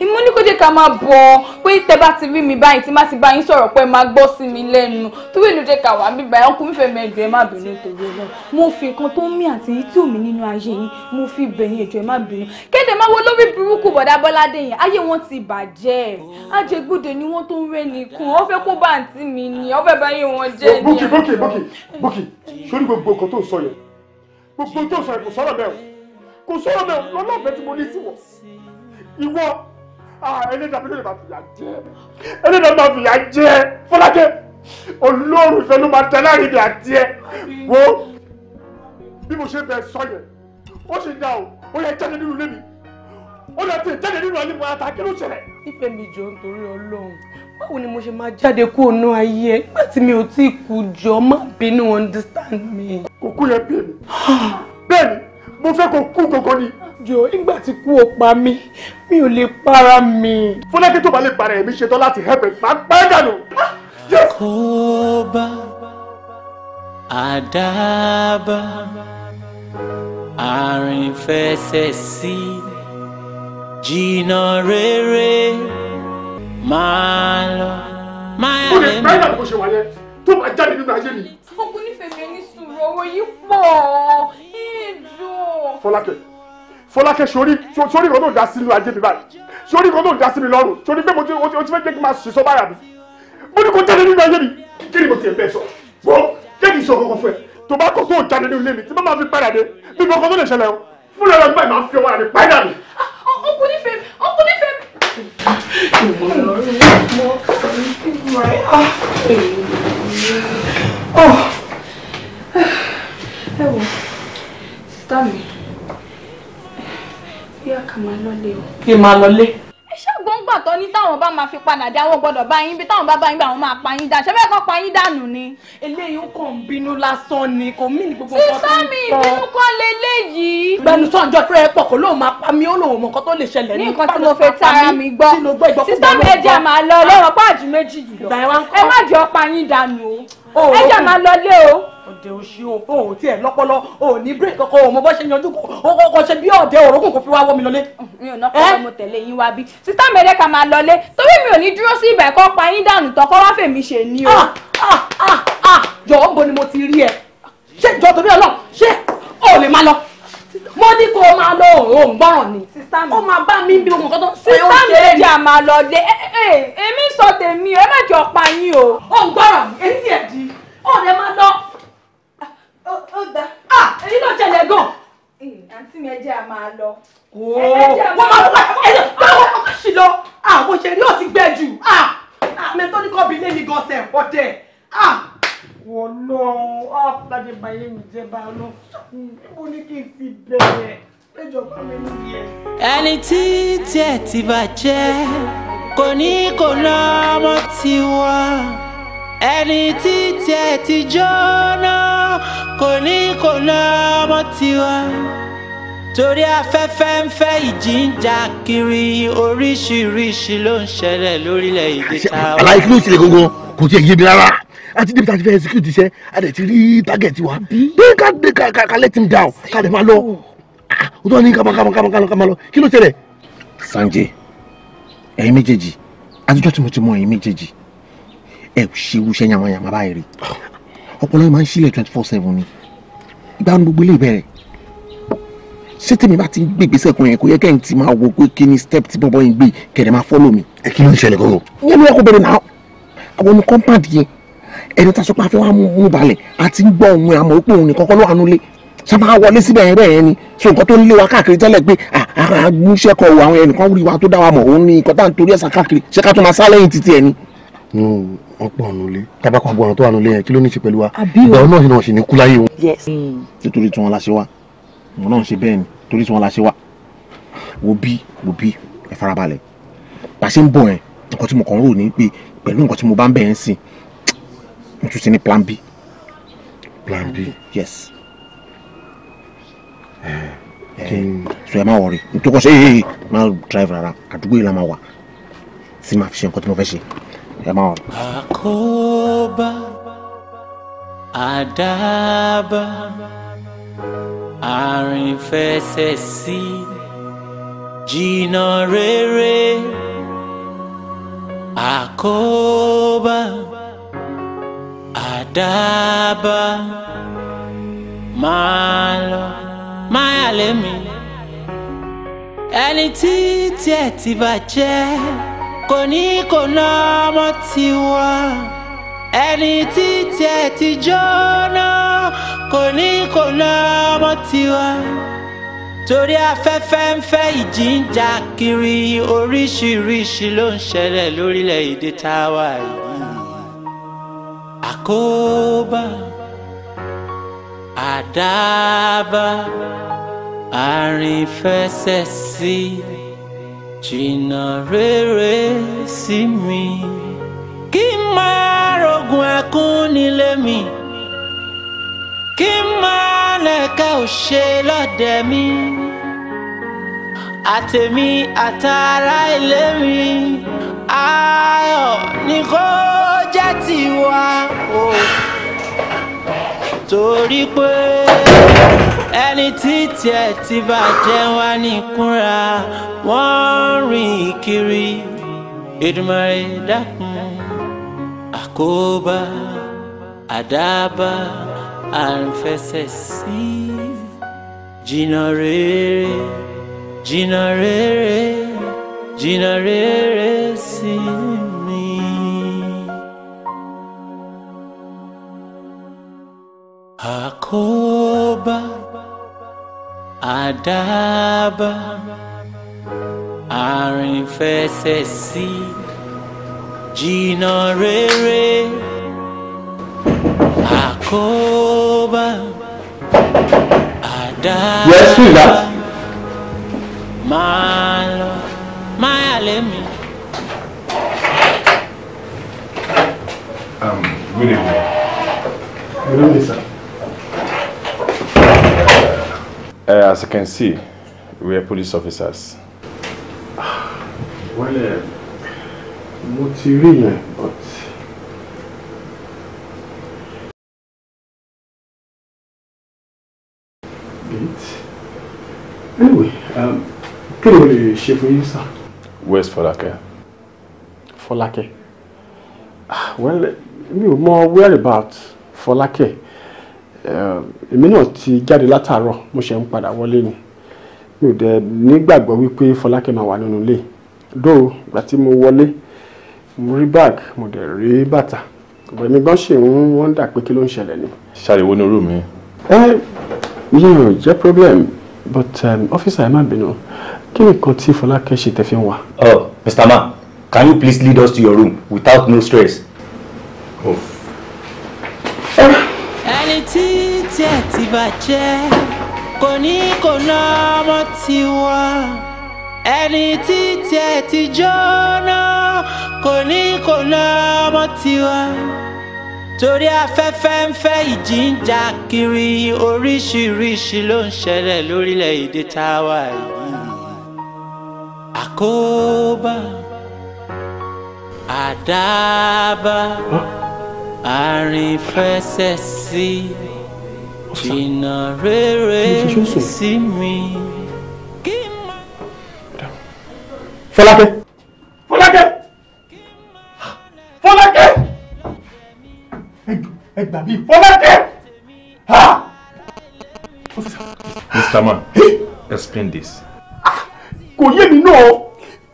ìmú ní kó jẹ́ ká máa bọ̀ ọ́ pé tẹ bá ti rí mi báyìí tí má ti bá yín sọ̀rọ̀ pé máa gbọ́ sí mi lẹ́nu torí ló jẹ́ ká wà mí báyìí ọkùnrin fẹ́ mẹ́jọ ẹ má bínú torí ẹ̀ mo fi nǹkan tó ń mí àti yìí tí ò nínú ayé yín mo fi bẹ̀yìn ẹ̀jọ̀ ẹ má bínú kéde máa wo lórí burúkú bọ̀dá bọ́ládé yẹn ayé wọn ti bàjẹ́ àjẹgbọ́dẹ ni wọ́n tó ń rẹ́ nìkan ó fẹ́ kó bá àǹtí mi ni ó fẹ́ báyé wọn jẹ́ ni. bókì bókì bókì bókì sórí gbogbo nǹkan mo ní sí wọ̀ Ah, ẹlẹ́dàá mi ló lè máa fìyà jẹ́ ẹlẹ́dàá máa fìyà jẹ́ fọlákẹ́ olóòrùn ìfẹ́ ló máa tẹ́lá rí mi àti ẹ wo bí mo ṣe bẹ sọ yẹn ó ṣe dá o ó yẹ jáde nínú ilé mi ó lọ ti jáde nínú ilé mi àtàkì ló ṣẹlẹ̀. ìfẹ́ mi jọ nítorí ọlọ́run báwo ni mo ṣe máa jáde kó nú ayé ẹ nígbà tí mi ò tí ì kú jọ má bínú understand me. kò kú yẹn bí mi bẹ́ẹ̀ ni mo fẹ́ kó kú gangan ni jọ nígbà tí kú o pa mí mi ò lè para mi. fúnlẹ́kí tó bá lè para ẹ̀mí ṣetán láti hẹ́pẹ̀ máa pa ẹ́ dànù. àkóbá àdábà àrìnfẹsẹ̀ sí jìnnà rere máa lọ máa yà lẹ́nu. o lè pẹ́ dànù bó ṣe wà yẹn tó máa jáde mi. ọkùnrin fèmí ẹni sùn owó yìí pọ̀ ẹ̀ẹ́dùn. fọlákẹ́ fọlákẹ́ sori sori kan tó da sí inú ajé mi báyìí sori kan tó da sí mi lọ́rùn sori pé mo ti o ti fẹ́ jẹ́ kí n máa sùsọ́ báyà mi mo ní kó jáde nínú ayé mi kí ni mo ti ẹ̀ bẹ́ẹ̀ sọ wọ́n jẹ́ kí n sọ kankan fún ẹ tó bá kọ́ tó jáde nínú ilé mi tí bá máa fi padà dé bí mo kọ́ tó lè ṣẹlẹ̀ o fún lọ́rọ̀ nígbà máa fi ọwọ́ rẹ̀ padà mi. ọkùnrin fẹ́ ọkùnrin ẹ wo sísá kí n máa lọlé. ẹ ṣàgbọ́n gbà tó ní táwọn bá máa fi padà dé àwọn gbọ́dọ̀ bá yín bí táwọn bá bá yín bí àwọn máa pa yín dà ṣẹ́fẹ́ kan pa yín dànù ni. eléyìí ó kàn ń bínú lásán ni kò mí ní gbogbo ọkọ tó ń sọ. sísá mi ìbínú kọ́ leléyìí. gbẹnu sọ ọjọ́ fẹ́rẹ̀ pọ̀ kó lóun máa pa mí ó lóun mọ nǹkan tó lè ṣẹlẹ̀ ní nǹkan tí mo fẹ́ tara mi gbọ́. sísá ẹ jẹ́ máa lọ ah! lọ́rọ̀ ọdẹ òṣì o ò tiẹ̀ lọ́pọlọ o ò ní break kankan o mọ bó ṣe yanjú o kò ṣe bí ọdẹ òrókùn kò fi wá wọ́ mi lọlé. Mm, mi ò nọpọlọ mo tẹ̀lé yín wá bí sísá mẹ́rẹ́ka máa lọlé torí mi ò ní dúró sí ibà ẹ̀kọ́ pa yín dànù tọkọ wá fèmí ṣe ni o. Ah, ah, ah, jọ̀ọ́ ń bo ni mo ti rí ẹ ṣé jọ torí ọlọ ṣé o lè máa lọ mo ní kó o máa lọ òun gbọ́ràn ni ó máa bá mi bí ohun kan tó ń sọ yóò ṣe é ní. sísá máa lọ lé èmi sọ tèmi ẹ má jọ pa yín o. òun gbọ́ràn mi etí ẹ̀ di ọ̀rẹ́ máa lọ ah èyí náà ṣẹlẹ̀ gan. àǹtí mi ẹjẹ́ a máa lọ. ooo wọ́n máa wá ẹ̀jẹ̀ báwo ah mo ṣe rí ọtí gbẹ jù. ah mi tó ní kọ́ bí ilé mi gan ṣe ẹ̀kọ́ ah wọ́n lọ ọ́pàdé báyé mi jẹ́ bá lọ. mo ní kí n ti bẹ̀rẹ̀ ẹni tí tiẹ̀ ti bàjẹ́ kò ní kò lọ́mọ tiwa ẹni tí tiẹ̀ ti jóná kò ní kò ná ọmọ tiwa torí afẹ́fẹ́ ń fẹ́ ìjì ń jà kiri oríṣiríṣi ló ń ṣẹlẹ̀ lórílẹ̀ èdè tàwa. àlàyé kí ló ṣe lè gangan kò tiẹ̀ yé mi rárá àti débi tá fẹ́ execute iṣẹ́ a dẹ̀ ti rí target wa then ká ká ká let him down ká dẹ̀ máa lọ o ah, tó ní ká máa ká máa ká máa ká máa lọ kí ló ṣẹlẹ̀. Sanjay ẹ̀yin méjèèjì àtijọ́ tí mo ti mọ ẹ̀yin méjèèjì ẹ ò ṣe irúṣẹ́ yamayama báyìí rí ọpọlọ yìí máa ń sílẹ̀ twenty four seven ni ìgbà wọn gbogbo ilé ìbẹ̀rẹ̀ ṣé tèmi bá ti ń gbé ìgbésẹ̀ kan yẹn kò yẹ kẹ́hìn ti máa wo pé kí ni step ti bọ́bọ́ yín gbé kẹ̀rẹ̀ máa fọ́lọ̀ mi. ẹ kí ló ń ṣẹlẹ̀ gan-an. yẹn ló yẹ kó bẹ̀rẹ̀ náà àwọn ọmọ compound yẹn ẹni tá a sọ pé a fẹ́ wá mú un balẹ̀ àti ń gbọ́ òun àmọ́ pé òun nìkan kọ́ ló wà nulẹ̀ ṣé máa wọlé síbẹ̀ yẹn bẹ́ẹ̀ yẹn ni so nǹkan tó ń lé wa káàkiri tẹ́lẹ̀ pé àrà múṣẹ́kọ̀ọ́ àwọn ẹnìkan rí wa tó dá wa mọ̀ òun ni nǹkan tá à ń torí ẹ̀sà káàkiri ṣé ká tún máa sá lẹ́yìn títí ẹ̀ ni nù wọn pọ̀ nulẹ̀ tabakọ̀ àbọ̀ àwọn tó wà nulẹ̀ yẹn kí ló ní í ṣe pẹ̀lú wa ìgbà wọn náà sì ní kú láyé wọn. nítorí tí wọn la ṣe wa wọn náà ṣe bẹ́ẹ̀ ni torí tí wọn la ṣe wa wo bí wo bí ẹ farabalẹ̀ pàṣẹ ń bọ̀ yẹn nǹkan tí mo kàn ń rò ní pé pẹ̀lú nǹkan tí mo bá ń bẹ̀ yẹn sìn mo tún ti ní plan B. plan B yes. Eh, eh. so ẹ má wọrí nítorí kọ́ ṣe é eh, má drive rárá àdúgbò yìí la máa wà tí màá fi ṣe nǹkan tí mo fẹ́ ṣe ẹ máa wà. àkóbá àdábà àrìnfẹsẹ̀sí jìnnà rere àkóbá àdábà máa lọ máa yà ẹni tí tiẹ̀ ti bàjẹ́ kò ní kò ná ọmọ tiwa ẹni tí tiẹ̀ ti jóná kò ní kò ná ọmọ tiwa torí afẹ́fẹ́ ń fẹ́ ìjì ń jà kiri oríṣiríṣi ló ń ṣẹlẹ̀ lórílẹ̀‐èdè tá yìí àkóbá àdábá àrìnfẹsẹ̀sí. Si jìnnà rere sí mi kí n máa rogun ẹkún nílé mi kí n máa lẹ̀ka òṣè lọ́dẹ mi àtẹ̀mí àtàrà ilé mi ayọ̀ ni kò jẹ́ tiwa o. Oh torí pé ẹni tí tiẹ̀ ti bàjẹ́ wá níkúnra wọ́n rìn kiri Èdùmàrè dákun àkóbá àdábá àrùnfẹsẹ̀ sí jìnnà rere jìnnà rere jìnnà rere sí i. àkóbá àdábá àrìnfẹsẹ̀sí jìnnà rere àkóbá àdábá. Yes, sweetheart. Máa lọ, máa yà Um, good evening. Good evening, sir. Uh, as you can see, we are police officers. Well, uh, but. ti but anyway um, ni mo lè ṣe where's Falake? Falake. Ah, well eh, mi ò mọ whereabout Fọlákẹ́ Eh, èmi náà ti jáde látàárọ̀ mo ṣe ń padà wọlé ni mi ò dẹ̀ nígbàgbọ́ wípé Fọlákẹ́ máa wà nínú ilé dó ìgbà tí mo wọlé mo rí bag mo dẹ̀ rí bàtà ọ̀bẹ̀ mi gbọ́n ṣe ń wọ́ndà pé kí ló ń ṣẹlẹ̀ ni. ṣàríwó ní orú mi. ẹ eh, yín ò jẹ́ problem but ọ́fíìsà um, ẹ má bínú kí nìkan tí Fọlákẹ́ ṣe tẹ̀ fi ń wà. Oh, Mr. Ma, can you please lead us to your room without no stress. Oh. tí ẹ̀ ti bàjẹ́ kò ní kò ná ọmọ tiwa ẹni tí tí ẹ̀ ti jóná kò ní kò ná ọmọ tiwa torí afẹ́fẹ́ ń fẹ́ ìjì ń jà kiri oríṣiríṣi ló ń ṣẹlẹ̀ lórílẹ̀‐èdè tá yìí àkóbá àdábá àrìnfẹsẹ̀sí. Si jìnnà rere sí mi. Fọlákẹ́. Fọlákẹ́. Fọlákẹ́. ẹ gbà mí Fọlákẹ́. Mr. Man, explain this. Ah! Kò yé mi náà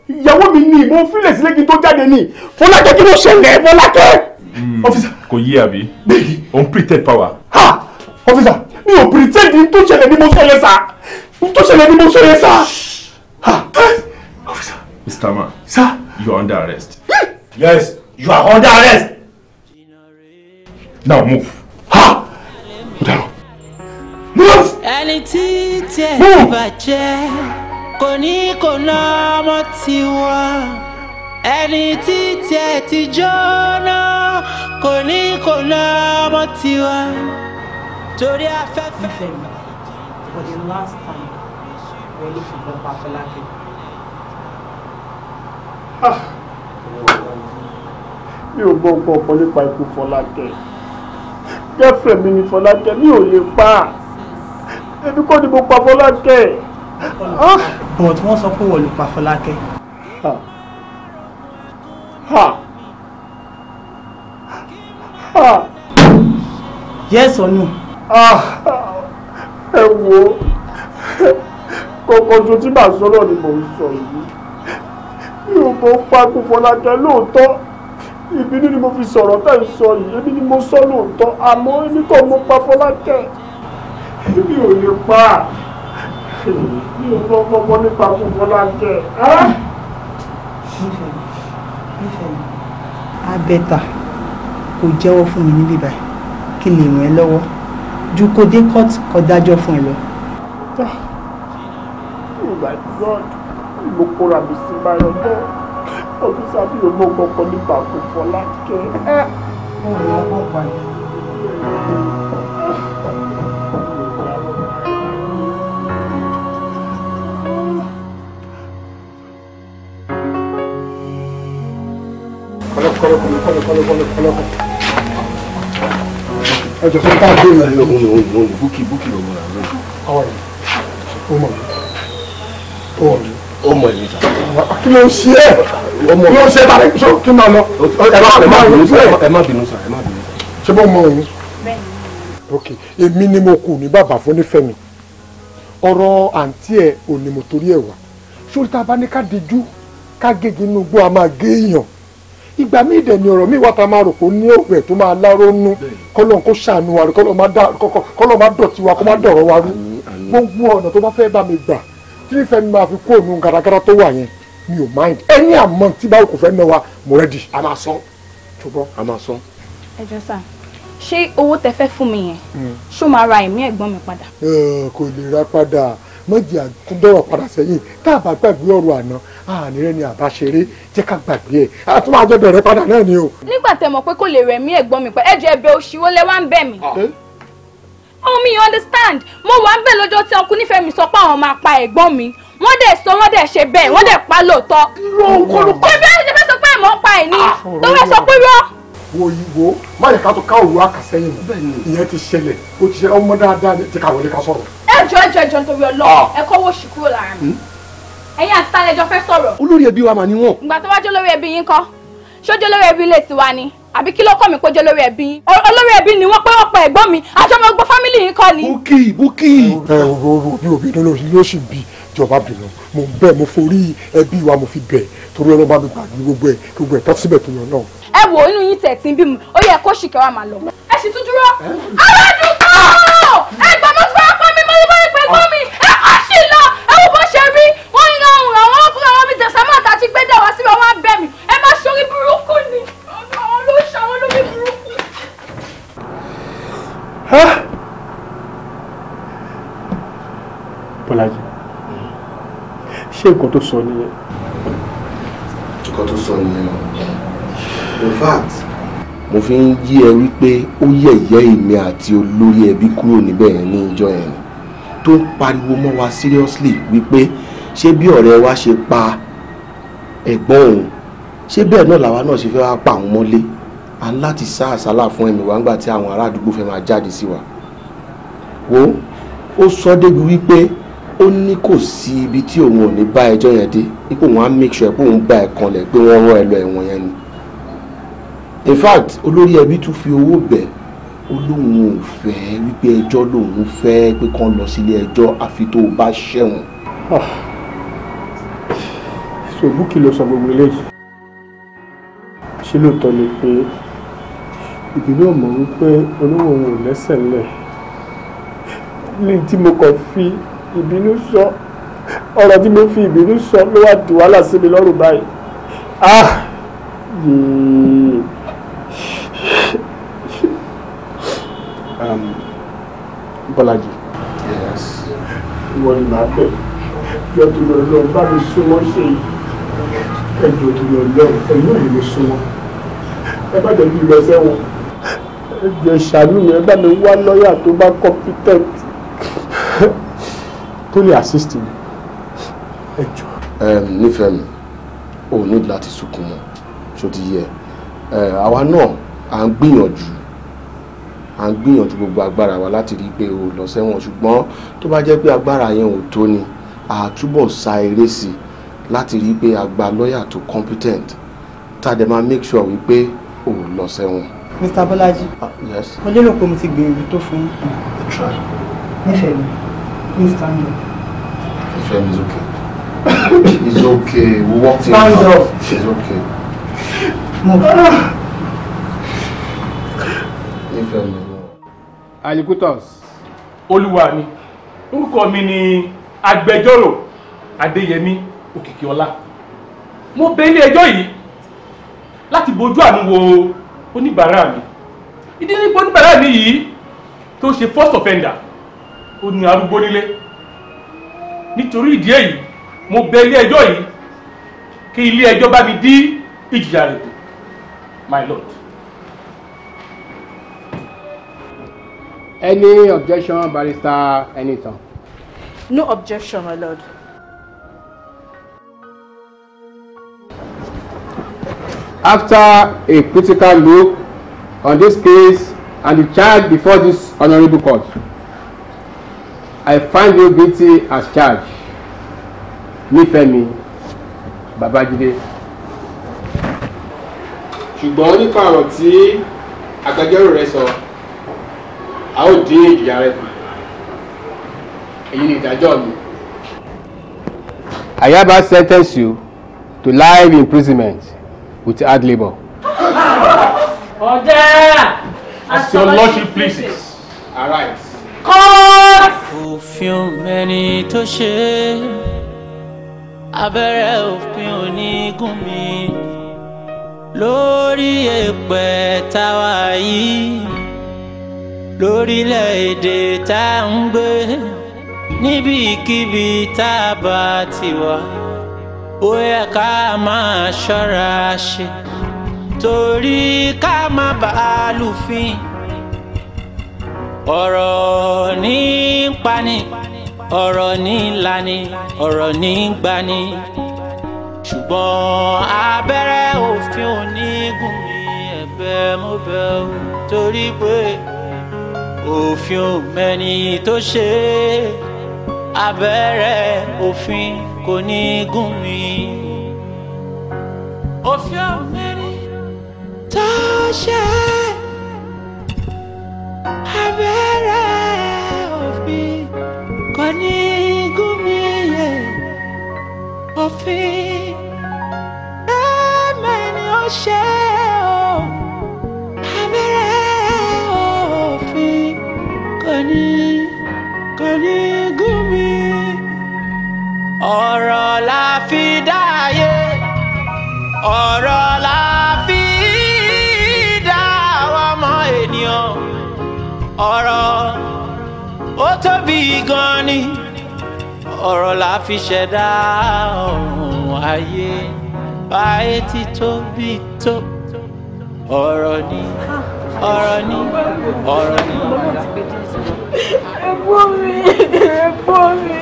ìyàwó mi ni mo fílẹ̀ sílé kí n tó jáde ni Fọlákẹ́ kí ló ṣẹlẹ̀ Fọlákẹ́. Hmm, kò yé àbí? Bẹ́ẹ̀ni. Òun pretend power. Ha! ọ́fíìsà mi ò pretend ní tó ṣẹlẹ̀ ní mo sọ yẹn sà ní tó ṣẹlẹ̀ ní mo sọ yẹn sà. ọ́fíìsà. Mr. Man. Sir. You are under arrest. Hmm. Yes, you are under arrest. Now move. Ha! Down. Move! Ẹni tí tiẹ̀ bàjẹ́ kò ní kò ná ọmọ tiwa. Ẹni tí tiẹ̀ ti jóná kò ní kò ná ọmọ tiwa torí afẹ́fẹ́. for the last time wọ́n ló fi bọ́ pa Fọlákẹ́. mi ò gbọ́ nǹkan kan nípa ikú Fọlákẹ́ jẹ́fẹ̀ mi ni Fọlákẹ́ mi ò lè pa èmi kọ́ ni mo pa Fọlákẹ́. Ah. bọ̀wọ̀ tí wọ́n sọ pé wọ́n lè pa Fọlákẹ́. Ha. Ha. Ha. Yes or no? Ah, ẹ wo kọ̀ọ̀kan tó tí màá sọ̀rọ̀ ni ni mo fi sọ̀rọ̀ tẹ̀ ń sọ yìí èmi ni mo sọ lóòótọ́ àmọ́ èmi kò mọ pa Fọlákẹ́ mi ò lè pa mi ò mọ ọmọ nípa kó Fọlákẹ́ ah! abẹ́ta kò jẹ́wọ́ fún mi níbí báyìí kí lè ràn ẹ́ lọ́wọ́ ju kó dé court kó dájọ́ fún ẹ lọ. Ah. Oh my god mo kóra mi sí báyọ̀ bọ́ ọ̀fíìsà mi ò mọ ọkọ̀ nípa kò fọlá kẹ́. Ah. mo mọ ọkọ̀ pàdé. Coloco, coloco, coloco, coloco, coloco ọjọ́ fún táà bẹ́ẹ̀ rẹ̀. ọmọ mi ò mọ búkì búkì ọmọ rẹ̀ lọ. ọwọ́ rẹ̀ ó mọ̀ mí ó mọ̀ mí. ó mọ̀ èmi sà. kí ló ń ṣe ẹ́ ọmọ mi. kí ló ń ṣe tàbí sọ kí máa lọ. ẹ má bínú sà ẹ má bínú sà ok èmi ni mo kù ní bàbá fún nífẹ̀ẹ́ mi ọ̀rọ̀ àǹtí ẹ̀ ò ní mo torí ẹ̀ wá sórí tá a bá ní ká dijú ká gègé inú gbọ́ a máa gé èèyàn ìgbà mi dẹ̀ ni ọ̀rọ̀ míì wà tá a máa rò pé ó ní òwẹ̀ tó máa láró nú kọ́lọ́n kó ṣàánú wa rú kọ́lọ́n má dọ̀tí wa kó má dọ̀rọ̀ wa rú gbogbo ọ̀nà tó bá fẹ́ bá mi gbà kí ní fẹ́mi máa fi kó òun gàràgàrà tó wà yẹn mi ò mind ẹni àmọ́ tí báwo kò fẹ́ ná wa mo ready. a máa sán ṣùgbọ́n a máa sán. ẹ jọ sá ṣé owó tẹ fẹ́ fún mi yẹn hmm. ṣó máa ra ẹ̀mí ẹ̀gbọ́n mi padà. kò lè ra padà mọ́jì àkúndọ̀rọ̀ padà sẹ́yìn tá a bá gbàgbé ọ̀rọ̀ àná ànírẹ́ ah, ni àbáṣeré jẹ́ ká gbàgbé ẹ̀ e. a tún máa jọ bẹ̀rẹ̀ padà náà ni o. nígbà tẹ mọ̀ pé kò lè rẹ̀mí ẹ̀gbọ́n mi pẹ́ ẹ̀jẹ̀ ẹ̀bẹ̀ òṣìwò lẹ wá ń bẹ̀ mí. ọmọ ah. oh, mi you understand mo wà ń bẹ̀ lọ́jọ́ tí ọkùnrin nífẹ̀ẹ́ mi sọ pé àwọn máa pa ẹ̀gbọ́n mi wọ́n dẹ̀ sọ wọ́n dẹ̀ ṣe bẹ́ẹ̀ wọ́n dẹ̀ pa lóòótọ́. Ah. wo ìwo má yẹ ká tó ká òru àkàsẹ́yìn mọ́ ìyẹn ti ṣẹlẹ̀ ó ti ṣe ọmọ dáadáa ti kàwé ní ká sọ̀rọ̀. ẹ jọ ẹ jọ ẹ jọ nítorí Ọlọ́run ẹ kọ́wọ́ sí kúrò lára mi. Hmm? ẹ̀yin àti ta lẹjọ fẹ́ sọ̀rọ̀. olórí ẹbí wa mà ní wọn. ìgbà tó wá jẹ́ olórí ẹbí yín kọ́ ṣójú olórí ẹbí ilé tiwa ni àbí kí ló kọ́ mi kó jẹ́ olórí ẹbí. olórí ẹbí ni wọ́n pé ọ̀pọ̀ ẹ̀gbọ́n mi àjọmọ̀gbọ́ fámìlì yín kọ́ ni. búkì búkì. òbí òbí lólórí yóò sì bí jọba bìnú mo bẹ mo forí ẹbí wa mo fi bẹ torí ọlọ́mọ mi gbà ní gbogbo ẹ gbogbo ẹ tọ́síbẹ̀ tó yàn náà. ẹ wo inú yín tẹ̀ tí ń bí mu ó yẹ kó ṣìkẹ́ wa máa lọ. ẹ sì tún dúró aládùúgbò ẹgbẹ́ mo fẹ́ ọkọ mi mo ní bá ẹgbẹ́ gbọ́ mi ẹ kọ́ sí lọ ẹ wo bó ṣe rí ìjẹ̀sà máa tàjí gbé dà wá síbẹ̀ wọ́n á bẹ̀ mí ẹ má ṣorí burúkú ni àwọn ló ń ṣàwọn lómi burúkú. Bọ́lájí ṣé nǹkan tó sọ nìyẹn. nǹkan tó sọ nìyẹn o in fact mo fi ń yí ẹ wípé ó yẹ̀yẹ́ èmi àti olórí ẹbí kúrò níbẹ̀ yẹn ní ìjọ yẹn tó ń pariwo mọ́ wa seriously wípé ṣé bí ọ̀rẹ́ wa ṣe pa ẹ̀gbọ́n òun ṣé bẹ́ẹ̀ náà làwa náà ṣe fẹ́ wá pa àwọn mọ́lé à ń láti sá àsálà fún ẹ̀mí wa nígbà tí àwọn ará àdúgbò fẹ́ máa jáde sí wa wo ó sọ débi wípé ó ní kò sí ibi tí òun ò ní bá ẹjọ́ yẹn dé ipò wọn á make sure pé òun bá ẹ̀ kanlẹ̀ pé wọ́n rán ẹ lọ ẹ̀wọ̀n yẹn ni in fact olórí ẹbí tún fi owó bẹ̀ ó lóun ò fẹ́ wípé ẹjọ́ lòun fẹ́ pé kán lọ sílé ẹjọ́ àfi tó o bá ṣẹ̀wọ̀n. Ah ṣòbúkì ló sọ gbogbo eléyìí ṣé lóòótọ́ ni pé ìbínú ò mọ̀ wípé olówó òun ò lẹ́sẹ̀ ńlẹ̀ ní tí mo kàn fi ìbínú sọ ọ̀rọ̀ tí mo fi ìbínú sọ ló wá di wàhálà sí mi lọ́rùn báyìí ah yìí. Um, Yes. Wọ́n ní màá bẹ̀. Yọ̀tún lọ́dún bá mi súnmọ́ ṣe yìí ẹjọ ìdílé Ọlọ́run ẹ̀yin náà lè súnmọ́ ẹ bá jẹ bí lọ sẹ́wọ̀n. ẹjọ ìṣàánú yẹn bá mi wá lọ́ọ̀yà tó bá competent tó lè assist mi ẹjọ. nífẹ̀ẹ́ mi ò ní láti sunkún mọ́ ṣó ti yẹ àwa náà à ń gbìyànjú à ń gbìyànjú gbogbo agbára wa láti rí i pé o lọ sẹ́wọ̀n ṣùgbọ́n tó bá jẹ́ pé agbára yẹn ò tó ni àtúbọ̀ sa eré sí i láti rí pé a gba lọ́ọ̀yà tó competent tá a dẹ̀ máa make sure wípé ò lọ sẹ́wọ̀n. Mr. Bọ́lájí ah, mo lérò pé mo ti gbìyànjú tó fún un. nífẹ̀ẹ́ mi please stand up. ìfẹ́ mi is okay. it's okay we walked in stand up it's okay. nífẹ̀ẹ́ mi. alikutos olúwa mi orúkọ mi ni agbẹjọ́rò adéyẹmí òkìkí ọlá mo bẹ ilé ẹjọ́ yìí láti bojú àánú wo oníbàárà mi ìdí ní pé oníbàárà mi yìí tó ṣe first offender ó ní arúgbó nílé nítorí ìdí èyí mo bẹ ilé ẹjọ́ yìí kí ilé ẹjọ́ bá mi dí ìjìyà rẹ̀ kù my lord. any objection barrister Anytime. no objection my lord. after a critical look on this case and the charge before this honourable court I find you guilty as charged Nífẹ̀mí Babájídé. ṣùgbọ́n nípa ọ̀rọ̀ tí agbẹjọ́rò rẹ sọ a ó dín ìjìyà rẹ èyí ni ìdájọ́ mi. I hereby sentence you to life imprisonment with hard labour. Order! As your lordship pleases. Arise. Cut! Òfin mẹ́ni tó ṣe abẹ́rẹ́ òfin onígun mi lórí èpẹ̀ táwa yìí lórílẹ̀‐èdè tá à ń gbé níbikíbi tá a bá ti wà ó yẹ ká máa ṣọ́ra ṣe torí ká má bàa lùfin ọ̀rọ̀ ní pani ọ̀rọ̀ ní lani ọ̀rọ̀ ní gbani ṣùgbọ́n abẹ́rẹ́ òfin ò ní ẹ̀bẹ̀ mo bẹ̀ ọ́ torí pé òfin ò mẹ́ni tó ṣe abẹ́rẹ́ òfin kò ní gún mi. òfin ọ̀mẹ́rin tó ṣe abẹ́rẹ́ òfin kò ní gún mi. òfin ẹ̀mẹ́rin ó ṣe o abẹ́rẹ́ òfin kò ní ọ̀rọ̀ la fi dáyé ọ̀rọ̀ la fi dá àwọn ọmọ ènìyàn ọ̀rọ̀ ó tóbi gan ni ọ̀rọ̀ la fi ṣẹ̀dá ọ̀hún ayé ayé ti tóbi tó ọ̀rọ̀ ni ọ̀rọ̀ ni ọ̀rọ̀ ni. ẹ̀gbọ́n mi ẹ̀gbọ́n mi.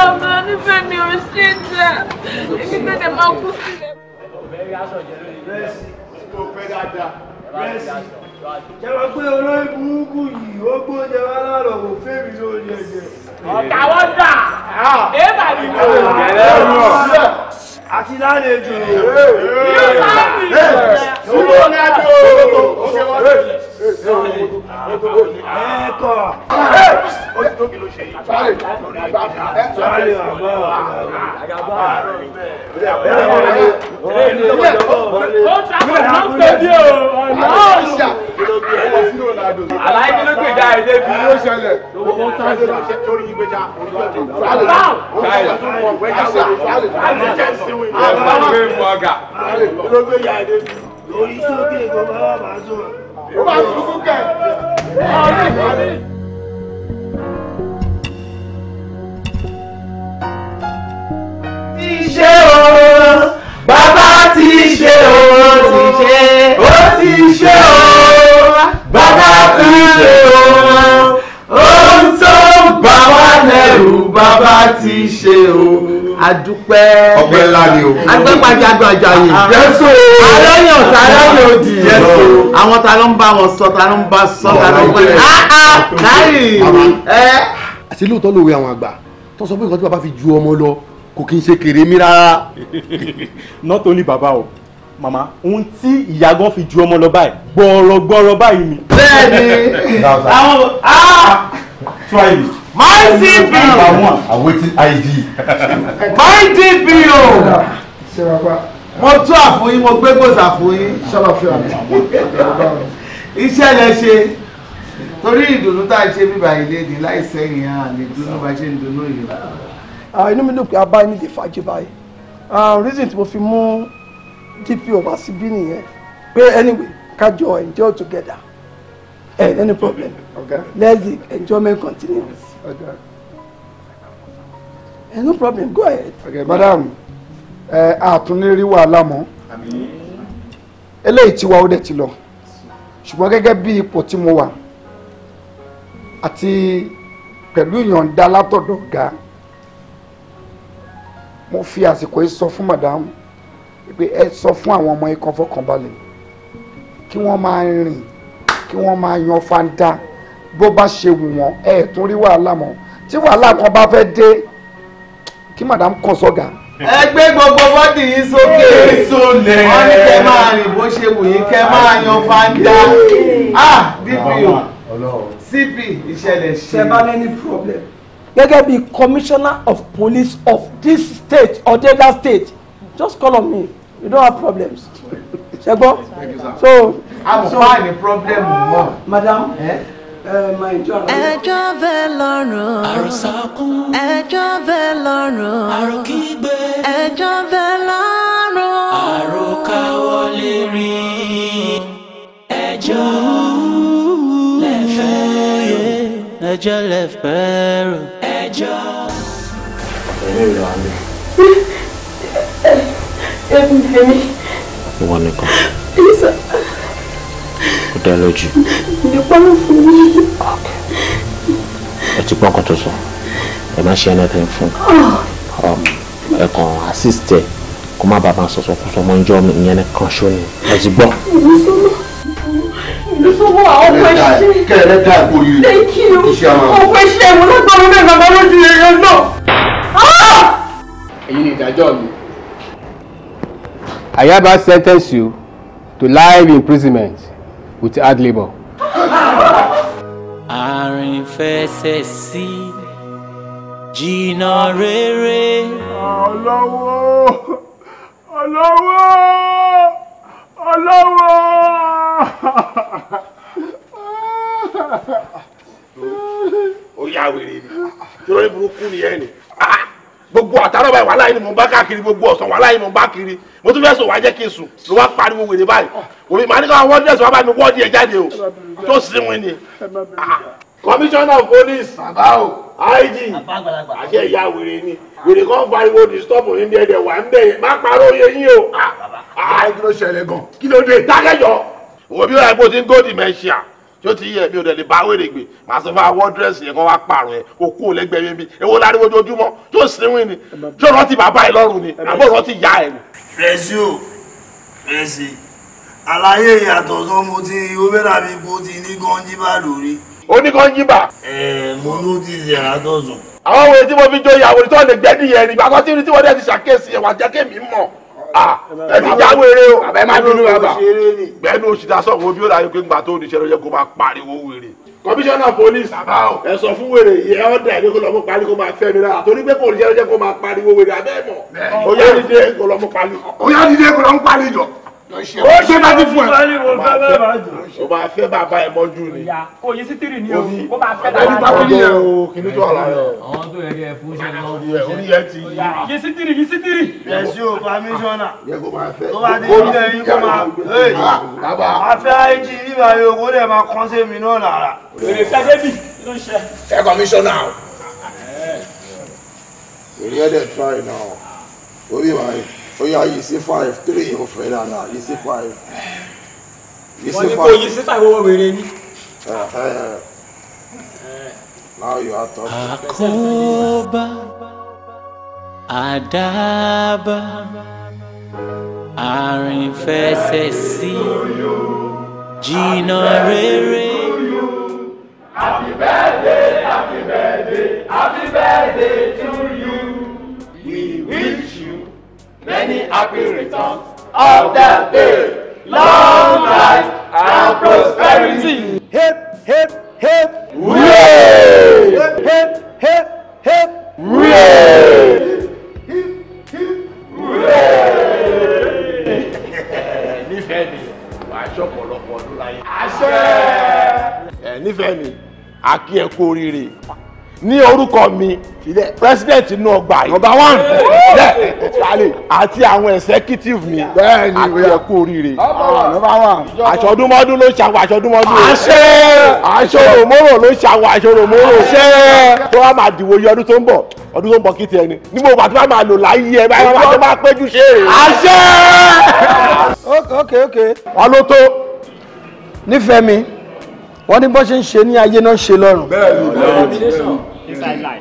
Ọmọ nífẹ̀ mi ò ṣe jà, èmi tẹ̀lé máa kú sílẹ̀. Jẹ́wọ́ pé olórí burúkú yìí ó gbóúnjẹ wá lọ́rọ̀ kò fèmí lórí ẹ̀jẹ̀. Ọ̀tà wọ́n dà! Èèbà ni mo rò. Àti lálejò. Yóò sáà bì í. Súnmọ́ náà dùn. Ó ṣe wọ́n lè ẹ̀kọ́ ó ti tóbi ló ṣe yìí. sáré sáré àbá àgàbà bẹ́ẹ̀ wọlé wọlé wọlé wọlé. ó ta kò náà pẹ̀lú o ọ̀nà ọ̀sùn. àlàyé kí ló gbé ìjà ẹ̀ débi. ló ṣẹlẹ̀ owó tá a ṣe torí ìgbéjà orí ọ̀dọ̀. káyọ̀ àṣà àgbà wẹ̀ mọ̀ọ́gà. kí ló gbé ìjà ẹ̀ débi. orí sókè kò bá wà máa sùn ó máa sunkún kẹ ọrí ọrí. ti ṣe ooo bàbá ti ṣe ooo ti ṣe ó ti ṣe ooo bàbá ti ṣe ooo ohun tó ń bà lẹ́rù bàbá ti ṣe ooo adúpẹ́. ọpẹ́ ńlá o. adúpẹ́ gbajàgbà àjàyè. yẹsù. aráyè ọ̀tá aráyè òdì. yẹsù. àwọn ta ló ń bá wọn sọ ta ló ń bá sọ ta ló ń bá. láì ah, ah, ẹ. àti lóòótọ́ lóore àwọn àgbà tó sọ pé nǹkan tí bàbá fi ju ọmọ lọ kò kí n ṣe kéré mi rárá. not only bàbá o màmá ohun tí ìyá fi ju ọmọ lọ báyìí gbọ̀rọ̀gbọ̀rọ̀ báyìí ni. bẹ́ẹ̀ni àwọn. Ah! try it my dpo number one awaiting id my dpo mo tún àfòyín mo gbé gbòòsà àfòyín iṣẹ́ lẹ ṣe torí ìdùnnú tá a ṣe bíbá ilé ní láìsẹ́yìn hàn ní dúnú bá ṣe ń dùnnú yìí. Ah, inú mi dùn pé a bá yín lè fàájì báyìí ah, reason tí mo fi mú dpo wá síbí nìyẹn pé anyway ká jọ enjoy together eh, any problem okay. let the enjoyment continue. Okay. Eh, no problem, go ahead. Okay, madam, àtúnlérí eh, wàhálà mọ́. Eléyìí ti wá ó dẹ̀ ti lọ. Ṣùgbọ́n gẹ́gẹ́ bí ipò tí mo wà àti pẹ̀lú ìyọ̀ǹda látọ̀dọ̀ ọ̀gá mo fi àsìkò yìí sọ fún madam pé ẹ sọ fún àwọn ọmọ yìí kan fọkànbalẹ̀ kí wọ́n máa rìn kí wọ́n máa yan fanda bó bá ṣe wù wọ́n ẹ̀ tún rí wàhálà mọ́ tí wàhálà kan bá fẹ́ dé kí madam kàn sọ́gà. ẹ gbé gbogbo bọ́dì yìí sókè sólè wọ́n ní kẹ́ máa rìn bó ṣe wù yín kẹ́ máa yan fanda ah dpo cp ìṣẹ̀lẹ̀ ṣe. ṣe bá problem. gẹ́gẹ́ bí commissioner of police of this state or the state just call on me you don't have problems ṣe gbọ́ so. àmọ́ báà ní problem mọ́. madam. Eh? ẹjọ́ bẹ́ẹ̀ lọ́rùn ẹjọ́ bẹ́ẹ̀ lọ́rùn àròkígbé ẹjọ́ bẹ́ẹ̀ lọ́rùn àròkáwọlé rí ẹjọ́ lẹ́fẹ̀ẹ́ ẹjọ́ lẹ́fẹ̀ẹ́ rò ẹjọ́. ẹ̀mí ìlú àmì. ẹ̀mí ẹ̀mí. ìwọ nìkan. ẹ̀mí sọ kò dá lójú. ìdípá ló fún mi. ẹ ti gbọ́n kan tó sọ ẹ má ṣe anything fún ah. um, ẹ kàn assist ẹ kó má bàbá sọ̀sọ̀ kó sọ mọ́ mi ìyẹn kan ṣó ni ẹ ti gbọ́. ìlúsọ́mọ́ àwọn ọmọ ẹ̀ṣẹ́ kẹrẹ dá ipò yìí iṣẹ́ àwọn ọmọ ẹ̀ṣẹ́ ìmúlẹ́gbọ̀n mi bàbá lójú ẹ̀yọ náà. èyí ah! ni ìdájọ́ mi. I hereby sentence you to life imprisonment with hard labour. àrìn fẹsẹ̀ sí jìnnà rere. ọlọ́wọ́ ọlọ́wọ́ ọlọ́wọ́. ó yà wèrè ni tí burúkú ni ẹ ni. Ah! gbogbo àtàrọ̀ báyìí wàhálà yìí ni mò bá káàkiri gbogbo ọ̀sán wàhálà yìí mò ń bá kiri mo tún fẹ́ sùn wá jẹ́ kí n sùn ló wá pariwo wèrè báyìí òbí màá ní ká wọ́n dẹ̀sùn wá bá mi wọ́ọ̀dì ẹ̀ jáde o tó sì wọ́n ni. Ah, commissioner of police bàbá o IG àṣẹ ìyá wèrè ni wèrè kan fariwo disturb ní bí ẹ̀dẹ̀ wà ń bẹ̀ yẹn má parọ́ oyè yín o. bàbá ah, ah, kí ló ṣẹlẹ̀ gan kí ló dé. dákẹ́jọ́ òbí wa tí ó ti yẹ mi ò dẹ̀ lè bá gbé màá sọ fún àwọn dírẹ́sì yẹn kó wá pààrọ̀ ẹ̀ kó kú lẹ́gbẹ̀ẹ́ yẹn bí èwo láriwo ojoojúmọ́ tí ó ni tí rántí bàbá ẹ lọ́rùn ni àbó rántí ìyá ẹ ni. rẹ̀sí o rẹ̀sí àlàyé ìyàtọ̀ sọmọ tí ó bẹ́ dàbí bó ti ní gọ́njí lórí. ó ní gọ́njí ẹ mo ló ti ṣe àádọ́sùn. àwọn òwe tí mo fi jó ìyàwó tí wọ́n lè gbẹ́dìyẹ Ah, ẹ ti já wèrè o bàbá ẹ má bínú bàbá gbẹnu òṣìṣẹ́ sọ̀rọ̀ bí ó dàbí pé ńgbà tó oníṣẹ́ ló yẹ kó máa pariwo wèrè. kọmíṣánná pólísì ẹ sọ fún wèrè yẹ ọ́ dà ní kó lọ́mú parí kó máa fẹ́ mi lára torí pé kò oníṣẹ́ ló yẹ kó máa pariwo wèrè abẹ́ mọ̀ ó yá dídé kó lọ́mú parí. ó yá dídé kó lọ́mú parí jọ ó ṣe bá ti fún ẹ o máa fẹ́ bàbá ẹ mọ́jú ni kò yí sítírì ni o ó máa fẹ́ bàbá ẹ mọ́jú ni o kìíní tó àlàyé àwọn tó yẹ kí ẹ fún iṣẹ́ lọ́wọ́ fún iṣẹ́ oníyẹ ti yí yí sítírì yí sítírì. yẹsi o pàmísọ́nà tó bá dé ilé yín kó máa ee afẹ́ àìjì bíbá yóò kó dẹ̀ máa kán sí mi náà lára. èrè fẹ́ bébì ló ṣe. ẹ kọmíṣọ́nà o. èrè ẹ̀ dẹ̀ try now orí wa yìí ó yá yìí sí five three yìí ò fẹ́ dáadáa yìí sí five. wọ́n ní kó yìí sí five owó wèrè ni. now you are talking. àkóbá jìnnà rere. Happy birthday, happy birthday, happy birthday to you. Many happy returns of the day. Long life and prosperity. Hip, hip, hip. Hooray! Hip, hip, hip, hip. Hooray! Hip, hip, hooray! Nífẹ̀ẹ́ mi, wàá ṣọ̀pọ̀lọpọ̀ ọdún láyé. Àṣẹ! Ẹ̀ nífẹ̀ẹ́ ni, a kí ẹ kú oríire ní orúkọ mi president inú ọgbà yìí number one bẹ́ẹ̀ àti àwọn executive mi àti ẹkú oríire ah, àṣọdúnmọ́dún ló ṣàwọ àṣọdúnmọ́dún àṣẹ àṣọròmọ́rò ló ṣàwọ àṣọròmọ́rò àṣẹ tó wá máa dìwò yọ ọdún tó ń bọ̀ ọdún tó ń bọ̀ kí tiẹ̀ ni ní gbogbo àti máa lò láyé ẹ báyìí wọ́n máa péjú ṣe é. àṣẹ. ok ok ok. wọn ló tó nífẹ̀ẹ́ mi wọ́n ní bó ṣe ń ṣe ní ayé náà ṣe lọ́rùn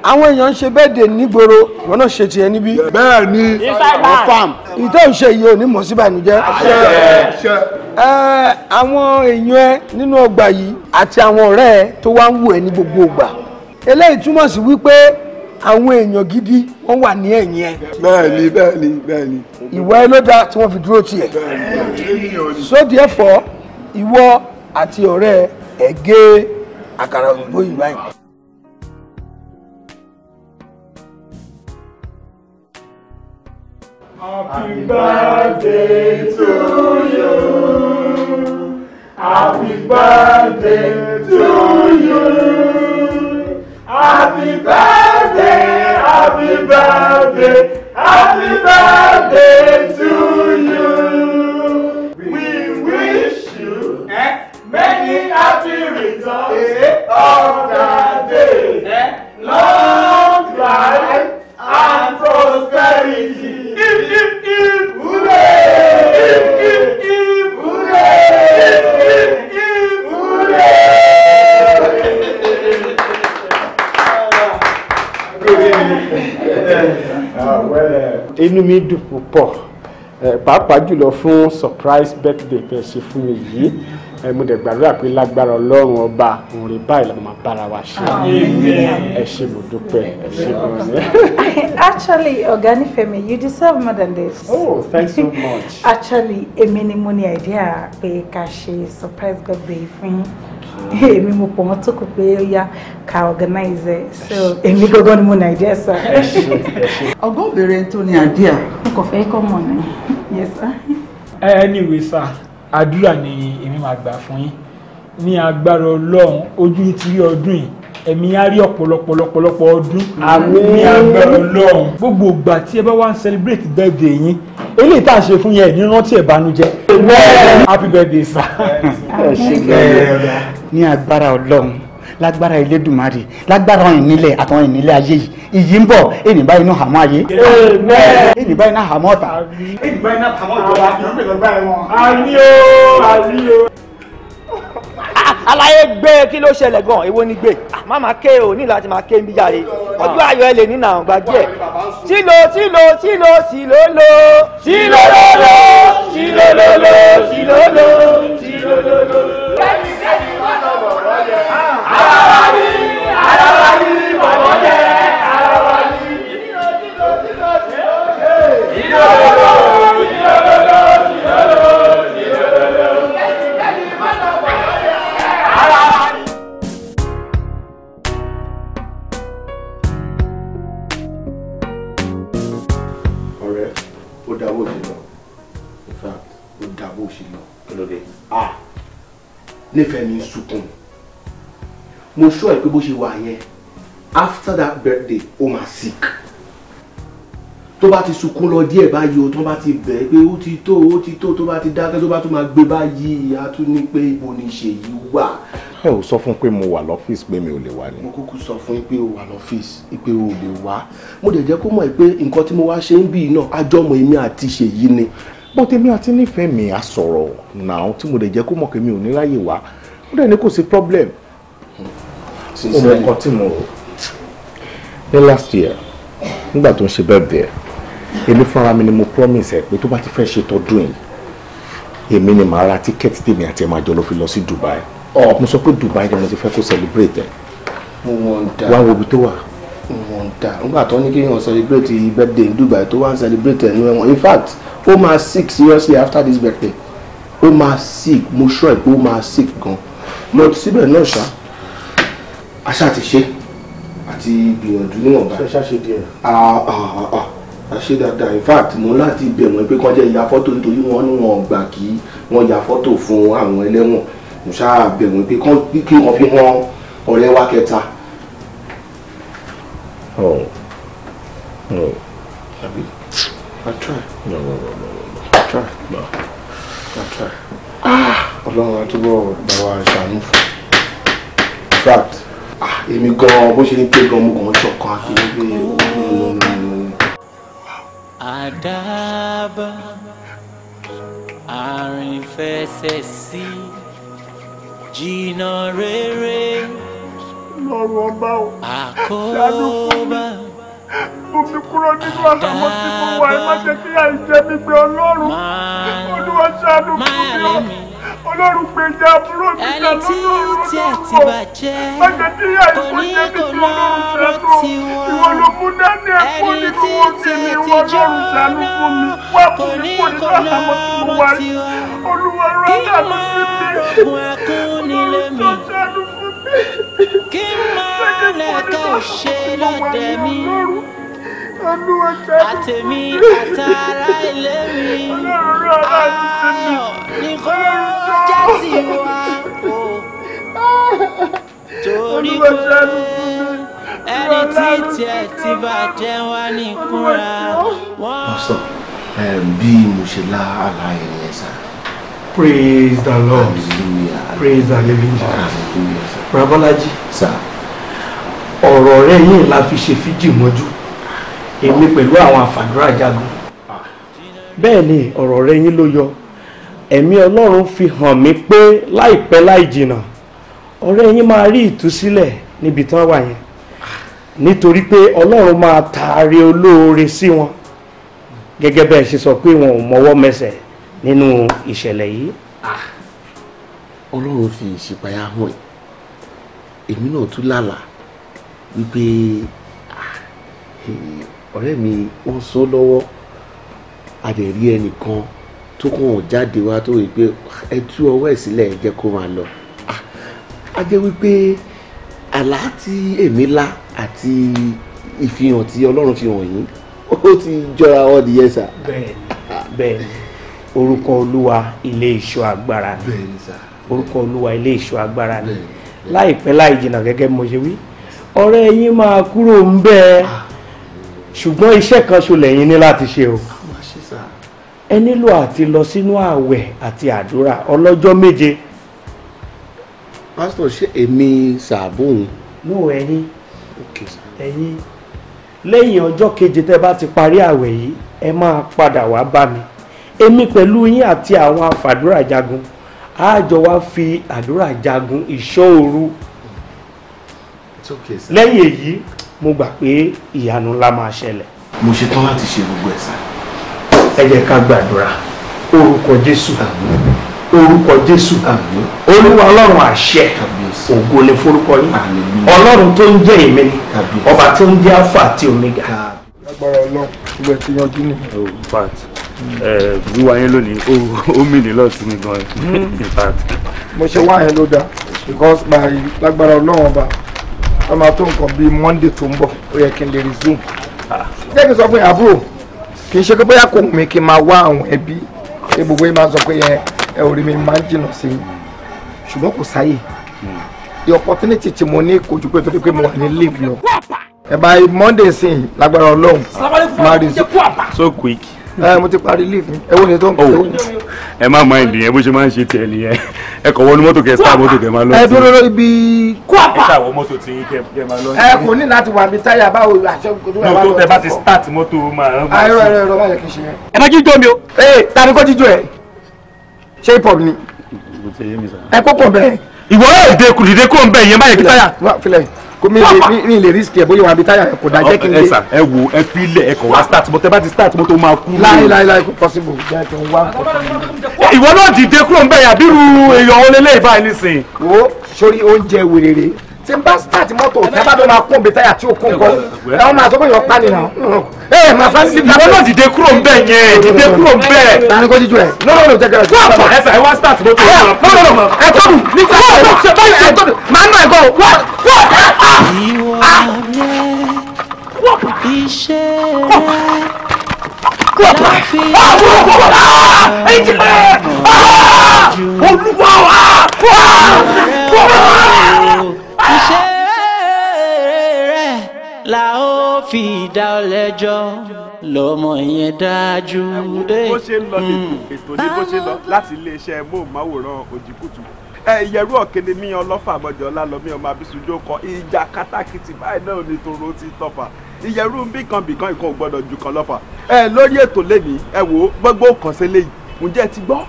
àwọn èèyàn ń ṣe bẹ́ẹ̀dẹ̀ nígboro wọn náà ṣe tiẹ̀ níbí. bẹ́ẹ̀ ni àwọn farm ìtọ́ ìṣe yìí ò ní mọ̀ sí ìbànújẹ́. àwọn èèyàn ẹ nínú ọgbà yìí àti àwọn ọ̀rẹ́ ẹ tó wá ń wò ẹ ní gbogbo ìgbà eléyìí túmọ̀ sí wípé àwọn èèyàn gidi wọ́n wà ní ẹ̀yìn ẹ. bẹ́ẹ̀ni bẹ́ẹ̀ni bẹ́ẹ̀ni. ìwọ ẹ ló dáa tí wọ́n fi dúró tiẹ̀. so therefore ìwọ àti ọ̀rẹ́ ẹ ẹ àkàrà òyìnbó yìí báyìí. Happy birthday to you. Happy birthday to you. Happy birthday, happy birthday, happy birthday to you. Sunday of day. Long life and prosperity. If, if, if. Hooray! If, if, if. Hooray! If, if, if. Hooray! inú mi dùn púpọ̀ pàápàá jùlọ fún surprise birthday tẹ̀ ṣe fún mi yìí mo dẹ̀ gbàdúrà pé lágbára ọlọ́run ọba òun báyìí la bára wa ṣe ẹ ṣe mo dúpẹ́ ẹ ṣe mo ní. actually ọ̀gá nífẹ̀mí you deserve more than this. oh thanks so much. actually èmi ni mo ní idea pé ká ṣe surprise birthday fún yín èmi mo pọ̀ wọ́n tó kù pé ó yá ká organize ẹ̀ so èmi gbogbo ni mo ní idea sir. ọgbọ́n obìnrin tó ní idea. n kò fẹ́ kọ́ mọ̀ ni. yes sir. anyway sir àdúrà ni èmi máa gbà fún yín ní agbára ọlọ́run ojú ti rí ọdún yìí ẹ̀mí á rí ọ̀pọ̀lọpọ̀ ọ̀pọ̀lọpọ̀ ọdún ní agbára ọlọ́run gbogbo ìgbà tí ẹ bá wá ń celebrate birthday yín eléyìí tá à ń ṣe fún yẹn ní rántí ìbànújẹ́ happy birthday sir. ní agbára ọlọ́run lágbára Elédùmarè lágbára ọ̀yìn nílẹ̀ àtọ̀yìn nílẹ̀ ayé yìí ìyí ń bọ̀ ènì báyìí náà hàmọ́ ayé ènì báyìí náà hàmọ́ ọ̀tá ènì báyìí náà hàmọ́ ọ̀tá àbí ọ̀gbẹ́ báyìí wọn. àbí o àbí o. aláyé gbé kí ló ṣẹlẹ̀ gan-an èwo ni gbé ah, má máa ké o ní láti máa ké ń bí jáde ọjọ́ ayọ̀ ẹ lè ní nà ọ̀gbà díẹ̀ sílò sílò sílò sílò lò sílò lò lò sílò lò lò sílò lò sílò lò lò. nífẹ̀ẹ́ mi ń sunkún mo sọ ẹ pé bó ṣe wà yẹn after that birthday ó máa sick tó bá ti sunkún lọ díẹ̀ báyìí o tó bá ti bẹ̀ pé ó ti tó ó ti tó tó bá ti dákẹ́ tó bá tún máa gbé báyìí a tún ní pé ibo ni ṣèyí wà. ẹ ò sọ fún pé mo wà lọ́fíìsì pé mi ò lè wá ni. mo kúkú sọ fún yín pé o wà lọ́fíìsì pé o ò lè wá mo dẹ̀ jẹ́ kó mọ̀ pé nǹkan tí mo wá ṣe ń bì náà àjọmọ̀ èmi àti ṣèyí ni ó tèmi àti nífẹ̀ẹ́ mi á sọ̀rọ̀ náà tí mo lè jẹ́ kó mọ̀ pé mi ò ní ráyè wá ó dẹ̀ ní kò sí problem. ó mọ nǹkan tí mo rò ní last year nígbà tó ń ṣe bẹ́ẹ̀ bẹ́ẹ̀ èmi fúnra mi ni mo promise ẹ pé tó bá ti fẹ́ ṣe tọdún yìí èmi ni màá ra tíkẹ́ẹ̀tì tèmi àti ẹ̀ máa jọ lọ fi lọ sí Dubai oh. mo sọ pé Dubai ni mo ti fẹ́ kó celebrate ẹ̀ wá wo ibi tó wà dà nígbà tó ní kí wọ́n celebrate birthday in Dubai tó wá ń celebrate ẹ̀ ní in fact ó máa sick seriously after this birthday ó máa sick mo sure pé ó máa sick gan lọ síbẹ̀ náà ṣá aṣá ti ṣe àti gbìyànjú níwọ̀nba ṣe ṣáṣe díẹ̀ àṣe dáadáa in fact mo láti bẹ̀ wọ́n pé kọjá ya fọ́tò nítorí wọ́n ní wọn gbà kí wọ́n ya fọ́tò fún àwọn ẹlẹ́wọ̀n mo ṣáà bẹ̀ wọ́n pé kí wọ́n fi hàn ọ̀rẹ́ wa kẹta Oh. No. Oh. Abi, I try. No, no, no, no, no. I try. No. I try. Ah! I Ọlọ́run àtúbọ̀ bàbá ṣàánú fún. In fact, ah, èmi gan-an bó ṣe ń pé gan-an mo kàn ń ṣọ̀kan akéwì àdábà àrìnfẹsẹ̀ sí jìnnà no, no, no, o. Ah ṣàánú fún mi mo fi kúrò nínú àlámọ́ tí mo wà ẹ má jẹ́ kí àìjẹ mi gbé ọlọ́run olúwa ṣàánú fún mi ọ ọlọ́run gbèjà àbúrò mi jà lọ́dọ̀ ọ̀rọ̀ lọ́pọ̀ má jẹ́ kí àìsàn jẹ́ mi tí ọlọ́run ṣàánú ìwọ ló mú dání ẹ̀kọ́ nínú wọn kì mí ìwọ ọlọ́run ṣàánú fún wá fún mi kúrò nínú àlámọ́ tí mo wà olúwa rán àmì sí mi olúwa ṣàánú fún kí máa lẹ́kọ̀ ṣe lọ́dẹ mi àtẹ̀mí àtàrà ilé mi ayọ̀ nìkan jẹ́ tiwa o torí pé ẹni tí tiẹ̀ ti bàjẹ́ wá nìkúra wọ́n. pásítọ̀ eh, bí mo ṣe lá àlá ẹ̀yìn ẹ̀ sá. praise the lord hallelujah praise the living god hallelujah. Babalaji ọ̀rọ̀ ọ̀rẹ́ yìí la fi ṣe fíjì mọ́jú èmi pẹ̀lú àwọn àfàdúrà jagun bẹ́ẹ̀ ni ọ̀rọ̀ ọ̀rẹ́ yín ló yọ ẹ̀mí Ọlọ́run fi hàn mí pé láìpẹ́ láì jìnnà ọ̀rẹ́ yín máa rí ìtúsílẹ̀ níbi tán wà yẹn nítorí pé Ọlọ́run máa taari olóore sí wọn gẹ́gẹ́ bẹ́ẹ̀ ṣe sọ pé wọn ò mọwọ́ mẹsẹ̀ nínú ìṣẹ̀lẹ̀ yìí. Ah, Ọlọ́run fi ìṣípayá hàn yìí èmi náà tún lálà wípé ah, ọ̀rẹ́ mi ó ń sọ lọ́wọ́ adẹ̀rí ẹnìkan tó kàn jáde wá tó wípé ah, ẹ tú ọwọ́ ẹ̀ sílẹ̀ ẹ jẹ́ kó máa lọ ah, a jẹ́ wípé àlá tí èmi lá àti ìfihàn tí ọlọ́run fi hàn yín ó ti jọra wọn nìyẹn sà. bẹ́ẹ̀ni bẹ́ẹ̀ni orúkọ olúwa ilé ìṣọ́ agbára ni orúkọ olúwa ilé ìṣọ́ agbára ni láìpẹ́ láì jìnnà gẹ́gẹ́ bí mo ṣe wí ọ̀rẹ́ yín máa kúrò ń bẹ́ ẹ ṣùgbọ́n iṣẹ́ kan ṣolẹ̀ yín ní láti ṣe o ẹ nílò àti lọ sínú ààwẹ̀ àti àdúrà ọlọ́jọ́ méje. pásítọ̀ ṣé èmi ṣàbùn. nù ẹ̀yin ẹ̀yin lẹ́yìn ọjọ́ keje tẹ́ bá ti parí ààwẹ̀ yìí ẹ máa padà wá bá mi èmi pẹ̀lú yín àti àwọn afàdúrà jagun a jọ wá fi àdúrà jagun ìṣọ́oru lẹ́yìn èyí mo gbà pé ìyanu ńlá máa ṣẹlẹ̀. mo ṣetán láti ṣe gbogbo ẹ̀sà. ẹ jẹ́ ká gbàdúrà orúkọ jésù orúkọ jésù olúwa ọlọ́run àṣẹ ògo ni forúkọ yín ọlọ́run tó ń jẹ́ èmi ni ọba tó ń jẹ́ alpha àti omega. agbára ọlọ́run gbogbo ẹ̀ ti yanjú nìyẹn wíwá yín lónìí ó mì ní lọ́ọ̀tún mi gan in fact. mo ṣe wá yẹn ló dáa because by lágbára ọlọ́run ọba a máa tó nǹkan bíi monday tó ń bọ̀ ó yẹ kí n lè resume. jẹ́ kí n sọ fún yàrá àbúrò kì í ṣe pé bóyá kò wù mí kí n máa wá àwọn ẹbí pé gbogbo yín máa ń sọ pé yẹn ẹ ò rí mi máa ń jìnnà sí i ṣùgbọ́n kò sáyè the opportunity tí mo ní kojú pé torí pé mo wà ní leave lọ ẹ bá monday sìn lágbára ọlọ́run máa resume. so quick ẹ eh, mo ti parí leave mi ẹ wo ni tó ń kọ ẹ má mọ ìdí yẹn bó ṣe máa ń ṣe tiẹ̀ nìyẹn ẹ kọ̀ wọnú mọ́tò kẹ sáà mọ́tò kẹ máa lọ eh, sí. ẹ dúró lórí ibi kwapa ẹ ṣàwọ tí yín kẹ máa lọ sí. Eh, ẹ kò ní láti wà bí táyà báwo àṣẹ kòtò tó bá ti start mọ́tò máa. ayọ̀rọ̀ ẹ̀rọ ẹ̀rọ máa yẹ ah, kí n ṣe yẹn. ẹ má jíjó mi o. ee ta ni kò jíjó ẹ ṣé hip hop ni. ẹ kókò bẹ́ẹ̀. ìwọ kó mi lè mi lè risk ẹ bóyá wà á bi táyà ẹ kò dá jẹ́ kí n lè. ẹ sà ẹ wo ẹ fi ilẹ̀ ẹ kọ̀ wá start bó tẹ bá ti start bó tó máa kú. láì láì láì kò possible jẹ́ kí n wá. ìwọ náà dìde kúrò ń bẹ̀ yà bírú èèyàn olélẹ́yìí báyìí nísìnyí. wo sórí oúnjẹ wèrèrè tí n bá start mọ́tò tábà ló máa kún bí táyà tí ó kún kọ́ ẹ̀wọ̀n máa sọ pé yọ̀ pani náà. ẹ màá fa sí. ìwọ náà dìde kúrò ń bẹ yẹn dìde kúrò ń bẹ. tani ko jíjọ ẹ lọ́wọ́ ló jẹjẹrẹ. wọ́n fọ ẹsẹ̀ ẹ wá start mọ́tò. lọ́wọ́ lọ́wọ́ ẹ tọ́dù nígbà tó ẹ tọ́dù màá nà ẹ gọ́ wọ́n wọ́n Olúwa wa! fi dá ọ lẹ́jọ́ lọ́mọ yẹn dájú. bó ṣe ń lọ hmm. ètò ní bó ṣe ń lọ láti iléeṣẹ́ móhùnmáwòrán òjìkùtù ẹ̀yẹ̀rú ọ̀kẹ́ni ní ọlọ́fà àgbọ̀jọ́ ọlálọ́mí ọmọ abisujú kọ ìjà kátàkìtì báyìí náà ní toro ti tọ́fà ìyẹ̀rú bíkan bíkan ìkan ò gbọ́dọ̀ ju kan lọ́fà ẹ lórí ètò lẹ́ni ẹ wò ó gbọ́gbọ́ kàn sí eléyìí ǹjẹ́ ẹ ti gbọ́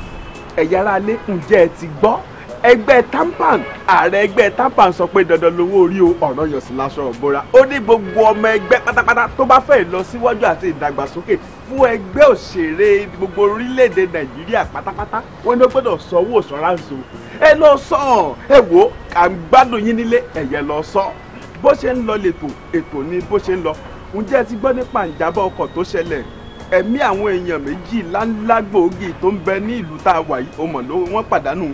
ẹ̀yà ara alẹ́ ẹ ti gbọ́ ẹgbẹ́ tampan ààrẹ ẹgbẹ́ tampan sọ pé dandan lówó orí o ọ̀nà yọ̀sìn lásán ọ̀bọ̀ra ó ní gbogbo ọmọ ẹgbẹ́ pátápátá tó bá fẹ́ lọ síwájú àti ìdàgbàsókè fún ẹgbẹ́ òṣèré gbogbo orílẹ̀-èdè nàìjíríà pátápátá wọ́n ní ó gbọ́dọ̀ sọ owó ìsọ̀ránṣọ ẹ lọ sàn ẹ wò à ń gbádùn yín nílé ẹ̀yẹ lọ sàn bó ṣe ń lọ lètò ètò ni bó ṣe ń lọ ǹjẹ́ ti gbọ́ nípa ìjàmbá ọkọ̀ tó ṣẹlẹ̀ ẹ̀mí àwọn èèyàn méjì láńlá gbòógì tó ń bẹ ní ìlú tá a wà yìí ó mọ̀ ló wọ́n pàdánù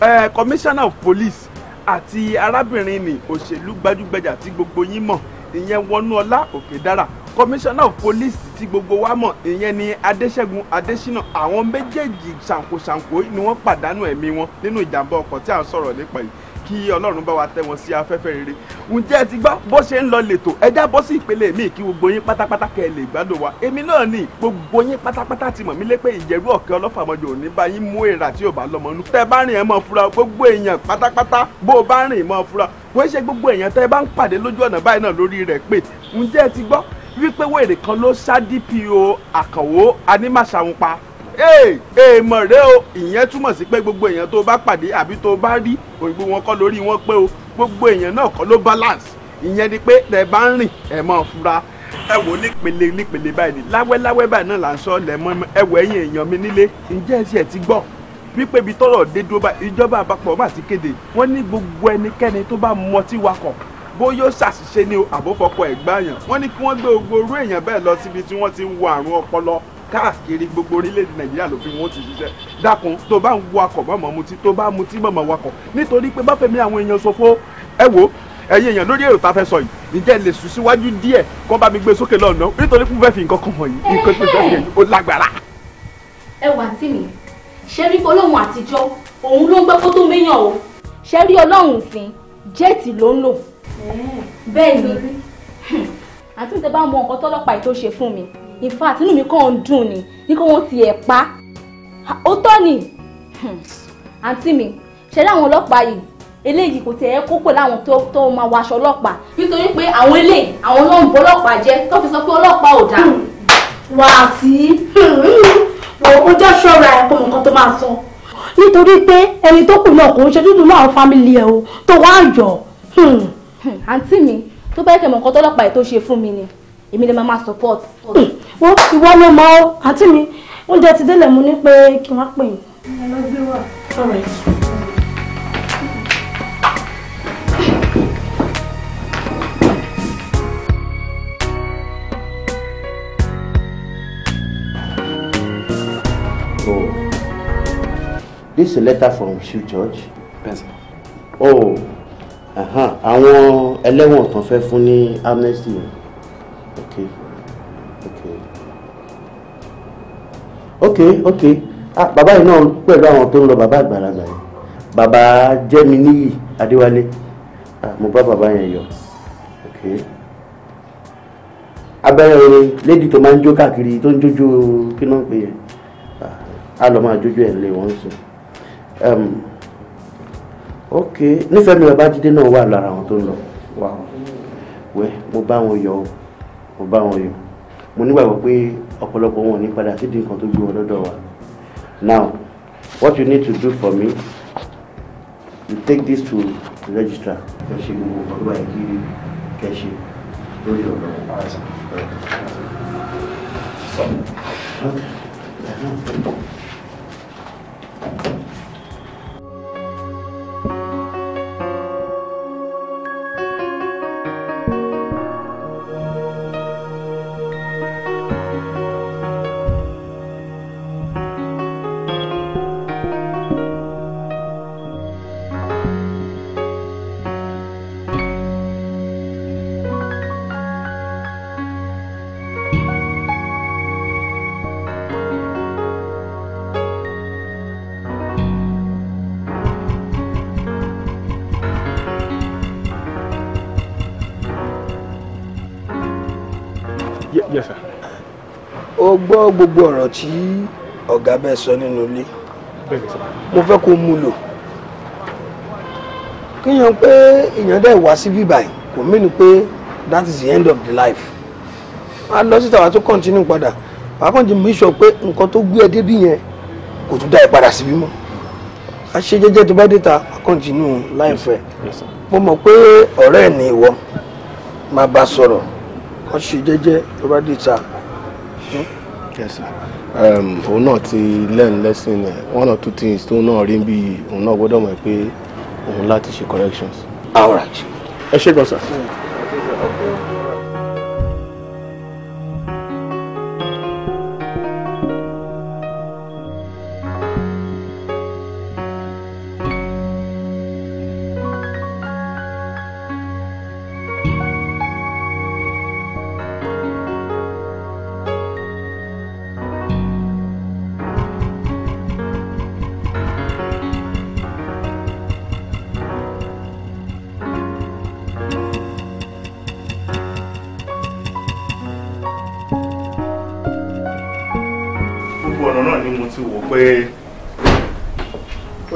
ẹ commissioner of police àti arábìnrin ní òṣèlú gbajúgbajà tí gbogbo yín mọ̀ ìyẹn Wọnúọlá Òkèdára commissioner of police tí gbogbo wa mọ̀ ìyẹn ni Adéṣẹ́gun Adéṣínà àwọn méjèèjì ṣàǹkóṣàǹkó ni wọ́n pàdánù ẹ̀mí wọn nínú ìjàmbá ọkọ̀ tí à ń sọ̀rọ̀ nípa yìí kí ọlọ́run bá wa tẹ́ wọn sí afẹ́fẹ́ rere ǹjẹ́ ti gbọ́ bó ṣe ń lọ lètò ẹja bọ́ sí ìpele mi kí gbogbo yín pátápátá kẹ́ ẹ lè gbádùn wa èmi náà ni gbogbo yín pátápátá ti mọ̀ mí lé pé ìjẹ̀rú ọ̀kẹ́ ọlọ́fàmọ́jọ ò ní bá yín mú èrà tí ò bá lọ́mọ nú tẹ́ bá rìn ẹ mọ́ fura gbogbo èèyàn pátápátá bó o bá rìn mọ́ fura kò ṣe gbogbo èèyàn tẹ́ bá ń pàdé lójú ọ̀nà báyìí náà lórí rẹ̀ pé ǹjẹ́ ti gbọ́ wípé wèrè kan ló ṣá DPO Àkànwó Anímàṣàhùn pa èèmọ̀ rẹ o ìyẹn túmọ̀ sí pé gbogbo èèyàn tó bá pàdé àbí tó bá rí òyìnbó wọn kọ́ lórí wọn pé o gbogbo èèyàn náà kọ́ ló balance ìyẹn ni pé tẹ bá ń rìn ẹ máa fura ẹ wò nípele nípele báyìí láwẹ́láwẹ́ báyìí náà là ń sọ lẹ́mọ́ ẹ wọ ẹ̀yìn èèyàn mi nílé ǹjẹ́ ẹ̀sì ẹ̀ ti gbọ́ wípé ibi tọ́rọ̀ dé dúró bá ìjọba àpapọ̀ má ti kéde wọ́n ní gbogbo ẹnikẹ́ni tó bá mọtí wakọ̀ bóyá ó ṣàṣìṣe ní àbófọpọ̀ ẹ̀gbáyàn wọ́n ní kí wọ́n gbé gbogbo orú èèyàn bẹ́ẹ̀ lọ síbi tí wọ́n ti ń wo àrùn ọpọlọ káàkiri gbogbo orílẹ̀-èdè nàìjíríà lófin wọn ti ṣiṣẹ́ dákun tó bá ń wakọ̀ mọ̀mọ́ mutí tó bá mutí mọ̀mọ́ wakọ̀ nítorí pé bá fẹ́mi àwọn èèyàn ṣòfò ẹ wò ẹ̀yin èèyàn lórí èrò tá a fẹ́ sọ yìí ǹjẹ́ lè sùn síwájú díẹ̀ kó bá mi gbé sókè lọ́nà nítorí pé mo fẹ́ fi nǹkan kan hàn yìí nǹkan tó fẹ́ fi ẹ̀yìn ó lágbára. ẹ wà tí mi ṣe rí ọlọ́run àtijọ́ òun ló gbẹ́ kó tó o ṣe rí ọlọ́run sìn jẹ́ẹ̀tì ló ń lò bẹ́ẹ̀ ni àtúntẹ̀ bá mọ nǹkan tọ́lọ́pàá in fact inú mi kàn ń dùn ni ní kí wọ́n ti ẹ̀ pa ó tọ́ ni hmm. àǹtí mi ṣe láwọn ọlọ́pàá yìí eléyìí kò tẹ̀ ẹ́ kókò láwọn tó tó máa wọ aṣọ ọlọ́pàá nítorí pé àwọn eléyìí àwọn náà ń bọ́ ọlọ́pàá jẹ́ tó fi sọ pé ọlọ́pàá ò dáa. wà á sí o hmm. jẹ́ ṣọ́ra ẹ̀ kó nǹkan tó máa sọ nítorí pé ẹni tó kù náà kò ń ṣe dúdú náà fámìlì ẹ̀ o tó wá yọ̀. Hmm. àǹtí mi tó bá yẹ kẹ́ mọ̀ nǹkan tọ́lọ́pàá yìí tó ṣe fún mi ni èmi lè máa máa support. wọ́n ìwọ ló mọ ọ́ àǹtí mi oúnjẹ ti délẹ̀ mu ní pé kí wọ́n pè yín. ẹ lọ gbé wà. Oh. This is a letter from Shu George. Benson. Oh, uh-huh. àwọn ẹlẹ́wọ̀n kan fẹ́ fún ní amnesty okay okay okay okay ah bàbá yìí náà pẹ̀lú àwọn tó ń lọ bàbá àgbàlagbà yìí bàbá Jẹ́míníyì Adéwálé ah mo bá bàbá yẹn yọ okay abẹ́rẹ́ lédi tó máa ń jó káàkiri tó ń jójó kí pé ah, a lọ máa jójó ẹ̀ lé wọ́n sùn ok nífẹ̀ẹ́ mi ọba jíde náà wà lára àwọn tó ń lọ wà wẹ́ mo bá wọn yọ ọ́ mo bá wọn yọ mo nígbàgbọ́ pé ọ̀pọ̀lọpọ̀ wọn ò ní padà sídìí nǹkan tó gbé wọn lọ́dọ̀ wa now what you need to do for me you take this to the registrar kẹ gbogbo nǹkan tó bá lórí ọ̀rọ̀ wọn. gbogbo ọ̀rọ̀ tí ọ̀gá bẹ́ẹ̀ sọ nínú ilé mo fẹ́ kó kíyàn pé èèyàn dẹ̀ wá sí kò pé that is the end of the life a lọ sí tàwa tó padà pàápàájì mi sọ pé nǹkan tó gbé ẹ yẹn kò tún dá ẹ a ṣe tó a mo mọ̀ pé ọ̀rẹ́ ẹ̀ ìwọ máa bá yes sir um, òun náà ti learn lesson ẹ̀ one or two things tóun náà rí bí òun náà gbọ́dọ̀ mọ̀ pé òun láti ṣe corrections. all right ẹ ṣé gan sir.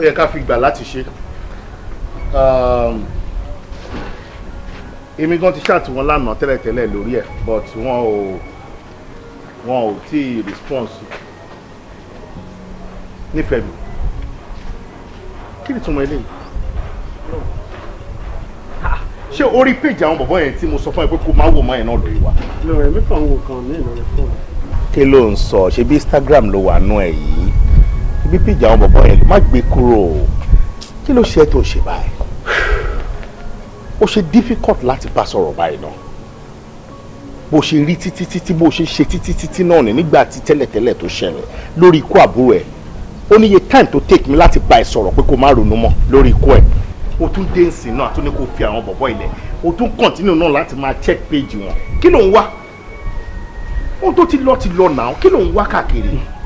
yẹ ká fi gbà láti ṣe um, èmi gan ti ṣáàtì wọn lánàá tẹ́lẹ̀tẹ́lẹ̀ lórí ẹ̀ but wọn ò wọn ò tí ì response nífẹ̀ẹ́ mi kí ni túmọ̀ eléyìí ah, ṣé orí péjì àwọn bọ̀bọ̀ yẹn tí mo sọ fún ẹ pé kó máa wò mọ́ ẹ̀ náà lórí wa. lórí mi kàn ń wò kàn mí lórí fóònù. kí ló ń sọ ṣebí Instagram ló wà nú ẹ yìí ibi péjì àwọn bọ̀bọ̀ yẹn lè má gbé kúrò kí ló ṣe tó ṣe báyìí ó ṣe difficult láti bá sọ̀rọ̀ báyìí náà bó ṣe rí títí títí bó ṣe ṣe títí títí náà ni nígbà tí tẹ́lẹ̀tẹ́lẹ̀ tó ṣẹlẹ̀ lórí ikú àbúrò ẹ̀ ó ní iye time tó take mi láti bá ẹ sọ̀rọ̀ pé kó má ronú mọ́ lórí ikú ẹ̀ o tún dé nsìn náà àtúndé kò fi àwọn bọ̀bọ̀ ilẹ̀ o tún continue náà láti máa check page wọn kí ló ń wá ohun tó ti lọ ti lọ náà kí ló ń wá káàkiri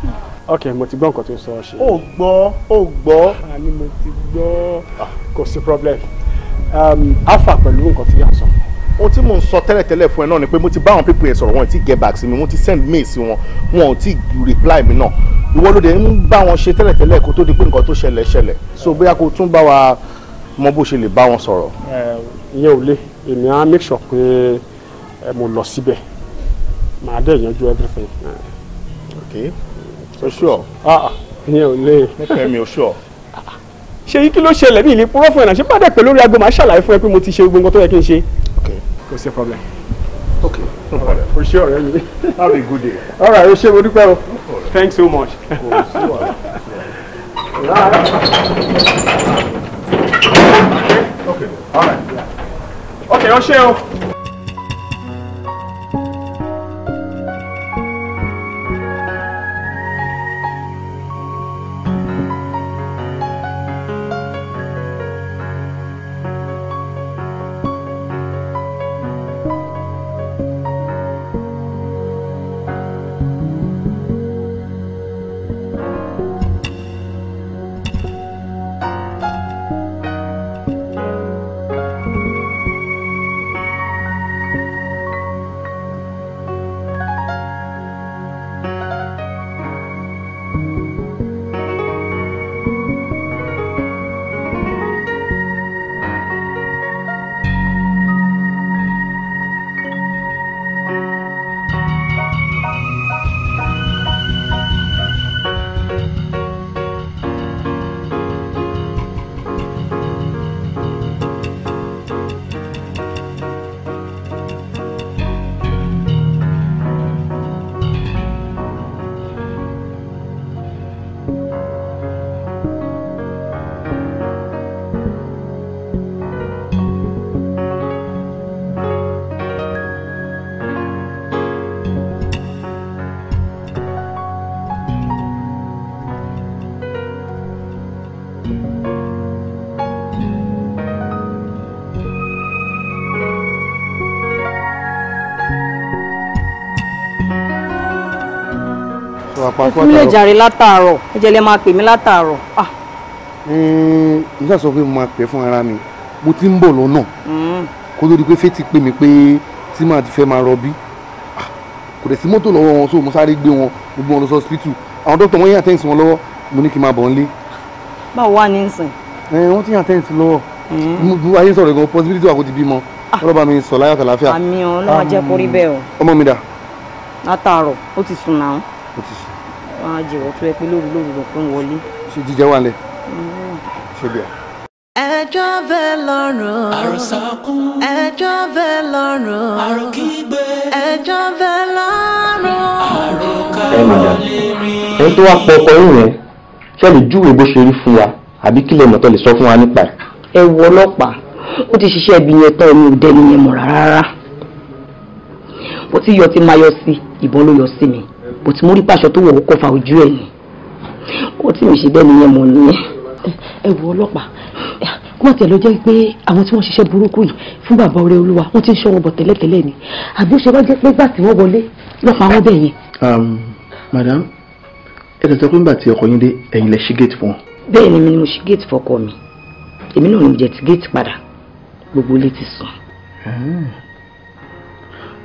ok mo ti gbọ́ nǹkan tó sọ ṣe. o gbọ́ o gbọ́. àní ah, mo ti gbọ́ ah. kò sí problem um, alpha pẹ̀lú nǹkan tí yà sọ. ohun tí mo ń sọ tẹ́lẹ̀tẹ́lẹ̀ fún ẹ náà ni pé mo ti bá àwọn people yẹn sọ̀rọ̀ wọn ò tí get back sí mi mo ti send mail sí wọn wọn ò tí reply mi náà ìwọ ló dé ń bá wọn ṣe tẹ́lẹ̀tẹ́lẹ̀ kó tó di pé nǹkan tó ṣẹlẹ̀ ṣẹlẹ̀ so bóyá kó tún bá wa mọ bó ṣe lè bá wọn sọ̀rọ̀. Eh, ìyẹn ò le èmi á make sure pé eh, mo lọ síbẹ̀ màá dẹ̀ yanjú everything. okay o sure. Ah, ah, ìyẹn ò lè. nífẹ̀ẹ́ mi o sure. ṣe yí kí ló ṣẹlẹ̀ bí ilé púrọ́ fún ẹ̀nà ṣé bàdẹ̀ pẹ̀lú orí aago máa ṣàlàyé fún ẹ pé mo ti ṣe gbogbo nǹkan tó yẹ kí n ṣe. okay kò sí problem. okay no problem. o ṣé ọ̀rẹ́ mi. have a good day. all right o ṣé mo dúpẹ́ o. thanks so much. kò sí okay all right. okay o o. pa ikú àtàrọ. mi lè jàre látàárọ̀ ó jẹ́ lẹ́ máa pè mí látàárọ̀. n ah. ṣàṣọ pé mo máa pè fún ara mi mo ti ń bọ̀ lọ́nà hmm. kó tó di pé fẹ́tì pè mí pé tí màá ti fẹ́ máa rọbí ah, kò dẹ̀ sí mọ́tò lọ́wọ́ wọn so mo sáré gbé wọn mo gbé wọn lọ sí ọsibítù àwọn dókítà wọn yàn àtẹ́ǹsì wọn lọ́wọ́ mo ní kí n máa bọ̀ nílé. báwo wà ní ìsìn. ẹ wọ́n ti yàn àtẹ́ǹsì lọ́wọ́ hmm. mo ayé sọ̀rọ̀ gan possibility wà kó ti bímọ ah. ọlọ́ba mi sọ láyọ̀ àtàláfíà. àmì ọlọ́wọ́ jẹ́ kórìí bẹ́ẹ̀ o. ọmọ mi dà. látàárọ̀ ó ti sùn náà. ó ti sùn wọn á jẹ̀wọ́ tó yẹ pé lóru lóru lọ fún wọlé. ṣé jíjẹ wà lẹ ṣe bí i. ẹjọ́ bẹ lọ́rùn àròsàkún ẹjọ́ bẹ lọ́rùn àròkígbé ẹjọ́ bẹ lọ́rùn àròkàlólérí. ẹ tó wá pọ ọkọ yín yẹn ṣé lè júwèé bó ṣe rí fún wa àbí kí lè lè sọ fún wa nípa ẹ̀. ẹ wo ọlọ́pàá ó ti ṣiṣẹ́ ibi yẹn tán ẹni òdẹ́ni rárá bó ti yọ ti máa yọ sí ìbọn ló yọ sí mi bó ti mo rí pàṣọ tó wọ̀ ó kọfà ojú ẹ̀ ni ó tí mi ṣe bẹ́ẹ̀ nìyẹn mọ̀ nìyẹn. ẹ wo ọlọ́pàá wọ́n tiẹ̀ lọ jẹ́ pé àwọn tí wọ́n ṣiṣẹ́ burúkú yìí fún bàbá ọ̀rẹ́ olúwa wọ́n ti ń ṣọ́ wọn bọ̀ tẹ́lẹ̀tẹ́lẹ̀ ni àbí ó ṣe wá jẹ́ pé gbà tí wọ́n wọlé lọ́pàá wọn bẹ̀ yẹn. Um, madam ẹ tẹ̀sán pé nígbà tí ọkọ yín dé ẹ̀yin lẹ ṣí gate fún wọn. bẹ́ẹ̀ ni mi mo ṣí gate fọkọ mi èmi náà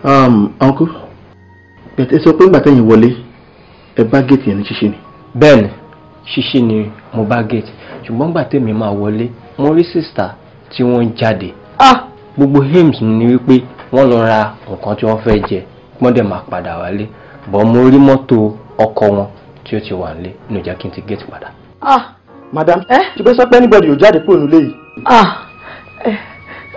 ah. um, uncle bẹ̀tẹ̀ ẹ sọ pé nígbà tẹ́yìn wọlé ẹ bá géètì yẹn ní ṣíṣe ni. bẹ́ẹ̀ni ṣíṣe ni mo bá géètì ṣùgbọ́n nígbà tẹ́mi máa wọlé mo rí sísítà tí wọ́n ń jáde ah gbogbo hymns mi ni wípé wọ́n lọ ra nǹkan tí wọ́n fẹ́ jẹ wọ́n dẹ̀ máa padà wálé bọ́ mo rí mọ́tò ọkọ wọn tí ó ti wà nílé ní ìjà kí n ti géètì padà. ah madam eh? ṣe bẹ́ẹ̀ sọ pé anybody ò jáde kúrò nílé yìí. ah eh,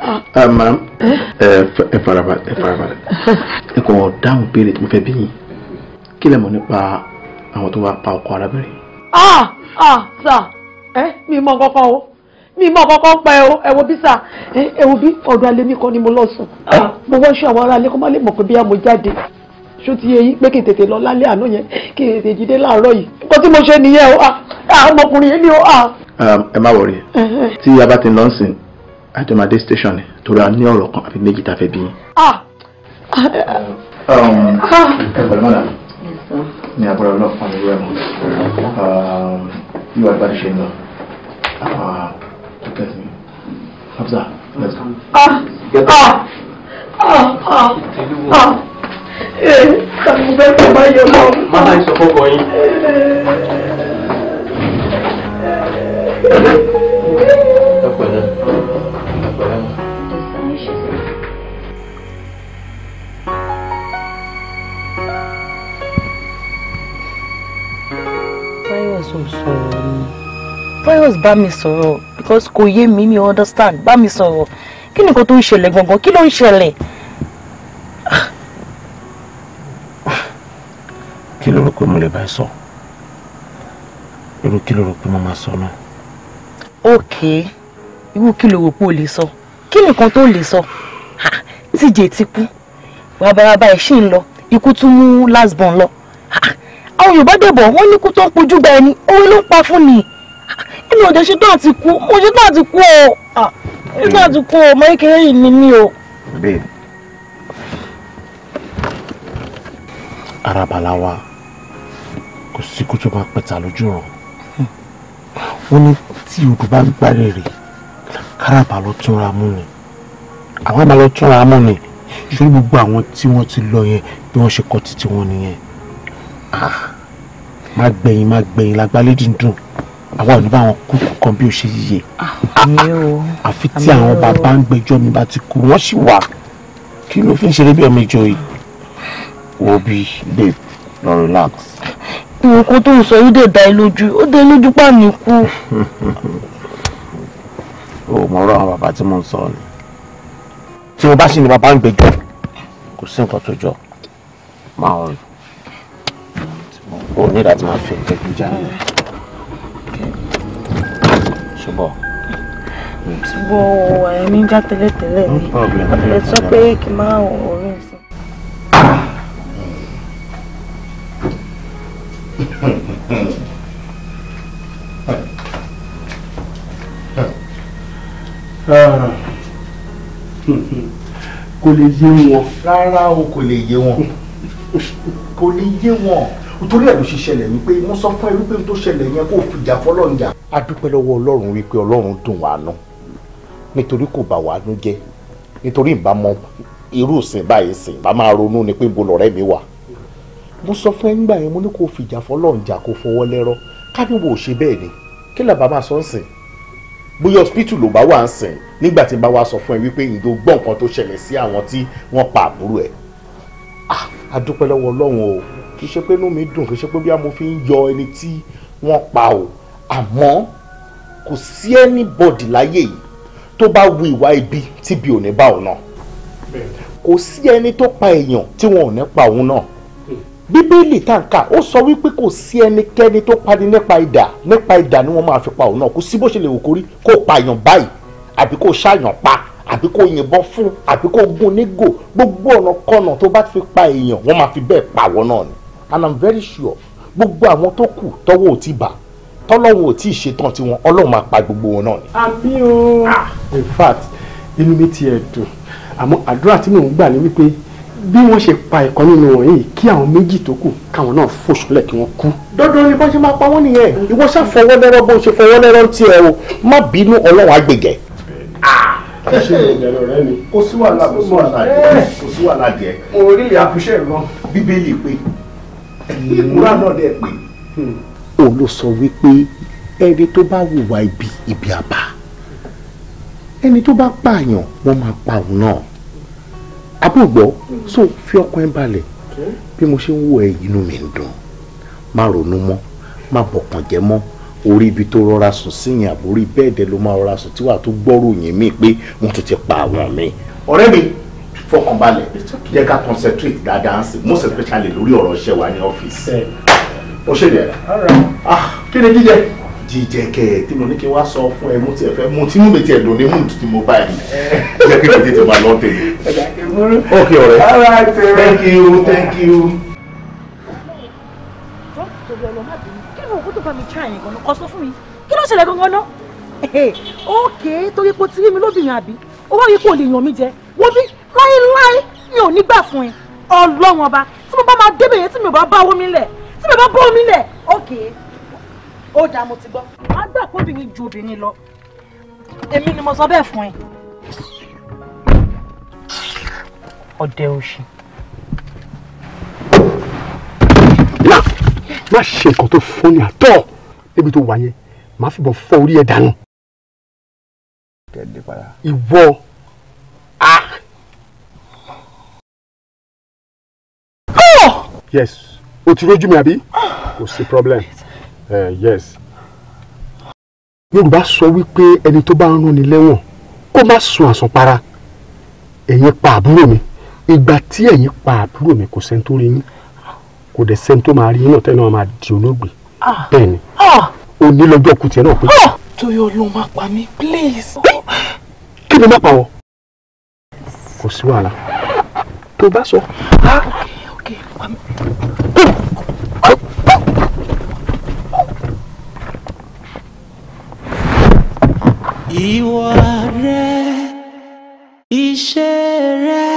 ah ma'am ẹ eh? eh, eh, farabalẹ̀ ẹ farabalẹ̀ ẹ kò dáhùn béèrè tí mo fẹ́ bí yín kí lẹ mọ̀ nípa àwọn tó wá pa ọkọ arábìnrin. ah ah sir ẹ mi mọ kankan o mi mọ kankan pa ẹ o ẹ wo bí sà ẹ wo bí ọ̀dọ̀ alẹ́ mi kan ni mo lọ sùn ah. mo wọṣọ àwọn ará alẹ́ kó má lè mọ̀ pé bí a mo jáde ṣó ti yẹ yín pé kí n tètè lọ lálẹ́ àná yẹn kí n tètè jíde láàárọ̀ yìí nǹkan tí mo ṣe nìyẹn o ah, ah, ọmọkùnrin yẹn ni o. ẹ má wọrí tí a bá ti lọ ń sìn àjọmọdé station ni torí a ní ọ̀rọ̀ kan àbí been. Ah! ah. Um. Ah. bí yín. ẹ pẹ̀lú mọ́lá ní àbúrò náà fún mi wẹ́ mu yóò àgbà ṣe lọ to get me Hamza let's go. Ah! Ah! get up. ee kàmú bẹ́ẹ̀ Eh. má yẹ mọ́. má bá ń sọ fọ́kọ yín. Thank eh. you. Báyọ̀sí ò sọ̀rọ̀ ni Báyọ̀sí mi sọ̀rọ̀ because kò yé mi mi understand bá mi sọ̀rọ̀ kí ni nǹkan tó ń ṣẹlẹ̀ gangan kí ló ń ṣẹlẹ̀. kí ló rò pé mo lè bá ẹ sọ irú kí ló rò pé mo máa sọ náà. ok irú kí ló rò pé o lè sọ kí ni nǹkan tó lè sọ tíjẹ ti kú rabaraba ẹ̀ ṣì ń lọ ikú tún mú last born lọ àwọn Yorùbá dẹ̀bọ̀ wọ́n ní kú tó ń pojú gba ẹni owó ló ń pa fún ni èmi ò dé ṣe tán àti kú mo ṣe àti kú o ṣe tán àti kú o ọmọ kékeré yìí ni mí o. babe arabala wa kò sí kó tó máa pẹ̀tà lójú ràn wọ́n ní tí odò bá ń gbáre rè káràbà lọ túnra mú ni àwọn àbá túnra mú ni ìṣòro gbogbo àwọn tí wọ́n ti lọ yẹn bí wọ́n ṣe kọ́ títí wọn nìyẹn má gbẹ̀yìn má gbẹ̀yìn lágbálẹ́ dídùn àwa ò ní bá wọn kú kan bí o ṣe yíyẹ àfi tí àwọn bàbá ń gbẹ́jọ́ mi bá ti kú wọ́n sì wà kí ló fi ń ṣeré bí ọmọ ìjọ yìí wo bí babe lọ relax. nǹkan tó ń sọ yìí dé dá ẹ lójú ó dé lójú pàmì kú. o mọ̀rọ̀ àwọn bàbá tí mò ń sọ ni tí mo bá ṣì ní bàbá ń gbẹ́jọ́ kò sí nǹkan tó jọ máa rìn o ní láti máa fi ẹ̀jẹ̀ gbìjà rẹ̀ ṣùgbọ́n. ṣùgbọ́n ẹ̀mí já tẹ́lẹ̀tẹ́lẹ̀ ni ẹ sọ pé kí n máa orí ẹ̀sìn. kò lè yé wọn. rárá o kò lè yé wọn kò lè yé wọn nítorí ẹ̀ ló ṣe ṣẹlẹ̀ ni pé wọ́n sọ fún ẹ wípé tó ṣẹlẹ̀ yẹn kó fìjà fọlọ́run jà. a dúpẹ́ lọ́wọ́ ọlọ́run wípé ọlọ́run dùn wá nú nítorí kò bà wá nú jẹ́ nítorí ìbámu irú ìsìn báyìí sìn bá máa ronú ni pé ibo lọ̀rẹ́ mi wà. mo sọ fún ẹ nígbà yẹn mo ní kó fìjà fọlọ́run jà kó fọwọ́ lẹ́rọ́ ká ní wò ṣe bẹ́ẹ̀ ni kí làbá máa sọ ń sìn bóyá hospital ló bá wà ń sìn nígbà tí n bá wá sọ fún ẹ wípé ìdó gbọ́ nǹkan tó ṣẹlẹ̀ sí àwọn tí wọ́n pa àbúrò ẹ̀ ah a dúpẹ́ lọ́wọ́ ọlọ́run o kì í ṣe pé inú mi dùn kì í ṣe pé bí mo fi ń yọ ẹni tí wọ́n pa o àmọ́ kò sí anybody láyé yìí tó bá wu ìwà ibi tí bí ò ní bá òun náà kò sí ẹni tó pa èèyàn tí wọn ò ní pa òun náà bíbélì tàǹkà ó sọ wípé kò sí ẹnikẹ́ni tó pani nípa idà nípa idà ni wọ́n máa fi pa òun náà kò sí bó ṣe lè wò kórí kó pààyàn báyìí àbí kó ṣàyàn pa àbí kó yìnbọn fún àbí kó gún nígò gbogbo ọ̀nà kọ́nà tó bá fi pa èèyàn wọ́n máa fi bẹ́ẹ̀ pàwọ́ náà ni and i'm very sure gbogbo àwọn tó kù tọ́wọ́ ò ti bà tọ́lọ́wọ́ ò tí ì ṣetán tiwọn ọlọ́run máa pa gbogbo wọn náà ni. àmì o ah, in fact inú mi ti ẹ̀ dùn àmọ́ àdúrà tí mò ń gbà ni wípé bí wọ́n ṣe pa ẹ̀kan nínú wọn yìí kí àwọn méjì tó kù káwọn náà fò sọ́lẹ̀ kí wọ́n kú. dandan ni bá ṣe máa pa wọ́n nìyẹn mm. ìwọ ṣáà fọwọ́ lẹ́rọ́ bó ṣe fọwọ́ lẹ́rọ́ tí ẹ o má bínú ọlọ́run àgbègẹ̀. Ah. ṣé ìgbẹ́lẹ̀ rẹ ni kò sí wàhálà kò sí wàhálà díẹ̀ kò sí wàhálà díẹ̀. mo rí ìyá bíbélì pé ìkúra náà dẹ̀ pé. òun ló sọ wípé ẹni tó bá wùwà ibi ibi àbá ẹni tó bá pààyàn wọ́n máa pa òun náà àbúgbọ́ so fi ọkàn ẹ balẹ̀ bí mo ṣe ń wò ẹ inú mi ń dùn má ronú mọ́ má bọkàn jẹ́ mọ́ orí ibi tó rọra sùn síyìn àbórí bẹ́ẹ̀dẹ̀ ló máa rọra sùn tí wàá tó gbọ́rò yẹn mí pé wọ́n tún ti pa àwọn mi. ọ̀rẹ́ mi fọkànbalẹ̀ jẹ́ ká concentrate dáadáa sí most especially lórí ọ̀rọ̀ iṣẹ́ wa ní ọ́fíìsì o ṣe yẹn ah, kí ni jíjẹ jíjẹ kẹ tí mo ní kí wá sọ fún ẹ mo tiẹ̀ fẹ́ mo tí mo bẹ tiẹ̀ dùn ní mood tí mo bá yìí eh. jẹ́ kí n tètè máa lọ tèmi. ok ọ̀rẹ́ thank you thank you. kí ló ń kó tó bá mi ṣá yẹn gan-an kọ́ sọ fún mi kí ló ṣẹlẹ̀ gan-an náà. ok torí pé o ti rí mi lóbìnrin àbí o wá rí pé o lè jẹ wọ́n bí láéláé mi ò ní gbà fún ẹ ọlọ́wọ́n ọba tí mo bá máa débẹ̀ yẹn tí mi ò bá bá omi lẹ̀ tí mi ò bá bá omi lẹ̀ ókè ó dáa mo ti gbọ́ wàá gbà pé obìnrin ju obìnrin lọ èmi ni mo sọ bẹ́ẹ̀ fún ẹ. ọdẹ òṣì. má ṣe nǹkan tó fún ni àtọ́ níbi tó wà yẹn màá fìbọn fọ́ orí ẹ̀ dànù. ìwọ Ah. yes o ti rójú mi àbí kò sí problem uh, yes. yorùbá sọ wípé ẹni tó bá ń rán ni lẹ́wọ̀n kó má sun àsùnpara ẹ̀yin pa àbúrò mi ìgbà tí ẹ̀yin pa àbúrò mi kò sẹ́ni tó rí yín kò dẹ̀ sẹ́ni tó máa rí yín náà tẹ́lẹ̀ wọn máa di olóògbé ah. bẹ́ẹ̀ ni ah. o ní lọ́jọ́ kùtì ẹ̀ náà pé. Ah. toyọ ló máa pa mí please. kí ni má pa wọ kò sí wàhálà tó bá sọ ìwà rẹ iṣẹ́ rẹ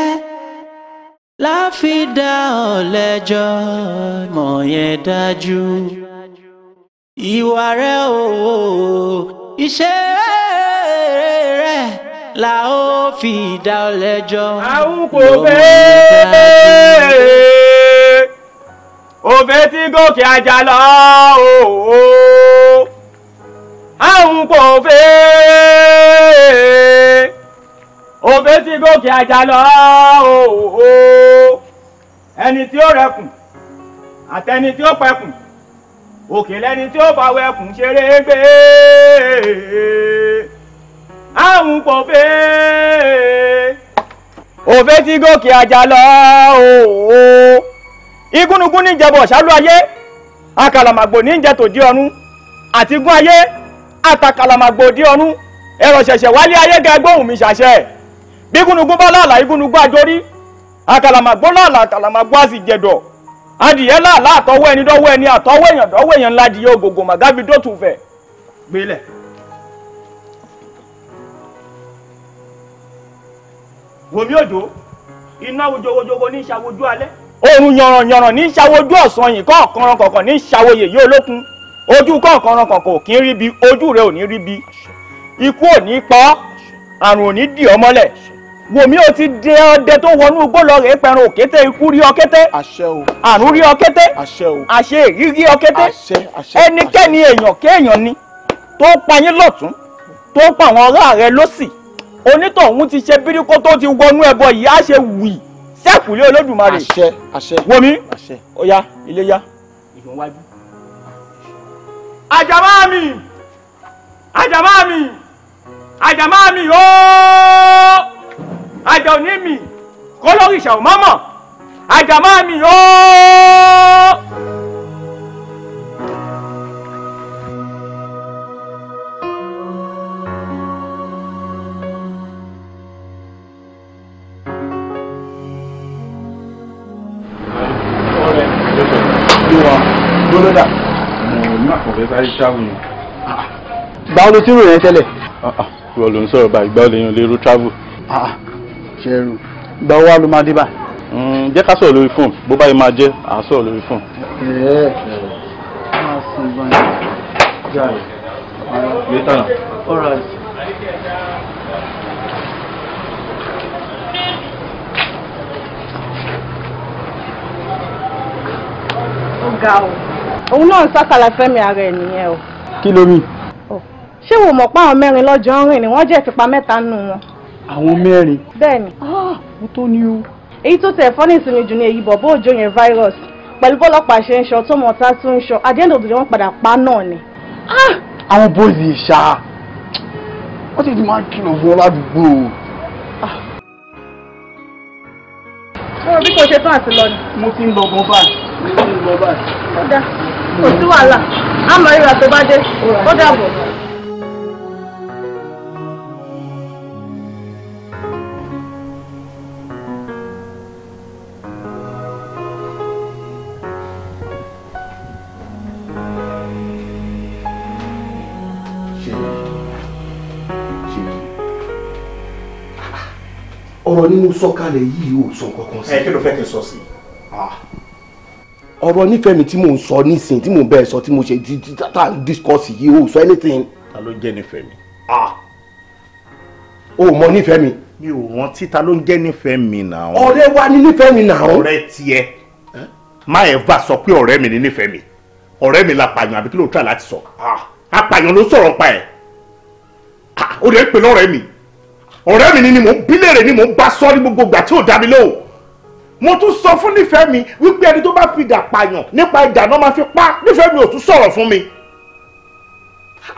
la fi dá ọ lẹ́jọ́ mọ̀ yẹn dájú ìwà rẹ o iṣẹ́ rẹ la ó fi dá ọ àwọn kò bẹ́ẹ̀ òfé tí gòkè àjà lọ òòó àwọn kò fẹ́ òfé tí gòkè àjà lọ òòó ẹni tí ó rẹkùn àtẹni tí ó pẹkùn òkè lẹni tí ó bá wẹkùn ṣeré gbé àwọn kò fẹ́ òfé tí gòkè àjà lọ òòó igúnnugún ní ìjẹbọ ṣálú ayé akàlàmàgbò ní ìjẹ tòdí ọ̀run àti gún ayé àtàkàlàmàgbò dí ọ̀run ẹ̀rọ ṣẹ̀ṣẹ̀ wálé ayé gẹ́gbóhùn mi ṣàṣẹ bí igúnnugún bá láàlà igúnnugún àjorí akàlàmàgbò láàlà àkàlàmàgbò àsì jẹ̀dọ̀ adìyẹ láàlà àtọwọ́ ẹni dọ́wọ́ ẹni àtọwọ́ èèyàn dọ́wọ́ èèyàn ńlá adìyẹ ògògò màgábí dótùfẹ̀ gbélẹ̀. wòmí òjò iná wojowojowo ní ìṣàwojú alẹ́ oòrùn yànrànyànràn ní ṣàwojú ọ̀sán yìí kọ̀ọ̀kanran kọ̀ọ̀kan ní ṣàwòyè yìí olókun ojú kọ̀ọ̀kanran kọ̀ọ̀kan ò kí ń bi ojú rẹ ò ní rí bi ikú ò ní pa ọ́ àrùn ò ní dì ọ́ mọ́lẹ̀ wòmí o ti dé ọdẹ tó wọnú igbó lọ rèé pẹran òkété ikú rí ọkété àrùn rí ọkété àṣe èyí rí ọkété ẹnikẹ́ni èèyàn kéèyàn ni tó pa yín lọ́tún tó pa àwọn ọ̀rá rẹ lọ́sì onítọ̀hún ti ṣe bíríkó tó ti wọnú ẹbọ yìí á ṣe wì sẹ́kùlé olódùmarè àṣẹ àṣẹ wọmi àṣẹ ọ̀ya iléyà ìfọ̀nwájú. àjàmá mi àjàmá ooo àjà òní mi kólórìṣà ò mọ́mọ́ àjàmá ooo. báwo ló ti rò yẹn tẹ́lẹ̀. Ah, ah, ìwọ ló ń sọ̀rọ̀ báyìí gbáwo lèèyàn lérò travel. Ah, ṣẹ́rù gbà wá ló máa dé bá. Hmm, jẹ́ ká sọ̀rọ̀ lórí fóònù bó báyìí máa jẹ́ à sọ̀rọ̀ lórí fóònù. Eh, eh. All right. Ó ga o òun náà ń sákàlà fẹ́mi ara ẹ̀ nìyẹn o. kí ló mi. ṣé wò mọ̀ pé àwọn mẹ́rin lọ́jọ́ ń rìn ni wọ́n jẹ́ tipa mẹ́ta nù wọn. àwọn mẹ́rin. bẹ́ẹ̀ni. mo ah, tó ni o. èyí tó tẹ̀ fọ́nì sí mi jù ní èyí bọ̀bọ́ òjò yẹn virus pẹ̀lú bọ́lọ́pàá ṣe ń ṣọ tó mọ̀ tá tó ń ṣọ àdéhùn òdòdó wọn padà pa náà ni. Ah, àwọn bóyì ṣá wọ́n ti di máa ń kìlọ̀ fún ọ ládùúgbò. Ah. mo rò bí kò ṣe tán àti lọ ni. mo ti ń lọ gan báyìí ọ̀dà ọ̀rọ̀ ni mo yìí ò sọ kankan sí. ẹ kí ló fẹ́ kí n sọ sí i. Ah ọ̀rọ̀ nífẹ̀ẹ́ mi tí mò ń sọ nísìn tí mò ń bẹ́ẹ̀ sọ tí mo ṣe tá à ń discuss yìí o sọ anything. ta ló jẹ́ nífẹ̀ẹ́ mi. ah o mọ nífẹ̀ẹ́ mi. mi ò rántí ta ló ń jẹ́ nífẹ̀ẹ́ mi náà. ọ̀rẹ́ wa ni nífẹ̀ẹ́ mi náà. ọ̀rẹ́ tiẹ̀ má ẹ̀ bá sọ pé ọ̀rẹ́ mi ni nífẹ̀ẹ́ mi ọ̀rẹ́ mi la pààyàn àbí kí ló ń tà láti sọ. Ah. apààyàn ló sọ̀rọ̀ pa ẹ̀ ah, ó lè pè lọ́rẹ́ mi ọ̀rẹ́ mi ni mo bílẹ̀ rẹ̀ ni mo bá sọ ní gbogbo ìgbà tí ò dá mi mo tún sọ fún nífẹ̀ẹ́ mi wípé ẹni tó bá fi ìdà pààyàn nípa ìdà náà máa fi pa nífẹ̀ẹ́ mi ò tún sọ̀rọ̀ fún mi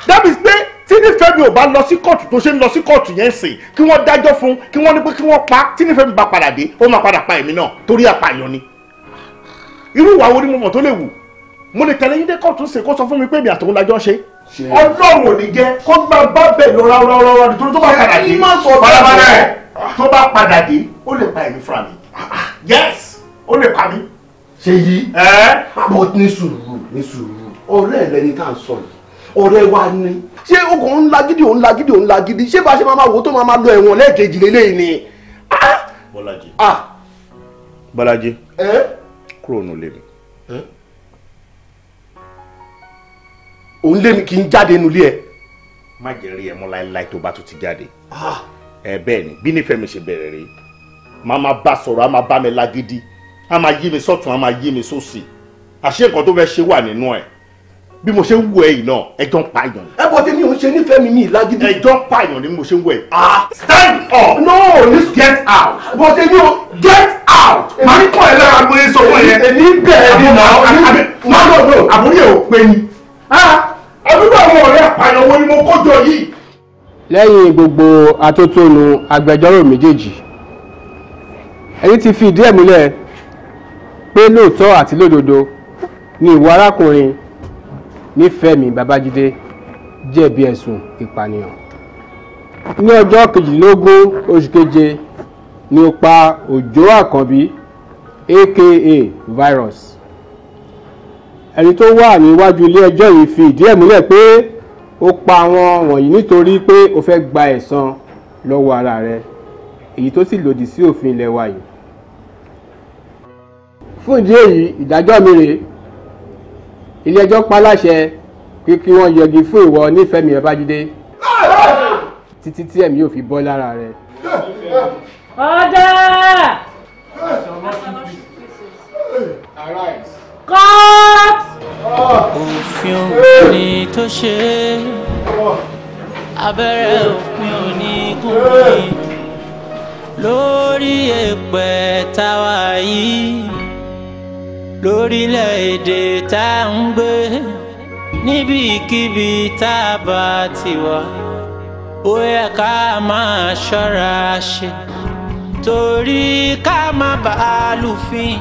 that means pé tí nífẹ̀ẹ́ mi ò bá lọ sí kóòtù tó ṣe ń lọ sí kóòtù yẹn sìn kí wọ́n dájọ́ fún kí wọ́n ní pé kí wọ́n pa tí nífẹ̀ẹ́ mi bá padà dé ó máa padà pa èmi náà torí àpààyàn ni irú ìwà wo ni mo mọ̀ tó lè wù mo lè tẹ̀lé yín dé kóòtù sìn kó sọ fún mi pé èmi àtòun lájọ́ ṣe ọlọ́run ò ní jẹ́ kó gba bábẹ̀ lọ ráúráúráú nítorí tó bá padà dé tó bá padà dé ó lè pa èmi fúnra mi yes ó lè pa mí. ṣe yí àbọ̀ ní sùúrù ní sùúrù ọ̀rẹ́ rẹ ni tá à ń sọ yìí ọ̀rẹ́ wa ni ṣé ogun ńlá gidi òun ńlá gidi òun lagidi. gidi ṣé bá ṣe máa wò tó máa lọ ẹ̀wọ̀n lẹ́ẹ̀kejì lélẹ́yìn ni. bọ́lájì ah! bọ́lájì ah! kúrò nù lé mi. òun lé mi kì í jáde nulẹ̀ ẹ̀. má jẹ́ rí ẹ mọ́ láéláé tó bá tún ti jáde. Ah! ẹ bẹ́ẹ̀ ni bí nífẹ̀ẹ́ mi ṣe bẹ̀rẹ̀ rèé màá máa bá sọ̀rọ̀ á máa bá mi lágídí á máa yí mi sọ́tún á máa yí mi sósì àṣé nǹkan tó fẹ́ ṣe wà nínú ẹ̀ bí mo ṣe ń wo ẹ̀yìn náà ẹjọ́ ń pààyàn. ẹ bọ́ tèmi ò ń ṣe nífẹ̀ẹ́ mi ní ìlágídí. ẹjọ́ ń pààyàn ni mo ṣe ń wo ẹ̀. ah stand up. no let's get out. bọ́ tèmi ò get out. màá ní kọ́ ẹ lára mo yẹ sọ fún yẹn. èmi bẹ̀rẹ̀ ni náà má lọ lọ àbúrò ò pé ni. Ah! àdúgbò àwọn ọ̀rẹ́ àpàyàn wo ni mo kó jọ yìí. lẹ́yìn gbogbo atótónu agbẹjọ́rò méjèèjì ẹ̀yin ti fi ìdí ẹ̀ múlẹ̀ pé lóòótọ́ àti lódodo ni ìwọ arákùnrin nífẹ̀mí babájídé jẹ̀bi ẹ̀sùn ìpànìyàn ní ọjọ́ kejìlélógún oṣù keje ni ó pa òjó àkànbí aka virus ẹni tó wà níwájú ilé ẹjọ́ yìí fi ìdí ẹ̀ múlẹ̀ pé ó pa àwọn wọ̀nyí nítorí pé ó fẹ́ gba ẹ̀san lọ́wọ́ ara rẹ̀ èyí tó sì lòdì sí òfin ilẹ̀ wa yìí. fún ìdí èyí ìdájọ́ mi rèé ilé ẹjọ́ pa láṣẹ pé kí wọ́n yẹgi fún ìwọ nífẹ̀mí ọbájídé títí tí ẹ̀mí ò fi bọ́ lára rẹ̀. ọ̀dà. Cut! òfin òní tó ṣe abẹ́rẹ́ òfin òní kò ní lórí èpẹ̀ táwa yìí lórílẹ̀‐èdè tá à ń gbé níbikíbi tá a bá ti wà ó yẹ ká máa ṣọ́ra ṣe torí ká má bàa lùfin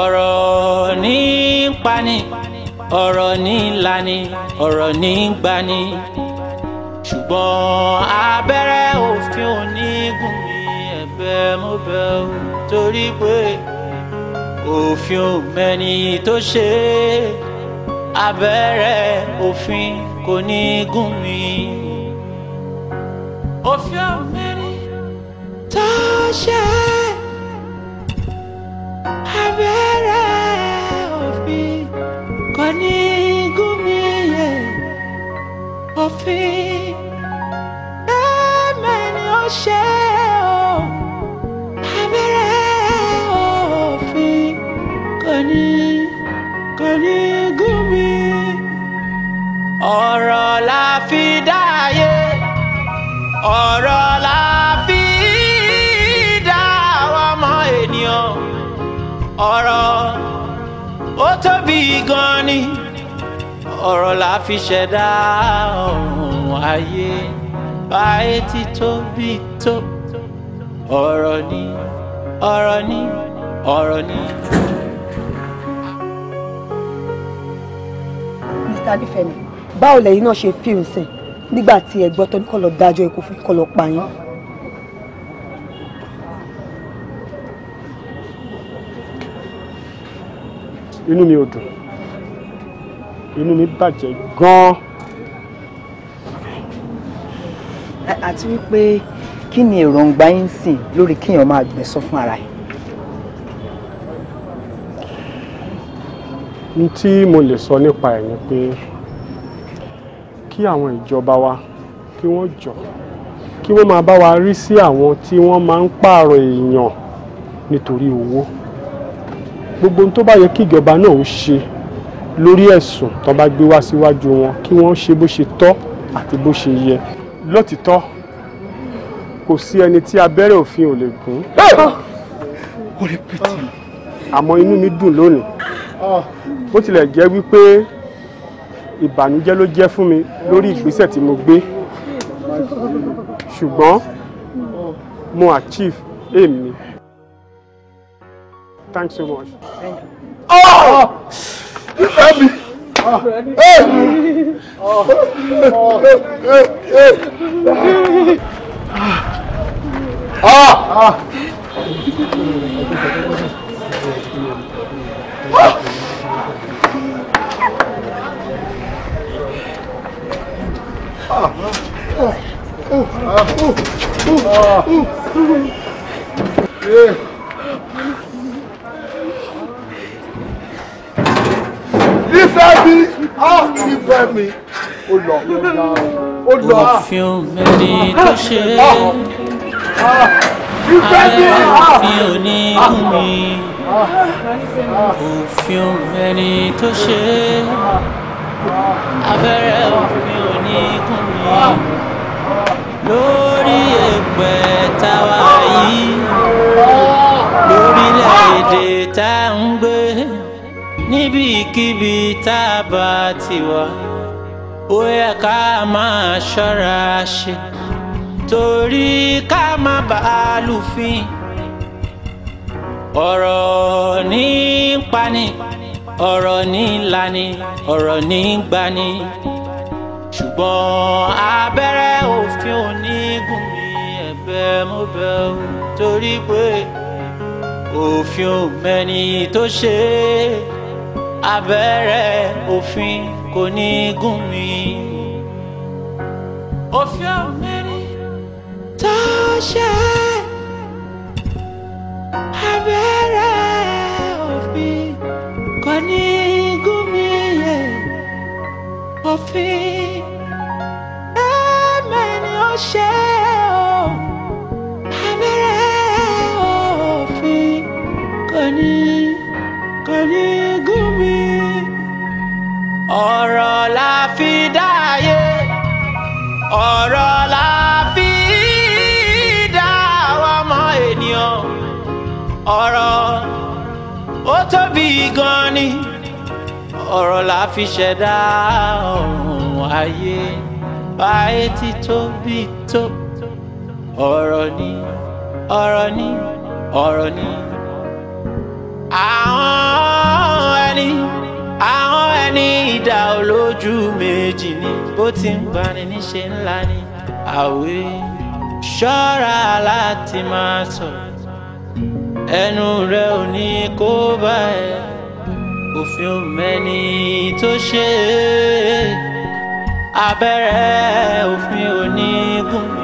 ọ̀rọ̀ ní pani ọ̀rọ̀ ní lani ọ̀rọ̀ ní gbani ṣùgbọ́n abẹ́rẹ́ òfin onígun mi ẹ̀bẹ̀ mo bẹ̀ ò torí pé òfin ò mẹ́ni tó ṣe abẹ́rẹ́ òfin kò ní gún mi. òfin ò mẹ́ni tó ṣe abẹ́rẹ́ òfin kò ní gún mi. òfin. tóbi gan ni ọ̀rọ̀ la fi ṣẹ̀dá ọ̀hún ayé ayé ti tóbi tó ọ̀rọ̀ ni ọ̀rọ̀ ni ọ̀rọ̀ ni. Mr. Adifemi báwo lẹ́yìn náà ṣe fíìmù sìn nígbà tí ẹ gbọ́ tó ní kọ́ lọ dájọ́ ikú fún kọ́ lọ pa inú mi ò dùn inú mi bàjẹ́ gan-an. àti wípé kí ni èròǹgbà yín sìn lórí kéèyàn máa gbẹ̀sọ́ fún ara ẹ̀. ní tí mo lè sọ nípa ẹ̀ ni pé kí àwọn ìjọba wa kí wọ́n jọ kí wọ́n máa bá wa rí sí àwọn tí wọ́n máa ń pààrọ̀ èèyàn nítorí owó gbogbo ohun tó bá yẹ kí ìjọba náà ó ṣe lórí ẹ̀sùn tó bá gbé wá síwájú wọn kí wọ́n ṣe bó ṣe tọ́ àti bó ṣe yẹ lótìtọ́ kò sí ẹni tí abẹ́rẹ́ òfin ò lè gún ah! àmọ́ inú mi dùn lónìí bó tilẹ̀ jẹ́ wípé ìbànújẹ́ ló jẹ́ fún mi lórí ìgbésẹ̀ tí mo gbé ṣùgbọ́n mo achieve èmi. Thanks so much. Thank you. Oh! You help me. Oh. Hey! Oh. Oh. Hey! Hey! Hey! Ah! Ah! Ah! Ah! Ah! Ah! Ah! Ah! Ah! Yeah. ìfẹ́ mi á ìfẹ́ mi ó lọ ó lọ á òfin mẹ́ni tó ìfẹ́ mi á òfin onígun mi òfin mẹ́ni tó ṣe abẹ́rẹ́ òfin onígun mi lórí ẹgbẹ́ táwa yìí lórílẹ̀‐èdè tá à ń gbé níbikíbi tá a bá ti wà ó yẹ ká máa ṣọ́ra ṣe torí ká má bàa lùfín ọ̀rọ̀ ní pani ọ̀rọ̀ ní lani ọ̀rọ̀ ní gbani ṣùgbọ́n abẹ́rẹ́ òfin ò ní gùn mí ẹ̀bẹ̀ mo bẹ̀ ọ́ torí pé òfin ò mẹ́ni tó ṣe é abẹ́rẹ́ òfin kò ní gún mi. òfin ọ̀mẹ́ni tó ṣe abẹ́rẹ́ òfin kò ní gún mi. òfin ẹ̀mẹ́ni ó ṣe o abẹ́rẹ́ òfin kò ní ọ̀rọ̀ la fi dáyé ọ̀rọ̀ la fi dá àwọn ọmọ ènìyàn ọ̀rọ̀ ó tóbi gan ni ọ̀rọ̀ la fi ṣẹ̀dá ọ̀hún ayé báyé ti tóbi tó ọ̀rọ̀ ni ọ̀rọ̀ ni ọ̀rọ̀ ni àwọn àwọn ẹni ìdá olójú méjì ni bó ti ń bani níṣe ńlá ni àwé ṣọ́ra láti máa sọ̀rọ̀ ẹnu rẹ ò ní kó bá ẹ òfin mẹ́ni tó ṣe abẹ́rẹ́ òfin ò ní gùn mí.